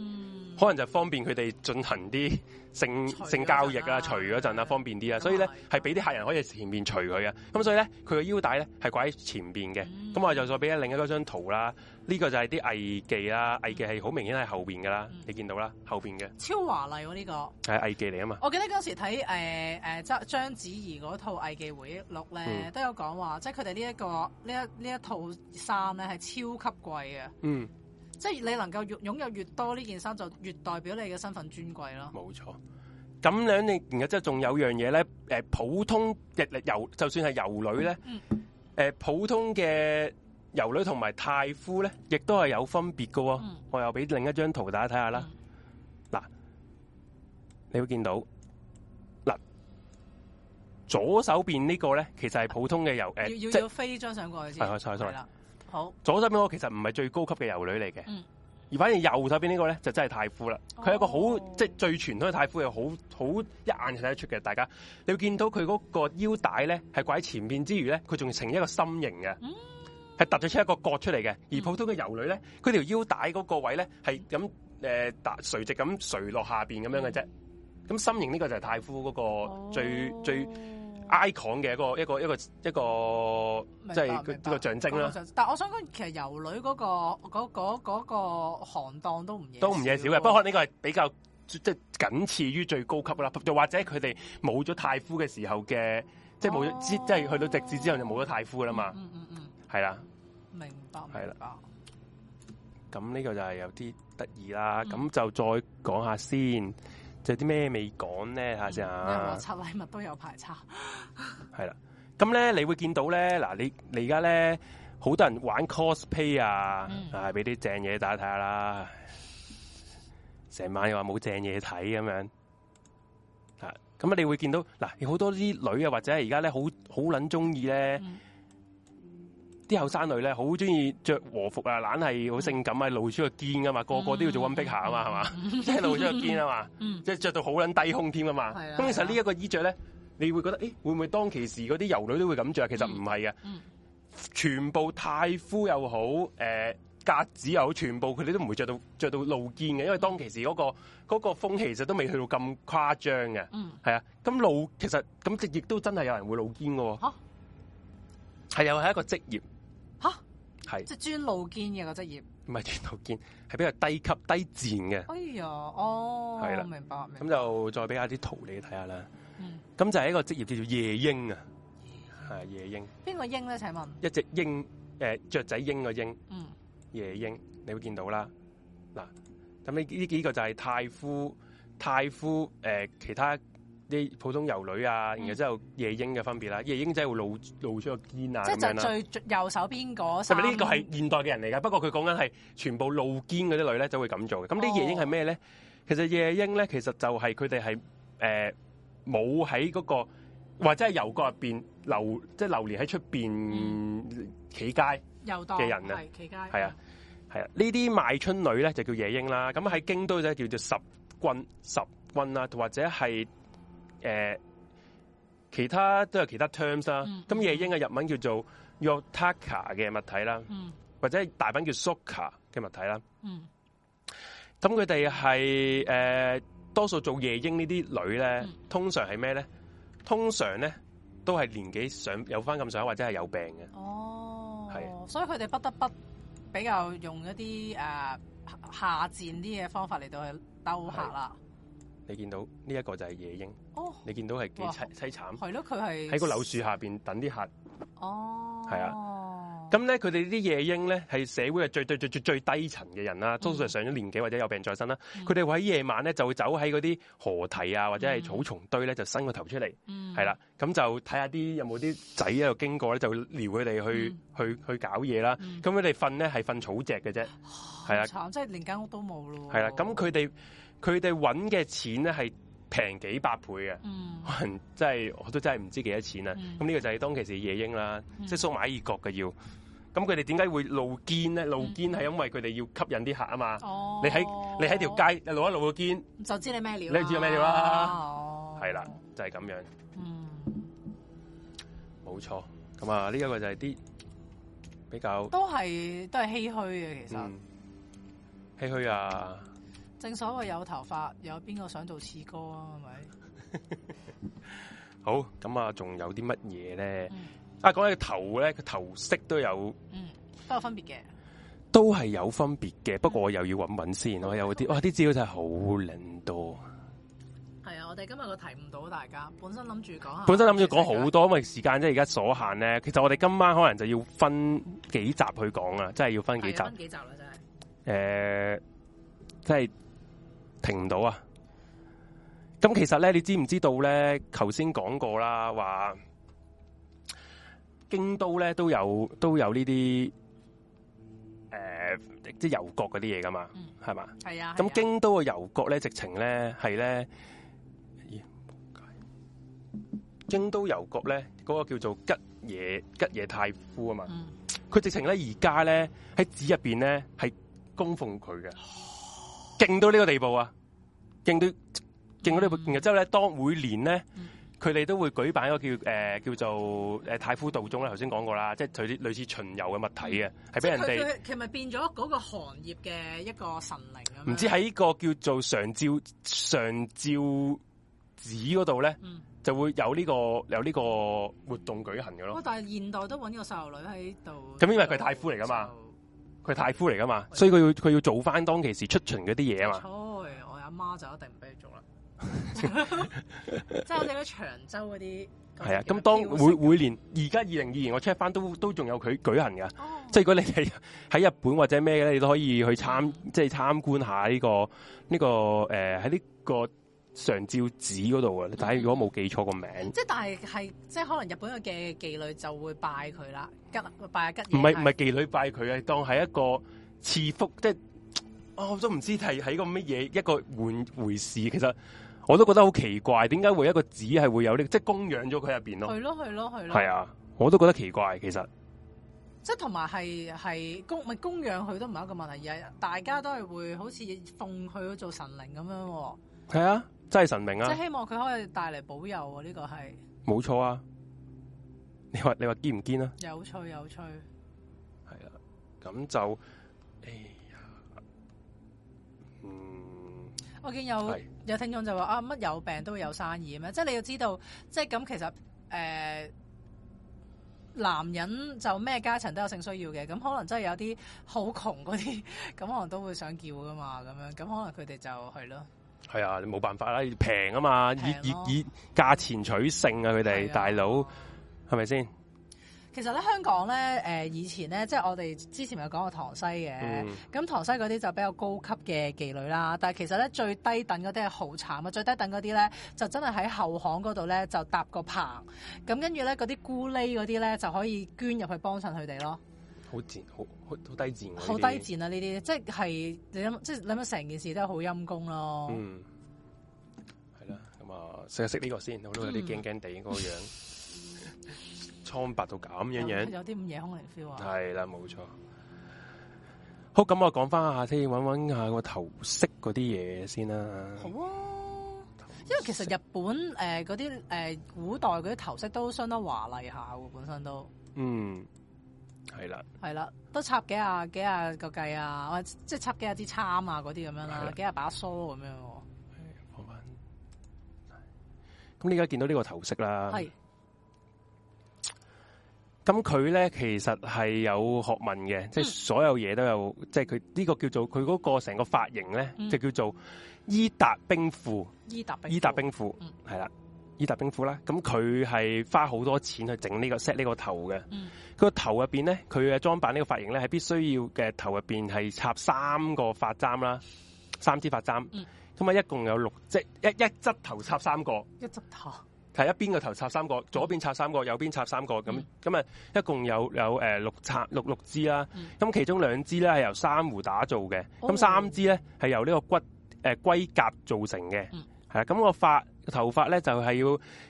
可能就方便佢哋進行啲性、啊、性交易隨啊、除嗰陣啊，方便啲啊，所以咧係俾啲客人可以前面除佢嘅，咁、嗯、所以咧佢嘅腰帶咧係掛喺前面嘅，咁、嗯、我就再俾另一張圖啦，呢、這個就係啲藝妓啦，藝妓係好明顯喺後面㗎啦，嗯嗯你見到啦後面嘅超華麗喎、啊、呢、這個係藝妓嚟啊嘛！我記得嗰時睇誒誒章子怡嗰套藝會呢《藝妓回憶錄》咧，都有講話，即係佢哋呢一個呢一呢一套衫咧係超級貴嘅，嗯。即係你能夠擁有越多呢件衫，就越代表你嘅身份尊貴咯。冇錯，咁樣你而家即係仲有樣嘢咧，誒，普通嘅油就算係油女咧，誒、嗯嗯，普通嘅油女同埋泰夫咧，亦都係有分別嘅、嗯。我又俾另一張圖大家睇下啦。嗱、嗯，你會見到嗱，左手邊呢個咧，其實係普通嘅油，誒、呃，要要要飛張相過去先。係，係，sorry, sorry, 好左手邊嗰個其實唔係最高級嘅遊女嚟嘅，而反而右手邊呢個咧就真係太夫啦。佢、哦、係一個好即係最傳統嘅太夫，嘅，好好一眼就睇得出嘅。大家你會見到佢嗰個腰帶咧係掛喺前面之餘咧，佢仲呈成一個心形嘅，係凸咗出一個角出嚟嘅。而普通嘅遊女咧，佢條腰帶嗰個位咧係咁誒，垂直咁垂落下邊咁樣嘅啫。咁、嗯、心形呢個就係太夫嗰個最、哦、最。icon 嘅一個一個一個一個即係一,一,一個象徵啦。但係我想講，其實遊女嗰、嗰個行當、嗰個、都唔都唔嘢少嘅。不過呢個係比較即係僅次於最高級啦。就、嗯、或者佢哋冇咗太夫嘅時候嘅、哦，即係冇咗即係去到直至之後就冇咗太夫啦嘛。嗯嗯嗯，係、嗯、啦、嗯。明白。係明白。咁呢個就係有啲得意啦。咁就再講下先。就啲咩未講咧？睇下先啊！拆禮物都有排插，係 啦。咁咧，你會見到咧，嗱，你你而家咧，好多人玩 cosplay 啊、嗯，啊，俾啲正嘢大家睇下啦。成晚又話冇正嘢睇咁樣，啊，咁啊，你會見到嗱，好、啊、多啲女啊，或者係而家咧，好好撚中意咧。啲後生女咧，好中意着和服啊，懶係好性感啊，露出個肩啊嘛，個個都要做溫碧霞啊嘛，係嘛，即係露出個肩啊嘛，即係着到好撚低胸添啊嘛。咁其實呢一個衣着咧，你會覺得，誒，會唔會當其時嗰啲遊女都會咁着？其實唔係嘅，全部太夫又好，誒格子又好，全部佢哋都唔會着到著到露肩嘅，因為當其時嗰個嗰個風氣其實都未去到咁誇張嘅。係啊，咁露其實咁亦都真係有人會露肩嘅，係又係一個職業。係即專路肩嘅個職業，唔係專路肩，係比較低級低賤嘅。哎呀，哦，係啦，明白，明白。咁就再俾下啲圖你睇下啦。嗯，咁就係一個職業叫做夜鷹啊，係夜鷹。邊個鷹咧？請問，一隻鷹，誒、呃、雀仔鷹個鷹，嗯，夜鷹你會見到啦。嗱，咁呢呢幾個就係太夫，太夫，誒、呃、其他。啲普通遊女啊，然後之後夜鷹嘅分別啦，啊嗯，夜鷹真係會露露出個肩啊，咁樣啦。最右手邊嗰，係咪呢個係現代嘅人嚟噶？不過佢講緊係全部露肩嗰啲女咧，就會咁做嘅。咁啲夜鷹係咩咧？其實夜鷹咧，其實就係佢哋係誒冇喺嗰個或者係遊廓入邊留，即係流連喺出邊企街遊蕩嘅人啊，係企街。係啊，係啊，呢啲賣春女咧就叫夜鷹啦。咁喺京都咧叫做十軍十軍啦，啊，或者係。誒、呃，其他都有其他 terms 啦。咁、嗯、夜鷹嘅日文叫做 Yotaka 嘅物體啦、嗯，或者大阪叫 Soka 嘅物體啦。咁佢哋係誒，多數做夜鷹呢啲女咧，通常係咩咧？通常咧都係年紀上有翻咁上下，或者係有病嘅。哦，係，所以佢哋不得不比較用一啲誒、呃、下賤啲嘅方法嚟到去兜客啦。你見到呢一、這個就係夜鷹，你見到係幾凄淒慘？係咯，佢係喺個柳樹下邊等啲客。哦，係啊，咁咧佢哋啲夜鷹咧係社會係最最最最最低層嘅人啦，通常係上咗年紀或者有病在身啦。佢哋會喺夜晚咧就會走喺嗰啲河堤啊或者係草叢堆咧就伸個頭出嚟，係、嗯、啦，咁就睇下啲有冇啲仔喺度經過咧就撩佢哋去、嗯、去去，去搞嘢啦。咁佢哋瞓咧係瞓草席嘅啫，係、哦、啊，慘，即係連間屋都冇咯。係啦，咁佢哋。佢哋揾嘅錢咧係平幾百倍嘅、嗯，可 能真係我都真係唔知幾多錢啦、嗯。咁呢個就係當其時嘅野鷹啦，即係數碼異國嘅要。咁佢哋點解會露肩咧？露肩係因為佢哋要吸引啲客啊嘛。哦、你喺你喺條街露一露個肩、哦、肩，就知你咩料啦。你知我咩料啦？係、啊、啦、哦，就係、是、咁樣。冇、嗯、錯，咁啊呢一個就係啲比較都係都係唏噓嘅，其實、嗯、唏噓啊！正所謂有頭髮，有邊個想做刺哥 啊？係咪？好，咁啊，仲有啲乜嘢咧？啊，講起頭咧，個頭色都有，嗯，都有分別嘅，都係有分別嘅。不過我又要搵搵先咯，嗯、我有啲、嗯、哇，啲資料真係好零多。係啊，我哋今日個題唔到大家，本身諗住講下，本身諗住講好多的，因為時間咧而家所限咧。其實我哋今晚可能就要分幾集去講啊、嗯，真係要分幾集，是啊、分幾集啦，真係。誒、呃，即係。停唔到啊！咁其實咧，你知唔知道咧？頭先講過啦，話京都咧都有都有呢啲誒，即係郵局嗰啲嘢噶嘛，係嘛？係啊！咁京都嘅郵局咧，直情咧係咧，京都郵局咧嗰個叫做吉野吉野太夫啊嘛，佢、嗯、直情咧而家咧喺寺入邊咧係供奉佢嘅。勁到呢個地步啊！勁到勁到呢、這、步、個嗯。然後之後咧，當每年咧，佢、嗯、哋都會舉辦一個叫誒、呃、叫做誒太夫道宗啦。頭先講過啦，即係似類似巡遊嘅物體嘅，係、嗯、俾人哋。其實變變咗嗰個行業嘅一個神靈啊。唔知喺個叫做上照上照子嗰度咧，就會有呢、這個有呢個活動舉行嘅咯。哦、但係現代都揾個細路女喺度。咁因為佢太夫嚟噶嘛。佢太夫嚟噶嘛，所以佢要佢要做翻當其時出巡嗰啲嘢啊嘛。哎、我阿媽，媽就一定唔俾佢做啦。 即係我哋啲長洲嗰啲。係啊，咁、嗯、當每每年而家二零二二我 check 翻都都仲有佢舉行噶。即、哦、係如果你哋喺日本或者咩咧，你都可以去參即係、即係、參觀下呢個呢個誒喺呢個。這個呃在這個常照寺嗰度啊，但係如果冇記錯個名、嗯，即係但係係即係可能日本嘅妓女就會拜佢啦，吉拜吉。唔係唔係妓女拜佢啊，當係一個賜福，即係，我都唔知係喺個乜嘢一個換回事。其實我都覺得好奇怪，點解會一個寺係會有呢、呢個？即係供養咗佢入邊咯。係咯，係咯，係咯。係啊，我都覺得奇怪，其實，即係同埋係係供咪供養佢都唔係一個問題，而係大家都係會好似奉佢做神靈咁樣。係啊。真係神明啊！即係希望佢可以帶嚟保佑啊！呢、這個係冇錯啊！你話你話堅唔堅啊？有趣有趣，係啊！咁就哎呀、嗯，我見有有聽眾就話啊，乜有病都會有生意咩？即係你要知道，即係咁其實誒、呃，男人就咩階層都有性需要嘅，咁可能真係有啲好窮嗰啲，咁可能都會想叫噶嘛，咁樣咁可能佢哋就係咯。係啊，你冇辦法啦，平啊嘛，以以以價錢取勝啊！佢哋、啊、大佬係咪先？其實咧，香港咧，誒、呃，以前咧，即係我哋之前有講過塘西嘅。咁、嗯、塘西嗰啲就比較高級嘅妓女啦。但係其實咧，最低等嗰啲係好慘啊！最低等嗰啲咧，就真係喺後巷嗰度咧，就搭個棚咁，跟住咧嗰啲咕喱嗰啲咧，就可以捐入去幫襯佢哋咯。好賤，好好好低賤好、啊、低賤啦、啊，呢啲即係你諗，即係諗成件事都係好陰功咯。嗯，係啦，咁啊，先識呢、這個先，好多有啲驚驚地嗰個樣，蒼 白到咁樣樣、嗯，有啲咁嘢空靈 feel 啊。係啦，冇錯。好，咁我講翻下先，搵搵下嗰個頭飾嗰啲嘢先啦、啊。好啊，因為其實日本誒嗰啲誒古代嗰啲頭飾都相當華麗下，本身都嗯。係啦，係啦，都插幾廿幾廿個計啊，或即係插幾廿支叉啊，嗰啲咁樣啦，幾廿把梳咁樣。係，好啊。咁而家見到呢個頭飾啦，係。咁佢咧其實係有學問嘅，嗯，即係所有嘢都有，即係佢呢個叫做佢嗰個成個髮型咧，嗯，就叫做伊達兵庫。伊達兵庫，係啦。伊達兵庫啦，咁佢係花好多錢去整呢、這個 set 呢個頭嘅。嗯，的頭面呢的裝個呢的頭入邊咧，佢嘅裝扮呢個髮型咧係必須要嘅。頭入邊係插三個髮簪啦，三支髮簪。嗯，同埋一共有六隻，一一側頭插三個，一側頭係一邊個頭插三個，左邊插三個，右邊插三個。咁咁啊，一共有有誒、呃、六插六六支啦。咁、嗯、其中兩支咧係由珊瑚打造嘅，咁、哦、三支咧係由呢個骨誒龜、呃、甲造成嘅。係、嗯、啦，咁、那個髮。頭髮咧就係、是、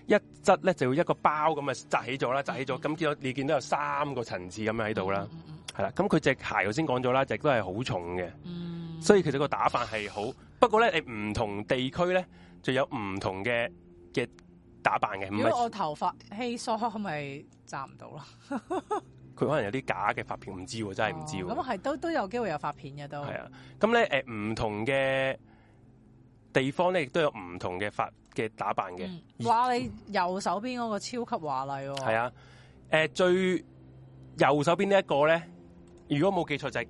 要一紮咧，就要一個包咁啊紮起咗啦，紮起咗。咁見到你見到有三個層次咁樣喺度啦，係、嗯、啦、嗯嗯。咁佢隻鞋頭先講咗啦，隻都係好重嘅。嗯、所以其實個打扮係好。不過咧，你唔同地區咧，就有唔同嘅嘅打扮嘅。如果我頭髮稀疏，係咪紮唔到啦？佢 可能有啲假嘅髮片，唔知喎，真係唔知喎。咁係都都有機會有髮片嘅都。係啊。咁、呃、咧，誒唔同嘅地方咧，亦都有唔同嘅髮。嘅打扮嘅、嗯，哇！你右手邊嗰個超級華麗喎。係啊，誒、嗯啊呃，最右手邊呢一個咧，如果冇記錯就係、是、誒、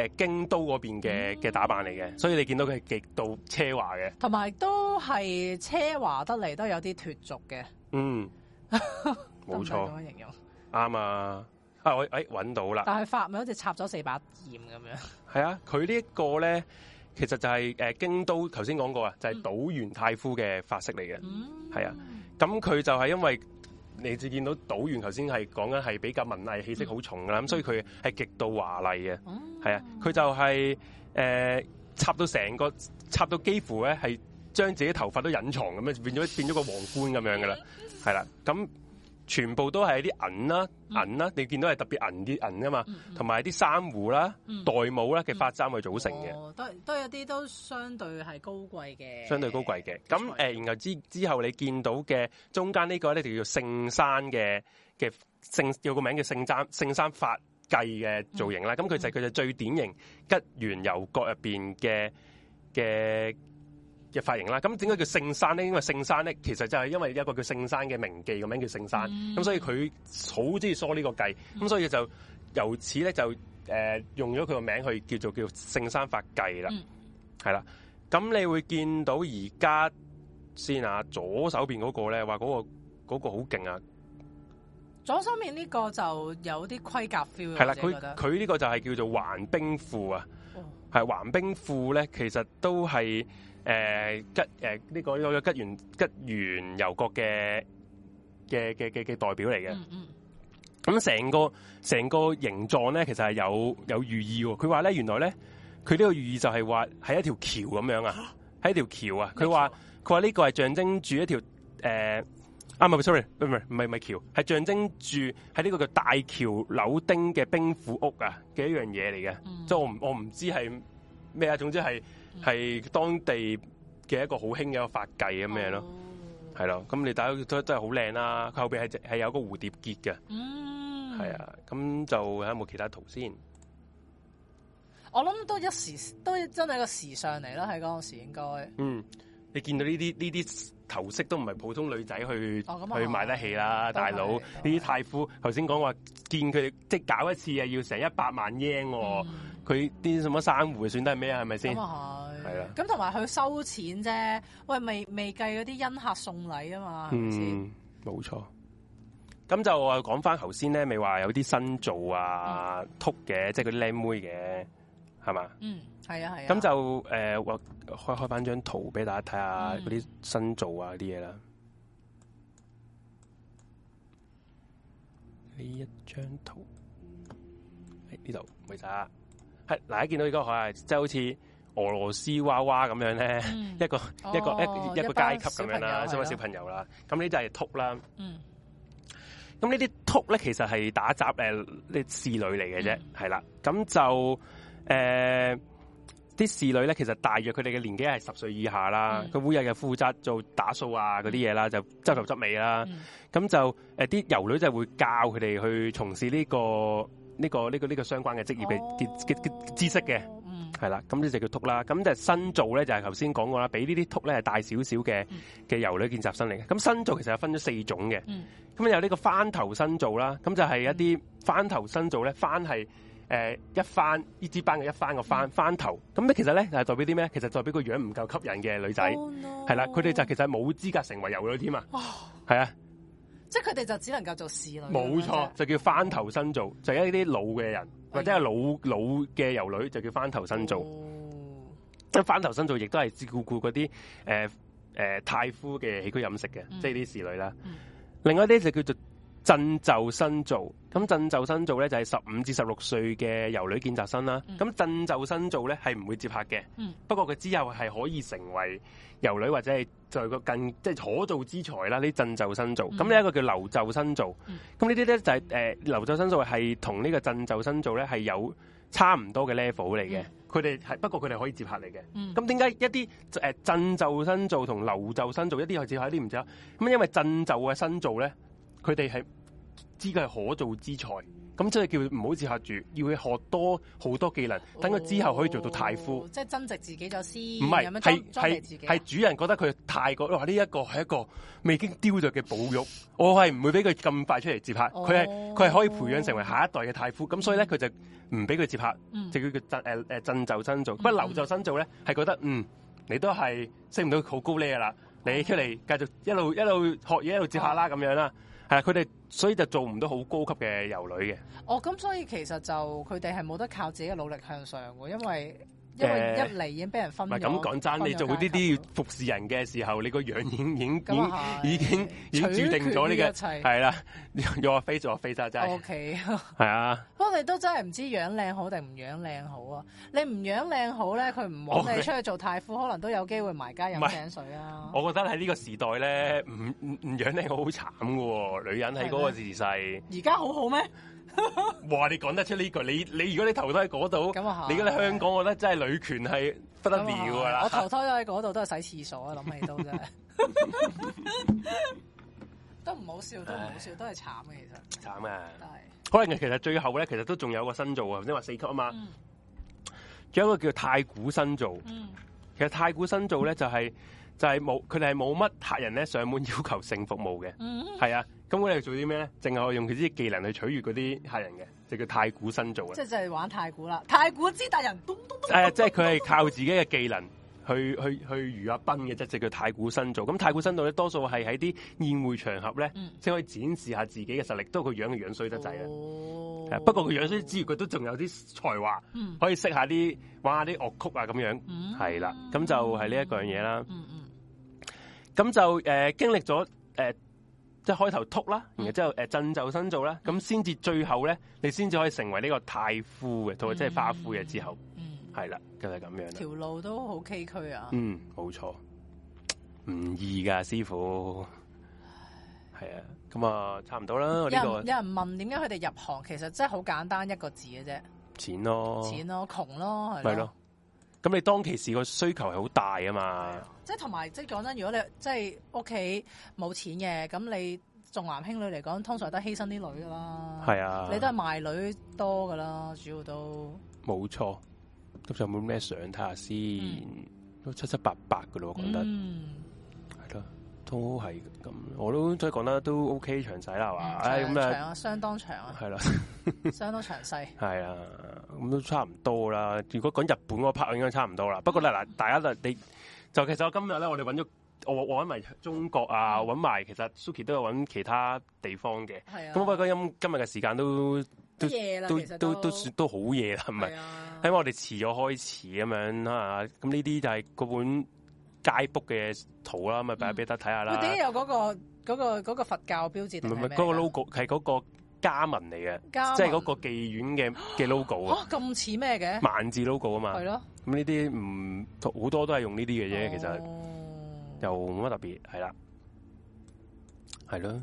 呃、京都嗰邊嘅嘅打扮嚟嘅，所以你見到佢係極度奢華嘅，同埋都係奢華得嚟都有啲脫俗嘅。嗯，冇 錯，形容啱啊！哎、啊，我誒揾到啦，但係髮尾好似插咗四把劍咁樣。係啊，佢呢一個咧。其實就係、是呃、京都頭先講過、就是員嗯、是啊，就係島原太夫嘅髮飾嚟嘅，係啊，咁佢就係因為你見到島原頭先係講緊係比較文藝氣息好重㗎啦，咁、嗯、所以佢係極度華麗嘅，係、嗯、啊，佢就係、是呃、插到成個插到幾乎咧係將自己頭髮都隱藏咁樣，變咗變咗個皇冠咁樣噶啦，係啦、啊，咁。全部都係啲銀啦，銀啦，你見到係特別銀啲銀啊嘛，同埋啲珊瑚啦、嗯嗯、玳瑁啦嘅髮簪去組成嘅、嗯嗯哦。都都有啲都相對係高貴嘅。相對高貴嘅，咁誒、呃，然後之之後你見到嘅中間呢個咧就叫聖山嘅嘅聖，有個名叫聖簪聖山髮髻嘅造型啦。咁、嗯、佢就佢、係嗯、就最典型吉原遊角入邊嘅嘅。嘅髮型啦，咁點解叫聖山咧？因為聖山咧，其實就係因為一個叫聖山嘅名妓個名叫聖山，咁、嗯、所以佢好中意梳呢個髻，咁、嗯、所以就由此咧就誒、呃、用咗佢個名去叫做叫聖山法髻啦，係、嗯、啦。咁你會見到而家先啊，左手邊嗰個咧話嗰個、嗰個好勁啊，左手面呢個就有啲盔甲 feel，係啦，佢佢呢個就係叫做橫兵庫啊，係橫兵庫咧，其實都係。誒、呃、吉誒呢、呃這個呢個吉原吉原遊國嘅嘅嘅嘅嘅代表嚟嘅，咁、嗯、成個成個形狀咧，其實係有有寓意喎。佢話咧，原來咧，佢呢個寓意就係話係一條橋咁樣啊，係一條橋啊。佢話佢話呢個係象徵住一條誒、呃、啊唔係 sorry 唔係唔係橋，係象徵住喺呢個叫大橋柳丁嘅冰庫屋啊嘅一樣嘢嚟嘅。即、嗯、係我我唔知係咩啊，總之係。係當地嘅一個好興嘅一個髮髻咁樣咯，係咯，咁你戴都都真係好靚啦！佢後邊係係有個蝴蝶結嘅，係、mm. 啊，咁就睇下有冇其他圖先。我諗都一時都真係一個時尚嚟啦，喺嗰個時應該。嗯，你見到呢啲呢啲頭飾都唔係普通女仔去、oh, 去買得起啦，嗯、大佬！呢啲太夫頭先講話見佢哋即搞一次啊，要成一百萬英喎、哦！佢、mm. 啲什麼珊瑚算得係咩啊？係咪先？嗯嗯係啦、啊，咁同埋佢收錢啫，喂，未未計嗰啲恩客送禮啊嘛，嗯，冇錯，咁就我講翻頭先咧，咪話有啲新造啊，禿、嗯、嘅，即係嗰啲靚妹嘅，係、就、嘛、是？嗯，係啊，係啊。咁就誒、呃，我開開翻張圖俾大家睇下嗰啲新造啊啲嘢啦。呢、嗯、一張圖呢度，咪、哎、咋？係嗱，你見、啊、到呢、這個海，即、就、係、是、好似。俄羅斯娃娃咁樣咧、嗯，一個一個一、哦、一個階級咁樣啦，即係小朋友啦。咁呢啲係僕啦。咁呢啲僕咧，嗯、其實係打雜誒啲侍女嚟嘅啫，係、嗯、啦。咁就誒啲侍女咧，其實大約佢哋嘅年紀係十歲以下啦。佢、嗯、每日日負責做打掃啊嗰啲嘢啦，就執頭執尾啦。咁、嗯、就啲遊、呃、女就會教佢哋去從事呢、這個呢、這個呢、這個呢、這個這個相關嘅職業嘅嘅嘅知識嘅。哦係啦，咁呢就叫禿啦，咁就新造咧就係頭先講過啦，俾呢啲禿咧係大少少嘅嘅遊女見習生嚟嘅，咁新造其實分咗四種嘅，咁、嗯、有呢個番頭新造啦，咁、嗯、就係一啲番頭新造咧番係誒一番呢支班嘅一番個番番頭，咁咧其實咧係代表啲咩？其實代表個樣唔夠吸引嘅女仔，係、oh, 啦、no.，佢哋就其實係冇資格成為遊女添啊，係、哦、啊，即係佢哋就只能夠做侍女，冇錯，就叫番頭新造，就係、是、一啲老嘅人。或者係老老嘅遊女就叫翻頭新造。即、哦、係翻頭新造亦都係照顧嗰啲誒誒太夫嘅起居飲食嘅，即係啲侍女啦、嗯。另外一啲就叫做，振袖新造，咁振袖新造咧就係十五至十六歲嘅遊女見習生啦，咁、嗯、振袖新造咧係唔會接客嘅、嗯，不過佢之後係可以成為遊女或者係在個更即係、就是、可造之材啦呢振袖新造，咁、嗯、呢一個叫留袖新造，咁呢啲咧就係誒留袖新造係同呢個振袖新造咧係有差唔多嘅 level 嚟嘅。佢哋係不過佢哋可以接客嚟嘅，咁點解一啲誒振袖新造同留袖新造一啲係接客一啲唔接？咁因為振袖嘅新造咧，佢哋係。知佢係可造之材，咁即係叫唔好接客住，要佢學多好多技能，等佢之後可以做到太夫，哦、即係增值自己就先，唔係係係主人覺得佢太個，哇！呢一個係一個未經雕琢嘅寶玉。我係唔會俾佢咁快出嚟接客。佢係佢係可以培養成為下一代嘅太夫。咁所以咧，佢、嗯、就唔俾佢接客，就叫佢振誒誒、啊、振就新做。不過留就新做咧，係、嗯、覺得嗯，你都係升唔到好高呢嘅啦。你出嚟繼續一路一路學嘢，一路接客啦，咁、哦、樣啦。係啦，佢哋所以就做唔到好高級嘅遊女嘅。哦，咁所以其實就佢哋係冇得靠自己嘅努力向上嘅，因為。因為一嚟已經俾人分唔咁講真，你做呢啲服侍人嘅時候，你個樣已經已經、嗯嗯、已經、嗯嗯嗯、已經註定咗呢個一切係啦。要我飛就我飛曬真係 O K。係 啊。不過你都真係唔知樣靚好定唔樣靚好啊？你唔樣靚好咧，佢唔冇你出去做太夫，okay. 可能都有機會埋家飲井水啊。我覺得喺呢個時代咧，唔唔唔樣靚好好慘喎，女人喺嗰個時勢。而家好好咩？哇！你講得出呢、這、句、個，你你如果你投胎喺嗰度，咁啊吓！你，你香港，我覺得真係女權係不得了噶啦、嗯嗯。我投胎喺嗰度，都係洗廁所啊，諗起都真係， 都唔好笑，都唔好笑，都係慘嘅，其實。慘嘅、啊。係。可能其實最後咧，其實都仲有一個新造啊，即係話四級啊嘛。仲、嗯、有一個叫做太古新造、嗯。其實太古新造咧、就是，就係就係冇，佢哋係冇乜客人咧上門要求性服務嘅。嗯。係啊。咁我哋做啲咩咧？淨係我用佢啲技能去取悅嗰啲客人嘅，就叫太古新造。即係就係玩太古啦！太古之達人，誒，即係佢係靠自己嘅技能去去去如阿賓嘅啫，就叫太古新造。咁太古新造咧，多數係喺啲宴會場合咧，即係可以展示下自己嘅實力。都佢樣樣衰得滯啦。不過佢樣衰之餘，佢都仲有啲才華，可以識下啲玩下啲樂曲啊，咁樣係啦。咁就係呢一樣樣嘢啦。咁、嗯嗯嗯、就誒、呃、經歷咗誒。呃即係開頭禿啦，然之後誒振袖身做啦。咁先至最後咧，你先至可以成為呢個太夫嘅，同埋即係花夫嘅之後，係、嗯、啦，就係、是、咁樣。條路都好崎嶇啊！嗯，冇錯，唔易噶、啊，師傅。係 啊，咁啊，差唔多啦。有人問點解佢哋入行，其實真係好簡單一個字嘅啫，錢咯，錢咯，窮咯，係咯。咁你當其時個需求係好大啊嘛，即，即係同埋即係講真，如果你即係屋企冇錢嘅，咁你重男輕女嚟講，通常都係犧牲啲女噶啦。係啊，你都係賣女多噶啦，主要都冇錯。咁就冇咩想睇下先？嗯、都七七八八噶咯，我覺得。嗯，係咯，都係咁。我都即係講得都 OK、嗯、詳細啦，係、啊、嘛？長啊，相當長啊，係啦，相當詳細。係啊。咁都差唔多啦。如果講日本嗰 part 應該差唔多啦。不過咧嗱，大家咧、嗯、你就其實今日我今日咧，我哋揾咗我揾埋中國啊，揾、嗯、埋其實 Suki 都有揾其他地方嘅。係、嗯、啊。咁不過今日今日嘅時間都都都都都算都好夜啦，唔、嗯、咪？因為我哋遲咗開始咁樣啊。咁呢啲就係嗰本街 book 嘅圖啦，咪擺俾得睇下啦。我、嗯、頂有嗰、嗰個嗰、嗰個嗰個、佛教標誌定係咩？唔係唔係嗰個 logo，係嗰、嗰個，加文嚟嘅，即係嗰個妓院嘅嘅 logo 啊！咁似咩嘅？萬字 logo 啊嘛，係咯、嗯。咁呢啲唔好多都係用呢啲嘅啫，其實又冇乜特別，係啦，係咯，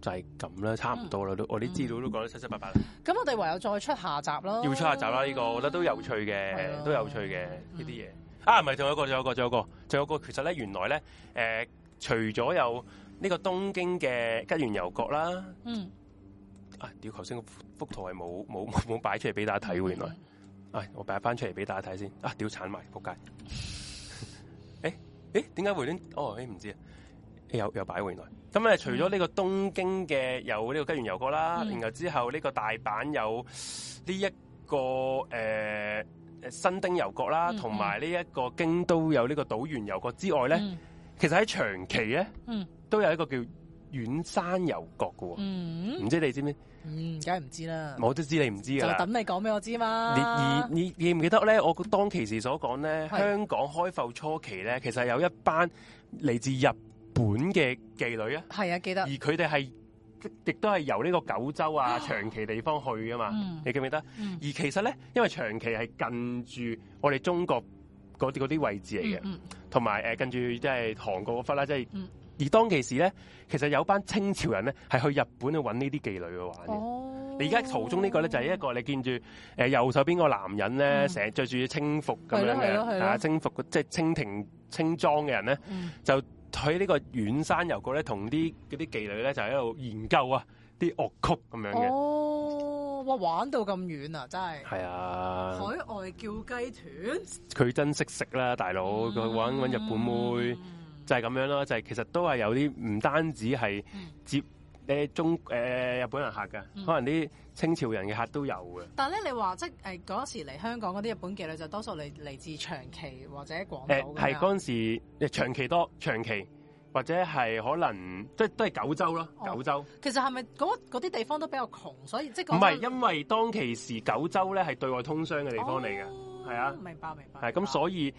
就係咁啦，差唔多啦，都、嗯、我啲資料都講得七七八八啦。咁、嗯、我哋唯有再出下集咯，要出下集啦！呢、呢個我覺得都有趣嘅、嗯，都有趣嘅呢啲嘢。啊，唔係仲有一個，仲有一個，仲有一個，仲有個，仲有個，仲有個。其實咧，原來咧，誒、呃，除咗有呢個東京嘅吉原遊國啦，嗯。屌、啊，頭先幅圖係冇冇冇擺出嚟俾大家睇，原來，mm-hmm. 哎，我擺翻出嚟俾大家睇先。啊，屌鏟埋，仆街。誒 誒、欸，點解會亂？哦，誒、欸，唔知啊。又又擺回原來。咁、mm-hmm. 咧，除咗呢個東京嘅有呢個吉原遊閣啦，mm-hmm. 然後之後呢個大阪有呢、這、一個誒誒、呃、新丁遊閣啦，同埋呢一個京都有呢個島原遊閣之外咧，mm-hmm. 其實喺長崎咧，mm-hmm. 都有一個叫遠山遊閣嘅。唔、mm-hmm. 知道你知唔知？嗯，梗係唔知啦。我都知你唔知啊。啦。就等你講俾我知嘛。你而你你記唔記得咧？我當其時所講咧，香港開埠初期咧，其實有一班嚟自日本嘅妓女啊。係啊，記得。而佢哋係亦都係由呢個九州啊，長崎地方去噶嘛、嗯。你記唔記得、嗯？而其實咧，因為長崎係近住我哋中國嗰啲啲位置嚟嘅，同埋誒近住即係韓國嗰忽啦，即係。嗯。而當其時咧，其實有班清朝人咧，係去日本去揾呢啲妓女去玩嘅。你而家途中個呢個咧就係、是、一個你見住右手邊個男人咧，成日着住清服咁樣嘅，啊清服即係清廷清裝嘅人咧，就喺、是、呢、嗯、就去個遠山遊過咧，同啲嗰啲妓女咧就喺度研究啊啲樂曲咁樣嘅。哦，哇！玩到咁遠啊，真係。係啊。海外叫雞團。佢真識食啦、啊，大佬！佢、嗯、揾日本妹。嗯就係、是、咁樣咯，就係、是、其實都係有啲唔單止係接誒、嗯呃、中誒、呃、日本人客嘅、嗯，可能啲清朝人嘅客人都有嘅。但係咧，你話即係嗰、呃、時嚟香港嗰啲日本妓女就多數嚟嚟自長崎或者廣島嘅。係、呃、嗰時，長崎多，長崎或者係可能即係都係九州咯、哦，九州。其實係咪嗰啲地方都比較窮，所以即係。唔係、那個，因為當其時九州咧係對外通商嘅地方嚟嘅，係、哦、啊，明白明白。係咁，所以。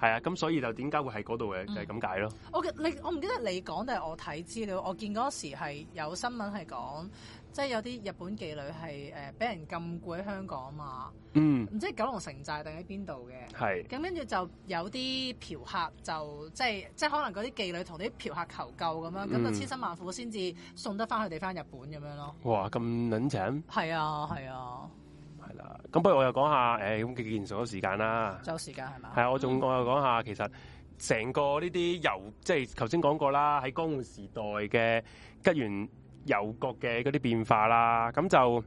係啊，咁所以就點解會喺嗰度嘅就係咁解咯。我你我唔記得你講，定係我睇資料，我見嗰時係有新聞係講，即係有啲日本妓女係誒俾人禁錮喺香港嘛。嗯，唔知九龍城寨定喺邊度嘅。係。咁跟住就有啲嫖客就即係即係可能嗰啲妓女同啲嫖客求救咁樣，咁、嗯、就千辛萬苦先至送得翻佢哋翻日本咁樣咯。哇！咁撚長。係啊，係啊。係啦，咁不如我又講下誒，咁幾件事都時間啦，周時間係嘛？係啊，我仲我又講下其實，成個呢啲遊，即係頭先講過啦，喺江戶時代嘅吉原遊國嘅嗰啲變化啦。咁就誒、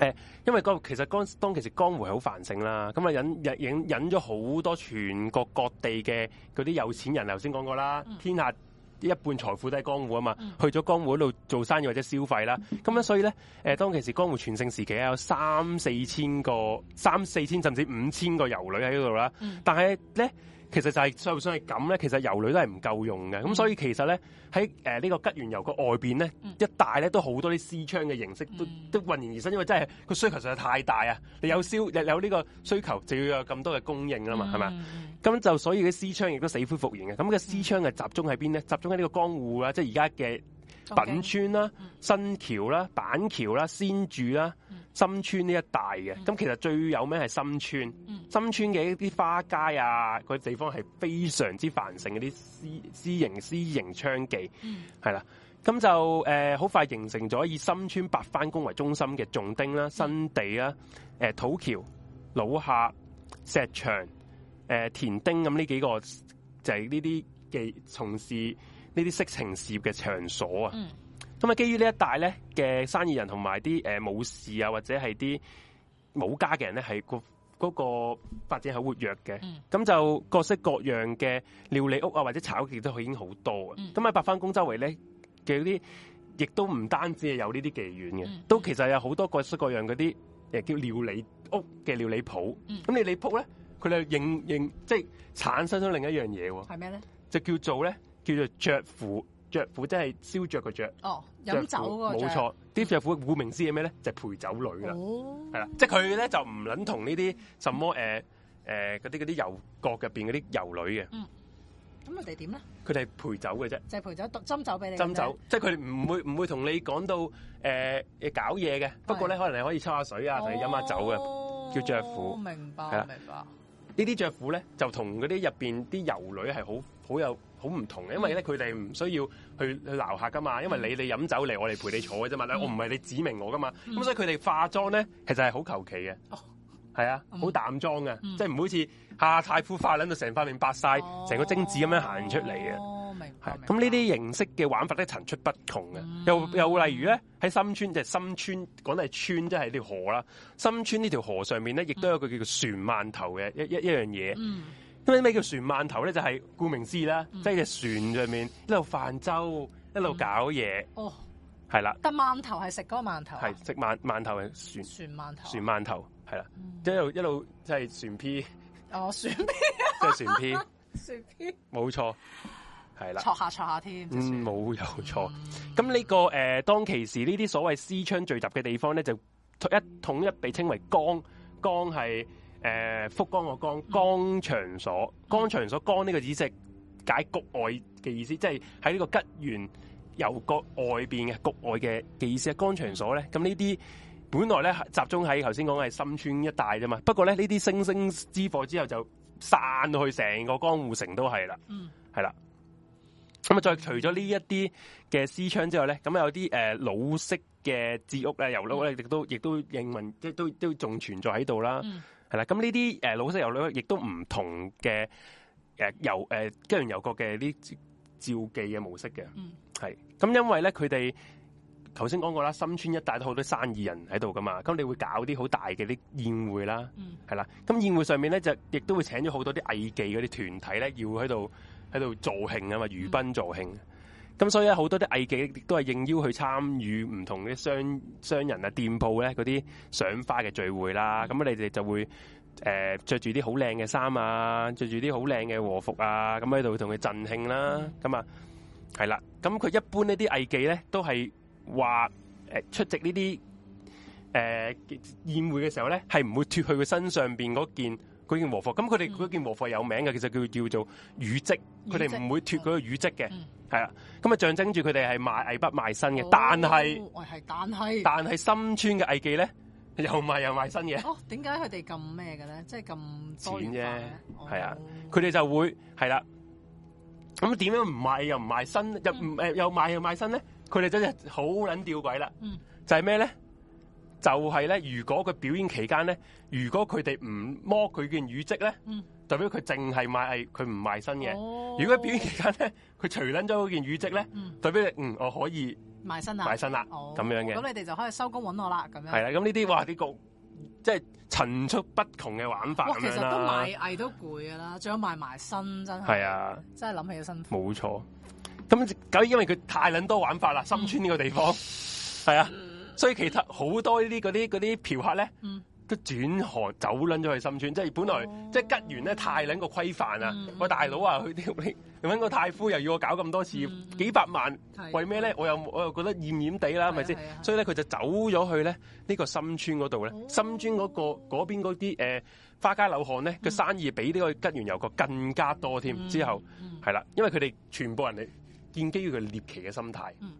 欸，因為嗰其實江當其實江湖係好繁盛啦，咁啊引引引引咗好多全國各地嘅嗰啲有錢人。頭先講過啦，天下。一半財富都喺江戶啊嘛，去咗江戶嗰度做生意或者消費啦，咁樣所以咧，誒當其時江戶全盛時期咧，有三四千個、三四千甚至五千個遊女喺嗰度啦，但係咧。其實就係，就算係咁咧，其實油類都係唔夠用嘅。咁、嗯、所以其實咧，喺呢、呃呢個吉原油個外面咧，嗯、一帶咧都好多啲私娼嘅形式都都湧現而生，因為真係個需求實在太大啊！你有消有有呢個需求，就要有咁多嘅供應啦嘛，係咪啊？咁就所以啲私娼亦都死灰復燃嘅。咁個私娼係集中喺邊咧？集中喺呢個江戶啦，即係而家嘅。品川啦、新橋啦、板橋啦、千住啦、深川呢一帶嘅，咁、嗯、其實最有名係深川、嗯。深川嘅一啲花街啊，嗰、嗯那個、地方係非常之繁盛嘅啲私私營私營娼妓，係、嗯、啦。咁就好快形成咗以深川八番宮為中心嘅重丁啦、新地啦、啊嗯、土橋、老下、石場、田丁咁呢幾個，就係呢啲嘅從事，呢啲色情事業嘅場所啊，咁、嗯、啊基於呢一帶咧嘅生意人同埋啲誒武士啊或者係啲武家嘅人咧，係、嗰個嗰、嗰個發展係活躍嘅，咁、嗯、就各式各樣嘅料理屋啊或者茶屋都已經好多啊。咁、嗯、喺白番公周圍咧嘅啲，亦都唔單止係有呢啲妓院嘅、嗯，都其實有好多各式各樣嗰啲誒叫料理屋嘅料理鋪。咁、嗯、你你鋪咧，佢哋應應即係產生咗另一樣嘢喎，係咩咧？就叫做咧。叫做雀婦，雀婦即係燒雀嘅雀，哦，飲酒啊，冇、就是、錯，啲雀婦顧名思義咩咧？就是、陪酒女啦。哦，係啦，即係佢咧就唔撚同呢啲什麼，誒誒嗰啲嗰啲遊國入邊嗰啲遊女嘅。咁佢哋點咧？佢哋係陪酒嘅啫，就係、是、陪酒斟酒俾你斟酒。就是、即係佢哋唔會唔會同你講到誒誒搞嘢嘅。不，、呃嗯、不過咧，可能你可以抽下水啊，飲、哦、下酒嘅叫雀婦。明白，是明白。雀婦呢啲雀婦咧就同嗰啲入邊啲遊女係好好有。好唔同嘅，因為咧佢哋唔需要去去留客噶嘛，因為你你飲酒嚟，我嚟陪你坐嘅啫嘛，我唔係你指明我噶嘛，咁、嗯、所以佢哋化妝咧其實係好求其嘅，係、哦、啊，好淡妝嘅，即係唔好似下太夫化緊到成塊面白晒，成、哦、個精子咁樣行出嚟嘅。啊、哦，咁呢啲形式嘅玩法咧層出不窮嘅、嗯，又又例如咧喺深川即係深川，講係川即係條河啦。深川呢條河上面咧亦都有個叫做船饅頭嘅一、嗯、一一樣嘢。嗯咩咩叫船饅頭咧？就係、是、顧名思義啦，即係隻船上面一路泛舟，一路搞嘢、嗯。哦，係啦。但饅頭係、啊、食嗰個饅頭，係食饅饅頭係船。船饅頭，船饅頭係啦，嗯、一路一路即係船 P。哦，船 P，即係船 P， 船 P。冇錯，係啦。坐下坐下添。嗯，冇有錯。咁、嗯、呢、這個誒、呃，當其時呢啲所謂私窗聚集嘅地方咧，就統一、嗯、統一被稱為江。江係。誒、呃，福江個江江場所，江場所江呢個意思係解局外嘅意思，即係喺呢個吉原由國外的局外邊嘅局外嘅嘅意思江場所咧，咁呢啲本來咧集中喺頭先講嘅係深川一帶啫嘛。不過咧呢啲星星之火之後就散到去成個江戶城都係啦，係、嗯、啦。咁啊，再除咗呢一啲嘅私窗之外咧，咁有啲誒老式嘅字屋咧、油屋咧，亦都亦都英文即都都仲存在喺度啦。嗯係、嗯、啦，咁呢啲老式遊女亦都唔同嘅誒遊誒跟人遊國嘅啲召妓嘅模式嘅，咁、嗯、因為咧，佢哋頭先講過啦，深村一帶都好多生意人喺度㗎嘛，咁你會搞啲好大嘅啲宴會啦，啦、嗯，咁、嗯嗯、宴會上面咧就亦都會請咗好多啲藝妓嗰啲團體咧，要喺度喺度助興啊嘛，娛賓助興。嗯嗯咁所以咧，好多啲藝妓亦都係應邀去參與唔同嘅商商人啊、店鋪咧嗰啲賞花嘅聚會啦。咁啊，你哋就會誒著住啲好靚嘅衫啊，著住啲好靚嘅和服啊，咁喺度同佢振興啦。咁啊，係啦。咁佢一般呢啲藝妓咧，都係話誒出席呢啲誒宴會嘅時候咧，係唔會脫去佢身上邊嗰件。嗰件和服，咁佢哋嗰件和服有名嘅，其實叫叫做羽織，佢哋唔會脱嗰個羽織嘅，係啦，咁啊象徵住佢哋係賣藝不賣身嘅，但係，但係，但係，但係深川嘅藝伎咧，又賣又賣身嘢，哦，點解佢哋咁咩嘅咧？即係咁錢啫，係啊，佢哋就會係啦，咁點樣唔賣又唔賣身，又唔誒又賣又賣身咧？佢哋真係好捻吊詭啦，嗯，就係咩咧？就係、是、咧，如果佢表演期間咧，如果佢哋唔摸佢件羽織咧、嗯，代表佢淨係賣藝，佢唔賣身嘅、哦。如果表演期間咧，佢除撚咗嗰件羽織咧、嗯，代表嗯，我可以賣身啦，賣身啦，咁、哦、樣嘅。咁你哋就可以收工揾我啦，咁樣係啦。咁呢啲話，啲局即係層出不窮嘅玩法啦。其實都賣藝都攰噶啦，仲有賣埋身真係，係啊，真係諗起都辛苦。冇錯，咁梗係因為佢太捻多玩法啦，深村呢個地方係、嗯、啊。嗯所以其實好多呢啲嗰啲嗰啲嫖客咧，嗯、都轉行走撚咗去深川。即係本來、哦、即係吉原咧太撚個規範啊，喂、嗯、大佬話去啲揾個太夫又要我搞咁多次嗯嗯、嗯嗯嗯、幾百萬，嗯、為咩咧？我又我又覺得厭厭地啦，係咪先？所以咧佢就走咗去咧呢、呢個深川嗰度咧。哦、深川嗰、嗰個、邊嗰啲、呃、花街柳巷咧，個、嗯、生意比呢個吉原遊廓更加多添。之後係啦、嗯嗯，因為佢哋全部人哋建基於佢獵奇嘅心態。嗯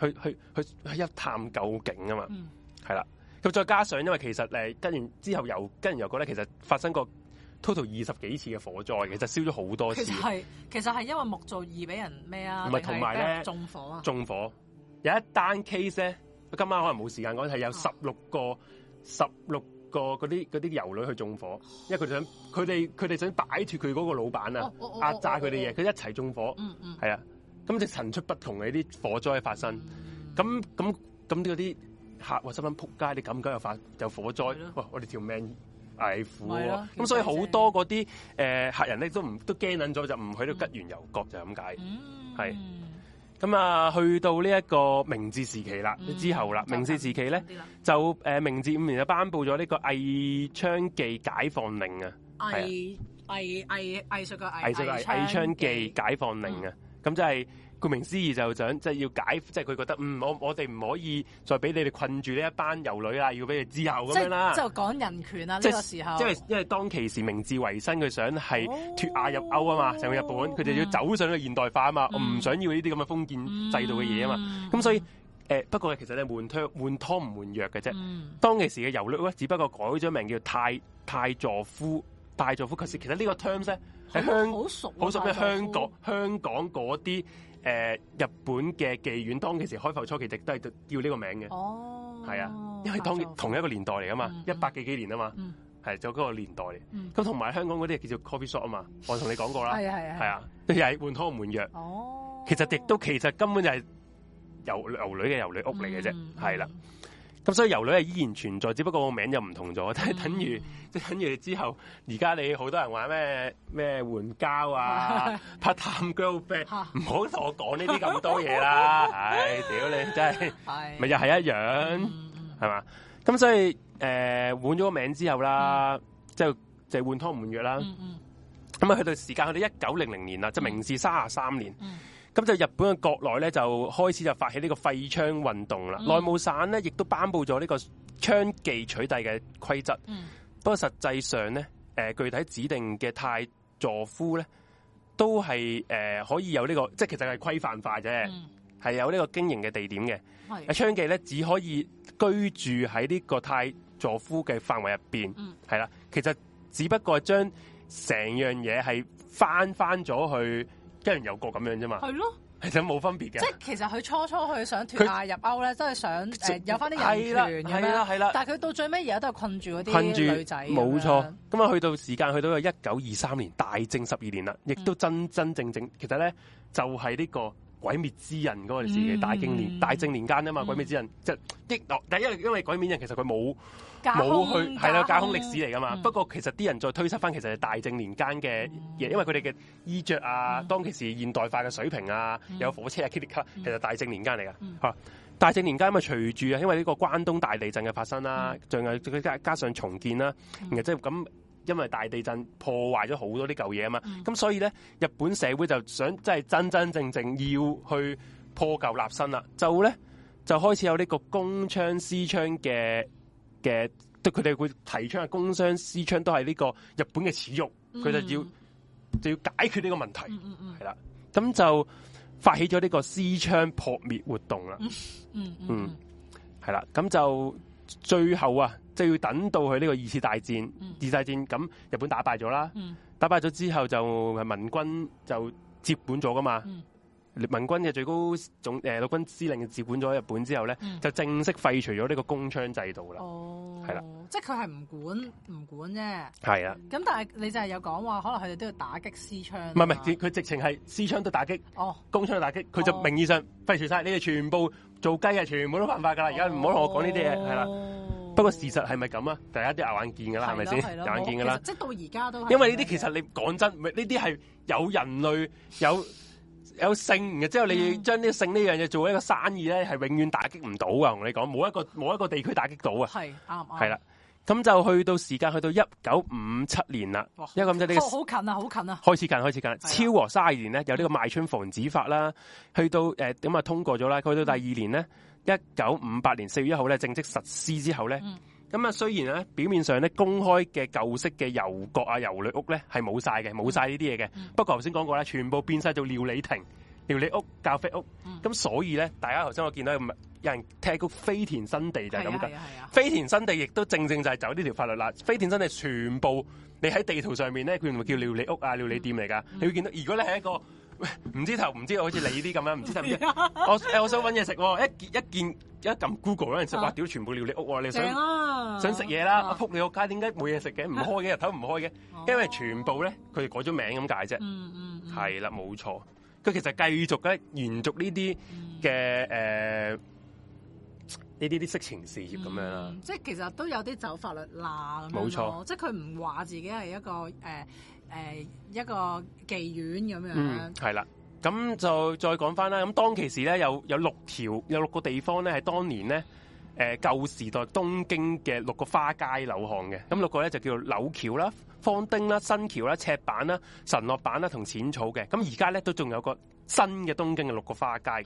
去去去去一探究竟啊嘛，係、嗯、啦。咁再加上，因為其實誒跟完之後又跟完又過咧，其實發生過 total 二十幾次嘅火災，其實燒咗好多次。係其實係因為木造易俾人咩啊？唔係同埋咧縱火啊！縱火有一單 case，呢今晚可能冇時間講，係有十六個十六、啊、個嗰啲嗰啲遊女去縱火，因為佢想佢哋佢哋想擺脫佢嗰個老闆啊，哦哦、壓榨佢哋嘢，佢、哦哦、一齊縱火，嗯嗯，係啊。咁即層出不同嘅啲火災發發生，咁咁咁啲嗰啲客人哇心諗撲街，你咁鳩又發又火災，哇我哋條命危苦、哦，咁所以好多嗰啲、呃、客人咧都唔都驚撚咗，就唔去到吉原遊廓就咁、是、解，係、嗯、咁啊，去到呢一個明治時期啦、嗯、之後啦，明治時期咧就、呃、明治五年就頒佈咗呢個《藝娼妓解放令》啊，藝藝藝術嘅藝娼妓解放令啊。咁即係顧名思義就想即係、就是、要解，即係佢覺得嗯，我我哋唔可以再俾你哋困住呢一班遊女啦，要俾佢自由咁樣啦。即係就講人權啊，呢、這個時候。即、就、係、是就是、因為當其時明治維新，佢想係脱亞入歐啊嘛，成個日本佢哋要走上個現代化啊嘛，唔、嗯、想要呢啲咁嘅封建制度嘅嘢啊嘛。咁、嗯、所以誒，不過其實咧換湯換湯唔換藥嘅啫、嗯。當其時嘅遊女，只不過改咗名叫太太佐夫，太佐夫其實。其實呢個 terms 咧。喺香好熟，好熟咩？香港香港嗰啲誒日本嘅妓院，當其時開埠初期，亦都係叫呢個名嘅。哦，係啊，因為當同一個年代嚟㗎嘛，一百幾幾年啊嘛，係就嗰個年代嚟。咁同埋香港嗰啲叫做 coffee shop 啊嘛，我同你講過啦，係啊係啊，係啊，又係、啊、換湯唔換藥。哦、oh，其實亦都其實根本就係遊遊女嘅遊女屋嚟嘅啫，係、mm-hmm. 啦、啊。咁所以遊女係依然存在，只不過個名就唔同咗，即係等於即係、嗯嗯、等於之後，而家你好多人話咩咩援交啊，part time girlfriend，唔好同我講呢啲咁多嘢啦，唉、啊，屌、哎哎、你真係，咪又係一樣，係、嗯、嘛？咁、嗯嗯、所以誒、呃、換咗個名之後啦，即係即係換湯唔換藥啦，咁、嗯、啊、嗯、去到時間去到一九零零年啦，即、嗯就是、明治三十三年。嗯嗯。咁就日本嘅國內咧，就開始就發起呢個廢娼運動啦。內務省咧，亦都頒布咗呢個娼妓取締嘅規則。不過實際上咧，具體指定嘅貸座敷咧，都係可以有呢個，即係其實係規範化啫，係有呢個經營嘅地點嘅。娼妓咧只可以居住喺呢個貸座敷嘅範圍入邊。係啦，其實只不過將成樣嘢係翻翻咗去。一人有個咁樣啫嘛，係咯，其實冇分別嘅。即係其實佢初初去想脫亞入歐咧，都係想誒、呃、有翻啲人權咁樣。係啦，係啦。但係佢到最尾而家都係困住嗰啲女仔。冇錯，咁啊去到時間去到一九二三年大正十二年啦，亦都真、嗯、真正正其實咧就係、是、呢、呢個。鬼滅之刃嗰個時期，大正年大正年間啊嘛、嗯，鬼滅之刃即係激落，但因為因為鬼滅人其實佢冇冇去係啦，架空歷史嚟噶嘛、嗯。不過其實啲人再推測翻，其實係大正年間嘅嘢、嗯，因為佢哋嘅衣着啊，嗯、當其時現代化嘅水平啊、嗯，有火車啊，其實係大正年間嚟噶嚇。大正年間咪隨住啊，因為呢個關東大地震嘅發生啦、啊，仲、嗯、有加加上重建啦、啊嗯，然後即係咁。因為大地震破壞咗好多啲舊嘢啊嘛，咁、嗯、所以咧，日本社會就想即係真真正正要去破舊立新啦，就咧就開始有呢個公娼私娼嘅嘅，即佢哋會提倡啊，公娼私娼都係呢個日本嘅恥辱，佢就要就要解決呢個問題，係、嗯、啦，咁就發起咗呢個私娼撲滅活動啦，嗯，係、嗯、啦，咁、嗯嗯、就最後啊。就要等到佢呢個二次大戰，二次大戰咁日本打敗咗啦，打敗咗之後就民軍就接管咗噶嘛。民軍嘅最高總誒陸軍司令接管咗日本之後咧，就正式廢除咗呢個公娼制度啦。哦，係啦，即係佢係唔管唔管啫。係啊。咁但係你就係有講話，可能佢哋都要打擊私娼。唔係唔係，佢直情係私娼都打擊。哦，公娼打擊，佢就名義上廢除晒，你哋全部做雞嘅全部都犯法噶啦。而家唔好同我講呢啲嘢係啦。哦，係 不過事實係咪咁啊？大家都眼見噶，係咪先眼見噶啦？到而家都係因為呢啲其實你講真，呢啲係有人類有有性嘅。之後你將呢個性呢樣嘢做一個生意咧，係永遠打擊唔到啊！我同你講，冇一個冇一個地區打擊到啊！係啱啱係啦，咁就去到時間去到1957一九五七年啦，因為咁呢個好近啊，好近啊！開始近，開始近，始近超過卅年咧有呢個賣春防止法啦，去到誒點啊通過咗啦，去到第二年咧。一九五八年四月一號咧，正式實施之後咧，咁、嗯、啊雖然咧，表面上咧，公開嘅舊式嘅遊廓啊、遊女屋咧，係冇晒嘅，冇晒呢啲嘢嘅，不過頭先講過啦，全部變晒做料理亭、料理屋、咖啡屋，咁、嗯、所以咧，大家頭先我見到有人聽過飛田新地就係咁噶，飛田新地亦都正正就係走呢條法律啦，飛田新地全部你喺地圖上面咧，佢唔會叫料理屋啊、料理店嚟噶，嗯，你會見到，如果你係一個。喂，唔知頭唔知道，好似你啲咁樣，唔 知得唔知道。 我誒、哎，我想揾嘢食喎，一件一件一撳 Google 嗰陣時，哇！屌，全部料理屋喎、啊，你想、啊、想食嘢啦，我、啊、撲、啊啊、你個街，點解冇嘢食嘅？唔開嘅，日、啊、頭唔開嘅、啊，因為全部咧，佢哋改咗名咁解啫。嗯係啦，冇、嗯嗯、錯。佢其實繼續咧延續呢啲嘅誒呢啲啲色情事業咁、嗯、樣啦、嗯。即係其實都有啲走法律罅，冇錯即係佢唔話自己係一個誒。呃誒一個妓院咁樣，嗯，係啦。咁就再講翻啦。咁當其時咧，有有六條有六個地方咧，係當年咧誒、欸、舊時代東京嘅六個花街柳巷嘅。咁六個咧就叫做柳橋啦、方丁啦、新橋啦、赤板啦、神樂板啦同淺草嘅。咁而家咧都仲有一個新嘅東京嘅六個花街嘅。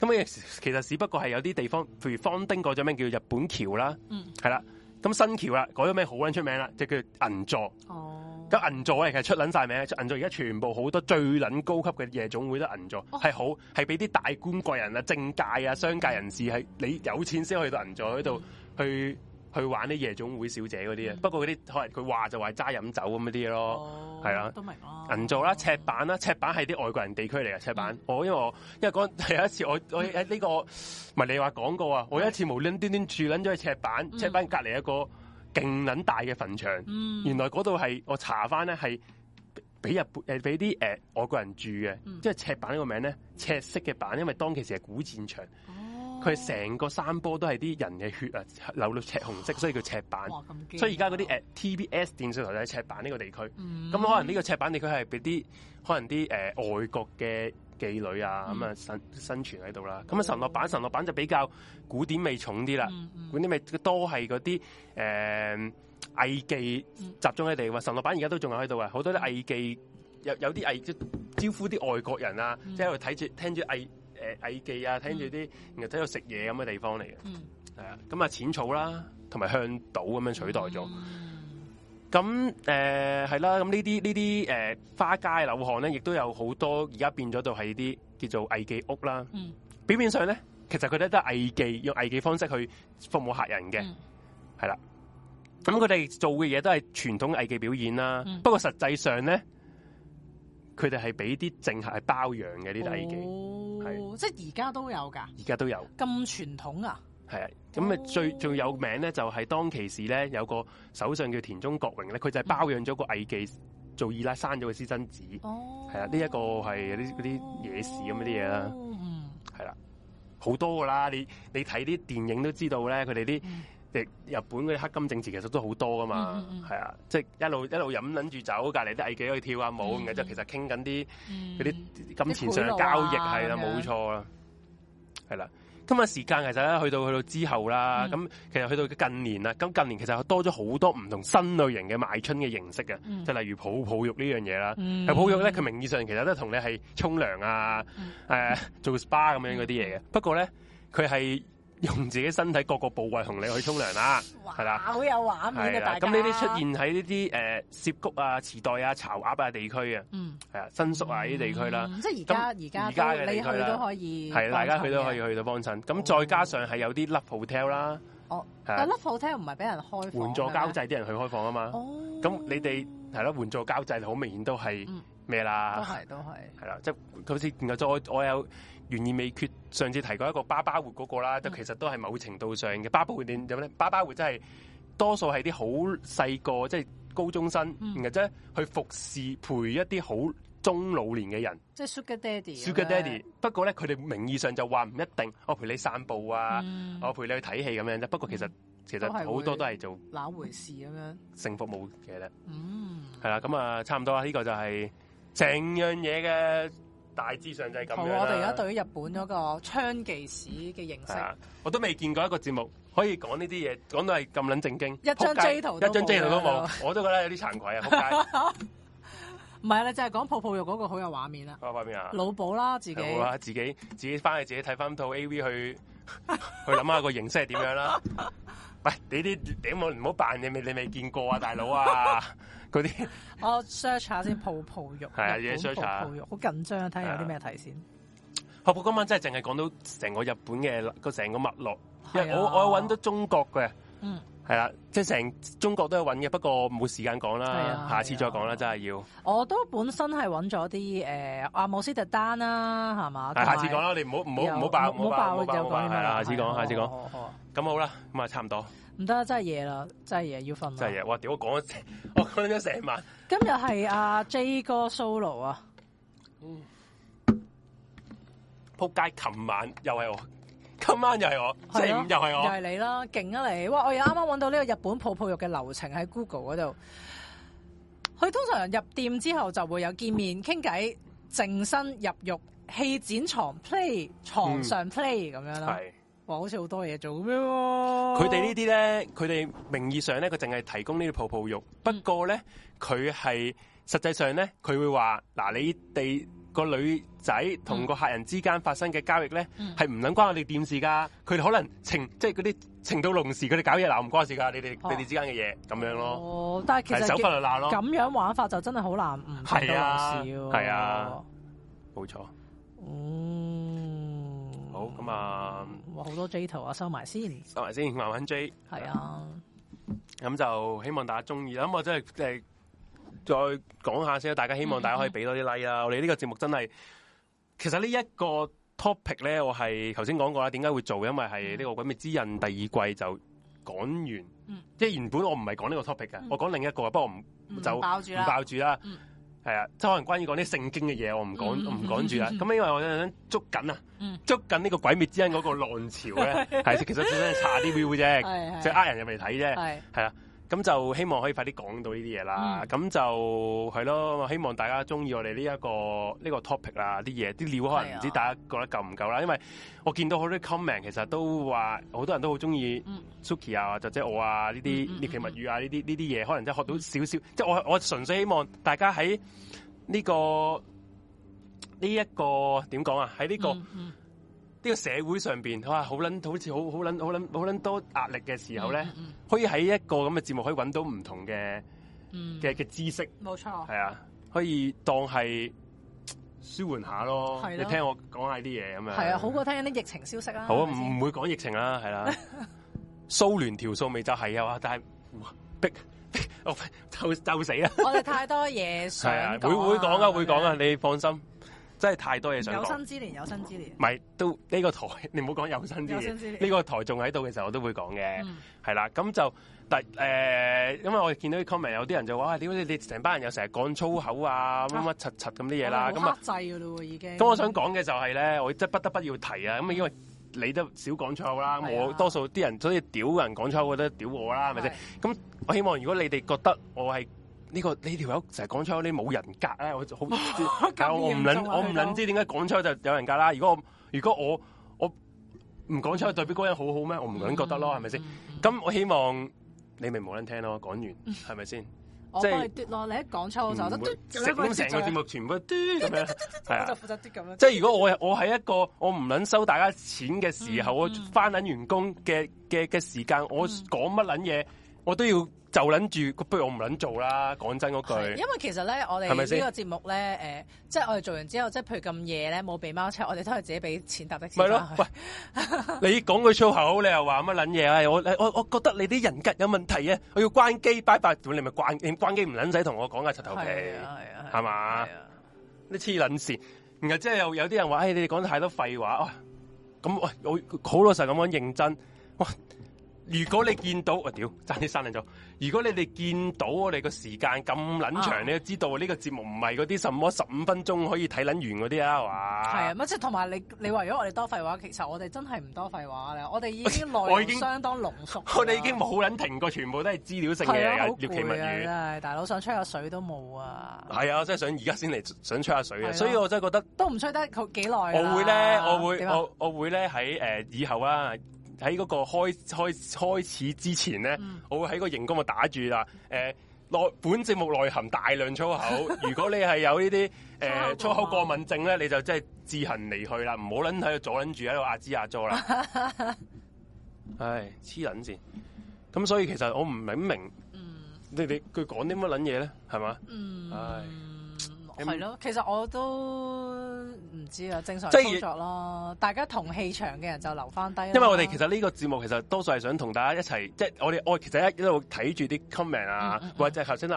咁、嗯、其實只不過係有啲地方，譬如方丁改咗咩叫日本橋啦，嗯，係啦。咁新橋啦改咗咩好撚出名啦，即叫銀座哦。咁銀座啊，其實出撚晒名。銀座而家全部好多最撚高級嘅夜總會都銀座，係、oh. 好係俾啲大官貴人啊、政界啊、商界人士係、oh. 你有錢先可以到銀座喺度去、mm. 去，去玩啲夜總會小姐嗰啲啊。Mm. 不過嗰啲可能佢話就話齋飲酒咁嗰啲咯，係、oh. 啊，都明啊！銀座啦，赤坂啦，赤坂係啲外國人地區嚟嘅赤坂。我、mm. oh, 因為我因為嗰有一次我我喺呢個唔係你話講過啊，我有、mm. 這個 mm. 一次無端端住撚咗去赤坂，mm. 赤坂隔離一個。勁撚大嘅墳場、嗯，原來嗰度係我查翻咧係俾日本俾啲外國人住嘅，即、嗯、係、就是、赤板呢個名咧，赤色嘅板，因為當其時係古戰場，佢係成個山坡都係啲人嘅血啊，流到赤紅色，所以叫赤板。所以而家嗰啲 TBS 電視台就喺赤板呢個地區，咁、嗯、可能呢個赤板地區係俾啲可能啲、呃、外國嘅。妓女啊，咁啊生生存喺度啦。咁啊神樂版，神樂版就比較古典味重啲啦、嗯嗯，古典味多係嗰啲誒藝伎集中喺度。話神樂版而家都仲係喺度啊，好多啲藝伎有有啲藝招呼啲外國人啊，即係喺度睇住聽住藝誒藝伎啊，聽住啲然後喺度食嘢咁嘅地方嚟嘅。係、嗯、啊，咁啊淺草啦，同埋向島咁樣取代咗。嗯嗯咁誒係啦，咁呢啲呢啲誒花街樓巷咧，亦都有好多而家變咗到係啲叫做藝妓屋啦、嗯。表面上咧，其實佢哋都係藝妓，用藝妓方式去服務客人嘅，係、嗯、啦。咁佢哋做嘅嘢都係傳統藝妓表演啦、嗯。不過實際上咧，佢哋係俾啲政客係包養嘅呢啲藝妓，係即係而家都有㗎。而家都有。咁傳統啊！係啊，咁咪最最有名咧，就係當其時咧，有個首相叫田中角榮咧，佢就係包養咗個藝妓做二奶，生咗個私生子。哦，係啊，呢一個係啲嗰啲野史咁嗰啲嘢啦。哦，係啦，好多㗎啦，你你睇啲電影都知道咧，佢哋啲日本嗰啲黑金政治其實都好多㗎嘛。嗯，係啊，即係一路一路飲撚住酒，隔離啲藝妓去跳下舞，咁嘅即係其實傾緊啲嗰啲金錢上嘅交易，係啦，冇錯啦，係啦。咁嘅時間其實咧，去到去到之後啦，咁、嗯、其實去到近年啦，咁近年其實多咗好多唔同新類型嘅賣春嘅形式啊，就、嗯、例如泡泡浴、嗯、浴呢樣嘢啦。泡浴咧，佢名義上其實都係同你係沖涼啊，誒、嗯啊、做 SPA 咁樣嗰啲嘢嘅。不過咧，佢係用自己身體各個部位同你去沖涼啦，係 啦，好有畫面啊！咁呢啲出現喺呢啲誒涉谷啊、池袋啊、巢鴨啊地區嘅，係、嗯、啊，新宿啊呢啲、嗯、地區啦。即係而家而家，你去都可以。係大家去都可以去到幫襯。咁、哦、再加上係有啲 love hotel 啦、哦。哦，但 love hotel 唔係俾人開。援助交際啲人去開房啊嘛。咁你哋係咯，援助交際好明顯都係咩、嗯、啦？都係，都係。係啦，即係好似然後再我有。懸而未決，上次提過一個巴巴活嗰個啦，就、嗯、其實都係某程度上嘅巴巴活點樣咧？巴巴活真係多數係啲好細個，即、就、係、是、高中生，然後咧去服侍陪一啲好中老年嘅人，即係 Sugar daddy、Sugar daddy。Sugar daddy，不過咧佢哋名義上就話唔一定，我陪你散步啊，嗯、我陪你去睇戲咁樣啫。不過其實其實好多都係做哪回事咁樣性服務嘅咧。嗯，係啦，咁啊，的的嗯、差唔多啦。呢、這個就係成樣嘢嘅。大致上就係咁好，我哋而家對於日本嗰個槍妓史嘅認識，我都未見過一個節目可以講呢啲嘢，講到係咁撚正經，一張 J 圖都冇、啊，我都覺得有啲慚愧啊！仆街，唔係啦，就係講泡泡肉嗰個好有畫面啦，畫畫面啊，老保啦自己、啊、好自己，自己自己翻去自己睇翻套 A V 去 去諗下個形式係點樣啦。喂、 哎，你啲頂我唔好扮，你你未見過啊，大佬啊！ 嗰 啲那些笑、嗯啊啊，我 search 下先，泡泡肉，係啊，而 search 下，好緊張啊，睇下有啲咩提先。好，我今晚真係淨係講到成個日本嘅個成個脈絡，我我又揾到中國嘅，嗯，係啦、啊，即係成中國都有揾嘅，不過冇時間講啦，啊，下次再講啦、啊，真係要。我都本身係揾咗啲，誒、呃，阿姆斯特丹啦、啊，係嘛，下次講啦，你唔好唔好唔好爆，唔好爆，有講，下次講，下次講，咁好啦，咁啊，差唔多。唔得，真係夜啦，真係夜要瞓啦。真係夜，哇！屌，我講咗成，我講咗成晚。今日係阿 J 哥 solo 啊！嗯，撲街！琴晚又係我，今晚又係我，下午又係我，又係你啦！勁啊你！哇！我又啱啱揾到呢個日本泡泡浴嘅流程喺 Google 嗰度。佢通常入店之後就會有見面傾偈、淨身入浴、戲剪床 play、床上 play 咁、嗯、樣咯。係。好似好多嘢做咁樣喎。佢哋呢啲咧，佢哋名義上咧，佢淨係提供呢啲泡泡浴。嗯、不過咧，佢係實際上咧，佢會話嗱，你哋個女仔同個客人之間發生嘅交易咧，係唔撚關我哋店事噶。佢哋可能情，即係嗰啲情到濃時，佢哋搞嘢鬧唔關事噶。你哋、哦、你哋之間嘅嘢咁樣咯。哦，但係其實手法就難咯。咁樣玩法就真係好難唔關事。係啊，啊，冇錯、啊。啊、錯、嗯。咁、嗯、啊！好多 J 圖啊，先收埋先，收埋先，慢慢 J。係啊，咁就希望大家中意。咁我真係即係再講下先，大家希望大家可以俾多啲 like 啦。我哋呢個節目真係，其實呢一個 topic 咧，我係頭先講過啦。點解會做？因為係呢個鬼滅之刃第二季就講完，嗯、即係原本我唔係講呢個 topic 嘅、嗯，我講另一個，我不過唔就唔爆住啦。嗯係啊，即係可能關於講啲聖經嘅嘢，我唔講唔講住啦。咁、嗯嗯、因為我想想捉緊啊，捉緊呢個鬼滅之刃嗰個浪潮咧，係 其實只係差啲 view 啫， 即係呃人入嚟睇啫，係啊。咁就希望可以快啲講到呢啲嘢啦。咁、嗯、就係咯，希望大家中意我哋呢一個呢、呢個 topic 啦。啲嘢啲料可能唔知大家覺得夠唔夠啦、嗯？因為我見到好多 comment 其實都話好多人都好中意 Suki 啊，或者姐姐我啊呢啲呢啲物語啊呢啲呢啲嘢，可能真係學到少少。即係我我純粹希望大家喺呢、呢個呢一、呢個點講、呢個、啊？喺呢、呢個。嗯嗯呢、呢個社會上邊哇，好撚好似好好撚好撚好撚多壓力嘅時候咧、嗯嗯，可以喺一個咁嘅節目可以揾到唔同嘅嘅嘅知識，冇錯，係啊，可以當係舒緩下咯。你聽我講下啲嘢咁樣，係啊，好過聽啲疫情消息啦、啊。好唔唔啊，唔唔會講疫情啦，係啦。蘇聯條數未就係啊，但係逼逼就就死啦、啊。我哋太多嘢係啊，會會講啊，會講啊，你放心。真係太多嘢想講。有生之年，有生之年。唔係都呢、這個台，你唔好講有生之年。呢、這個台仲喺度嘅時候我，我都會講嘅。係啦，咁就但誒、呃，因為我哋見到啲 comment，有啲人就話：點、哎、解你成班人又成日講粗口啊？乜乜柒柒咁啲嘢啦？咁啊，制㗎啦已經。咁我想講嘅就係、是、咧，我真係不得不要提啊。咁因為你都少講粗口啦，我多數啲人所以屌人講粗口覺得屌我啦，係咪先？咁我希望如果你哋覺得我係。呢、這個你條友成日講出咗啲冇人格咧，我就好、哦，但我唔捻、就是，我唔捻知點解講粗口就有人格啦。如果我如果我我唔講粗口，代表嗰人好好咩？我唔捻覺得咯，係咪先？咁、嗯、我希望你咪冇捻聽咯，講完係咪先？即係跌落嚟一講粗口就嘟，成咁成個節目全部嘟咁、就是、樣，是是就負責啲咁樣，樣。即係如果我我喺一個我唔捻收大家錢嘅時候，嗯、我翻捻員工嘅嘅嘅時間、嗯，我講乜捻嘢，我都要。就諗住，不如我唔捻做啦。講真嗰句。因為其實咧，我哋呢個節目咧，誒、呃，即係我哋做完之後，即係譬如咁夜咧，冇鼻貓車，我哋都係自己俾錢搭的士。咯，喂，你講句粗口，你又話乜捻嘢？我我我覺得你啲人格有問題啊！我要關機，拜拜，你咪關你關機，唔捻使同我講啊，柒頭皮，係啊係係黐捻線。然後即係又有啲人話、哎、說話，誒，你哋講太多廢話。哇，咁喂，我好老實咁講，認真，哇。如果你見到我屌差啲生零咗。如果你哋見到我哋個時間咁撚長，啊、你就知道呢個節目唔係嗰啲什麼十五分鐘可以睇撚完嗰啲啊，係嘛？係啊，乜即係同埋你你話如果我哋多廢話，其實我哋真係唔多廢話嘅，我哋已經內相當濃縮。我哋已經冇撚停過，全部都係資料性嘅。嚟，尤其物語。大佬想吹下水都冇啊！係啊，我真係想而家先嚟想吹下水啊！所以我真係覺得都唔吹得佢幾耐我會咧，我會我我會咧喺、呃、以後啊。喺嗰個開開開始之前咧、嗯，我會喺個熒光幕打住啦。誒、呃，內本節目內含大量粗口， 如果你係有呢啲誒粗口過敏症咧， 你就真係自行離去啦，唔好捻喺度阻捻住喺度壓脂壓咗啦。壓滋壓滋 唉，黐捻線，咁所以其實我唔明明，嗯，你你佢講啲乜捻嘢咧，係嘛？嗯，唉。係、嗯、咯，其實我都唔知啊，正常工作咯、就是。大家同氣場嘅人就留翻低。因為我哋其實呢個節目其實多數係想同大家一齊，即、就、係、是、我哋我其實一一路睇住啲 comment 啊、嗯嗯，或者頭先啊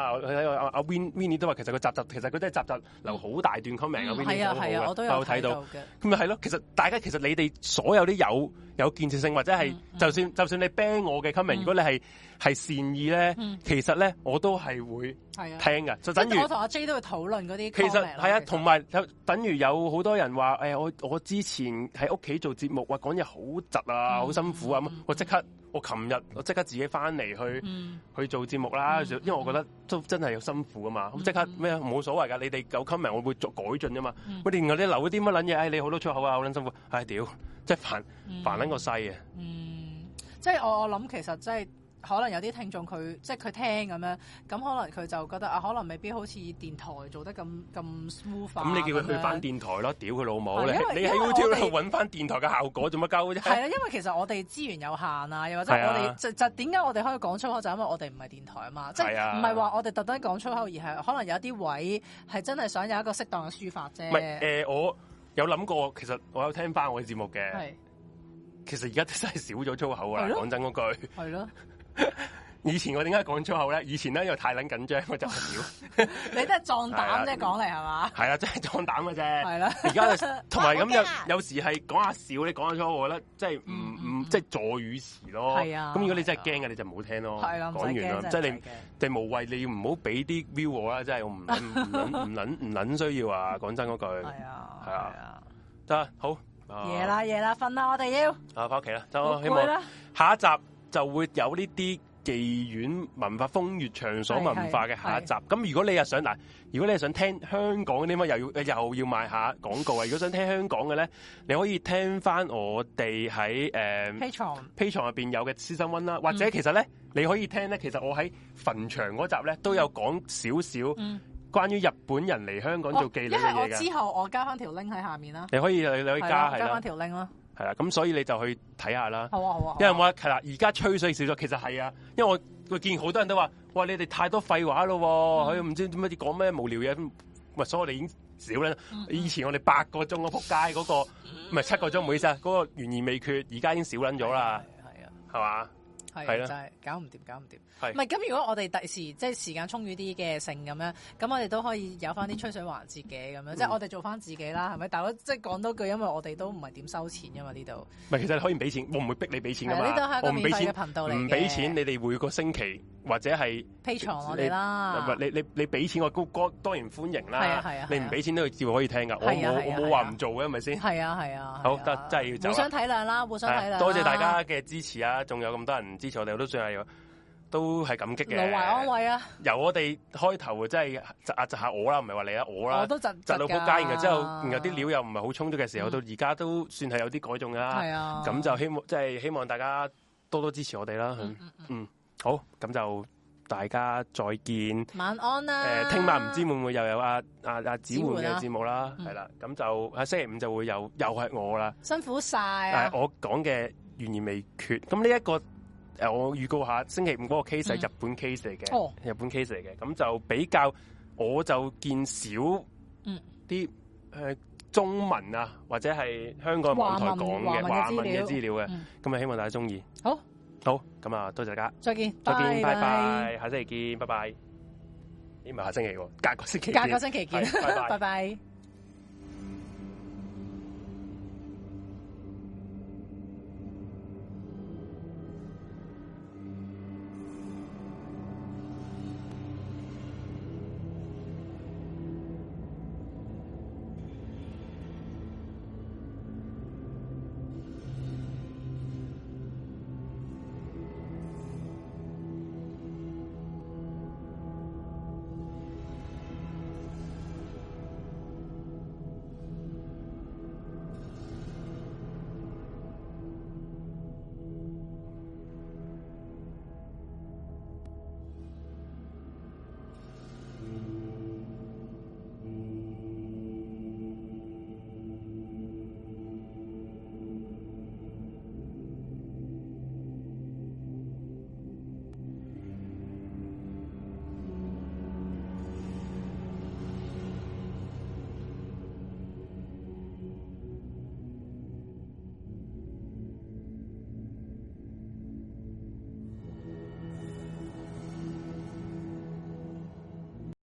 阿 Win Winnie 都話，其實個集集其實佢都係集集留好大段 comment 啊，Winnie 好好嘅。我睇到咁咪係咯，其實，大,、嗯啊啊啊、其實大家其實你哋所有啲有。有建設性，或者係、嗯嗯、就算就算你 ban 我嘅 comment，、嗯、如果你係係善意咧、嗯，其實咧我都係會聽嘅、啊。就等於我同阿 J 都會討論嗰啲其實係啊，同埋等於有好多人話誒、哎、我我之前喺屋企做節目，說說話講嘢好窒啊，好、嗯、辛苦啊。嗯、我即刻我琴日我即刻自己翻嚟去、嗯、去做節目啦、嗯。因為我覺得都真係有辛苦啊嘛。咁、嗯、即刻咩啊？冇所謂㗎。你哋有 comment 我會作改進啊嘛。喂、嗯、連你留啲乜捻嘢？誒、哎，你好多出口啊，好捻辛苦。唉、哎、屌，即係煩煩啦。嗯個細嘅，嗯，即係我我諗，其實即係可能有啲聽眾佢即係佢聽咁樣，咁可能佢就覺得啊，可能未必好似電台做得咁咁 smooth。咁你叫佢去翻電台咯，屌佢老母，你你喺 YouTube 揾翻電台嘅效果做乜鳩啫？係啊，因為其實我哋資源有限啊，又或者我哋、啊、就就點解我哋可以講粗口，就因為我哋唔係電台啊嘛，即係唔係話我哋特登講粗口，而係可能有啲位係真係想有一個適當嘅抒發啫。唔係誒，我有諗過，其實我有聽翻我啲節目嘅。其實而家真係少咗粗口啦，講真嗰句。係咯， 以前為我點解講粗口咧？以前咧因為太捻緊張，我就係少。你真係壯膽啫，講嚟係嘛？係啊，真係壯膽嘅啫。係 啦，而家同埋咁有 樣有，有時係講下笑，你講下粗口我咧，即係唔唔即係助語詞咯。係啊，咁如果你真係驚嘅，你就唔好聽咯。係講完即係、就是、你，無、就、謂、是，你唔好俾啲 view 我啦。即係我唔 需要啊。講真嗰句。係啊，係啊，得好。夜啦，夜啦，瞓啦！我哋要啊，翻屋企啦，走、啊啊、希望下一集就會有呢啲妓院文化、風月場所文化嘅下一集。咁如果你又想嗱，如果你係想聽香港嘅點解又要又要賣下廣告啊？ 如果想聽香港嘅咧，你可以聽翻我哋喺誒 Patreon Patreon 入邊有嘅私生溫啦。或者其實咧，你可以聽咧，其實我喺墳場嗰集咧都有講少少、嗯。嗯。關於日本人嚟香港做妓女嘅嘢我之後我加翻條 link 喺下面啦。你可以你，你可以加係啦、啊啊，加翻條 link 咯。係啦、啊，咁所以你就去睇下啦。係啊係啊。因為我係啦，而家吹水少咗，其實係啊，因為我、啊啊、因為我，我見好多人都話，哇你哋太多廢話咯、啊，佢、嗯、唔、哎、知點解嘢講咩無聊嘢，咁咪所以我哋已經少啦、嗯。以前我哋八個鐘、那個，嗰仆街嗰個唔係七個鐘，唔好意思啊，嗰、那個懸而未決，而家已經少捻咗啦。係啊，係嘛、啊。係，就係搞唔掂，搞唔掂。係。唔係咁，如果我哋第時即係時間充裕啲嘅性咁樣，咁我哋都可以有翻啲吹水環節嘅咁樣，即係我哋做翻自己啦，係咪？大佬，即係講多句，因為我哋都唔係點收錢㗎嘛呢度。唔係，其實你可以俾錢，我唔會逼你俾錢㗎嘛。呢度係一個免費嘅頻道嚟嘅。唔俾錢，你哋每個星期。或者係 pay 我哋啦，你你你俾錢我谷歌當然歡迎啦，係啊係啊，你唔俾錢都照可以聽噶、啊，我冇、啊、我冇話唔做嘅，係咪先？係啊係啊，好得、啊、真係要互相體諒啦，互相體諒、啊。多謝大家嘅支持啊！仲有咁多人支持我哋，我都算係都係感激嘅。安慰安慰啊！由我哋開頭真係窒窒下我啦，唔係話你啊我啦，我都窒到撲街。然後之後，然後啲料又唔係好充足嘅時候，嗯、到而家都算係有啲改進啊。係啊，咁就希望即係希望大家多多支持我哋啦。嗯。好，咁就大家再見，晚安啦，啊！誒、呃，聽晚唔知會唔會又有阿阿阿子煥嘅節目啦？係，啊嗯，啦，咁就星期五就會有，又係我啦，辛苦晒，啊。誒、呃，但係我講嘅懸而未決。咁呢一個誒、呃，我預告下星期五嗰個 case 係日本 case 嚟嘅，日本 case 嚟嘅，咁就比較，我就見少嗯啲誒中文啊，嗯，或者係香港網台講嘅華文嘅資料嘅，咁啊，嗯、希望大家中意。好。好，咁啊，多謝大家，再見，再見，拜拜，下星期見，拜拜。咦，唔係下星期喎，隔個星期見，隔個星期見，拜拜。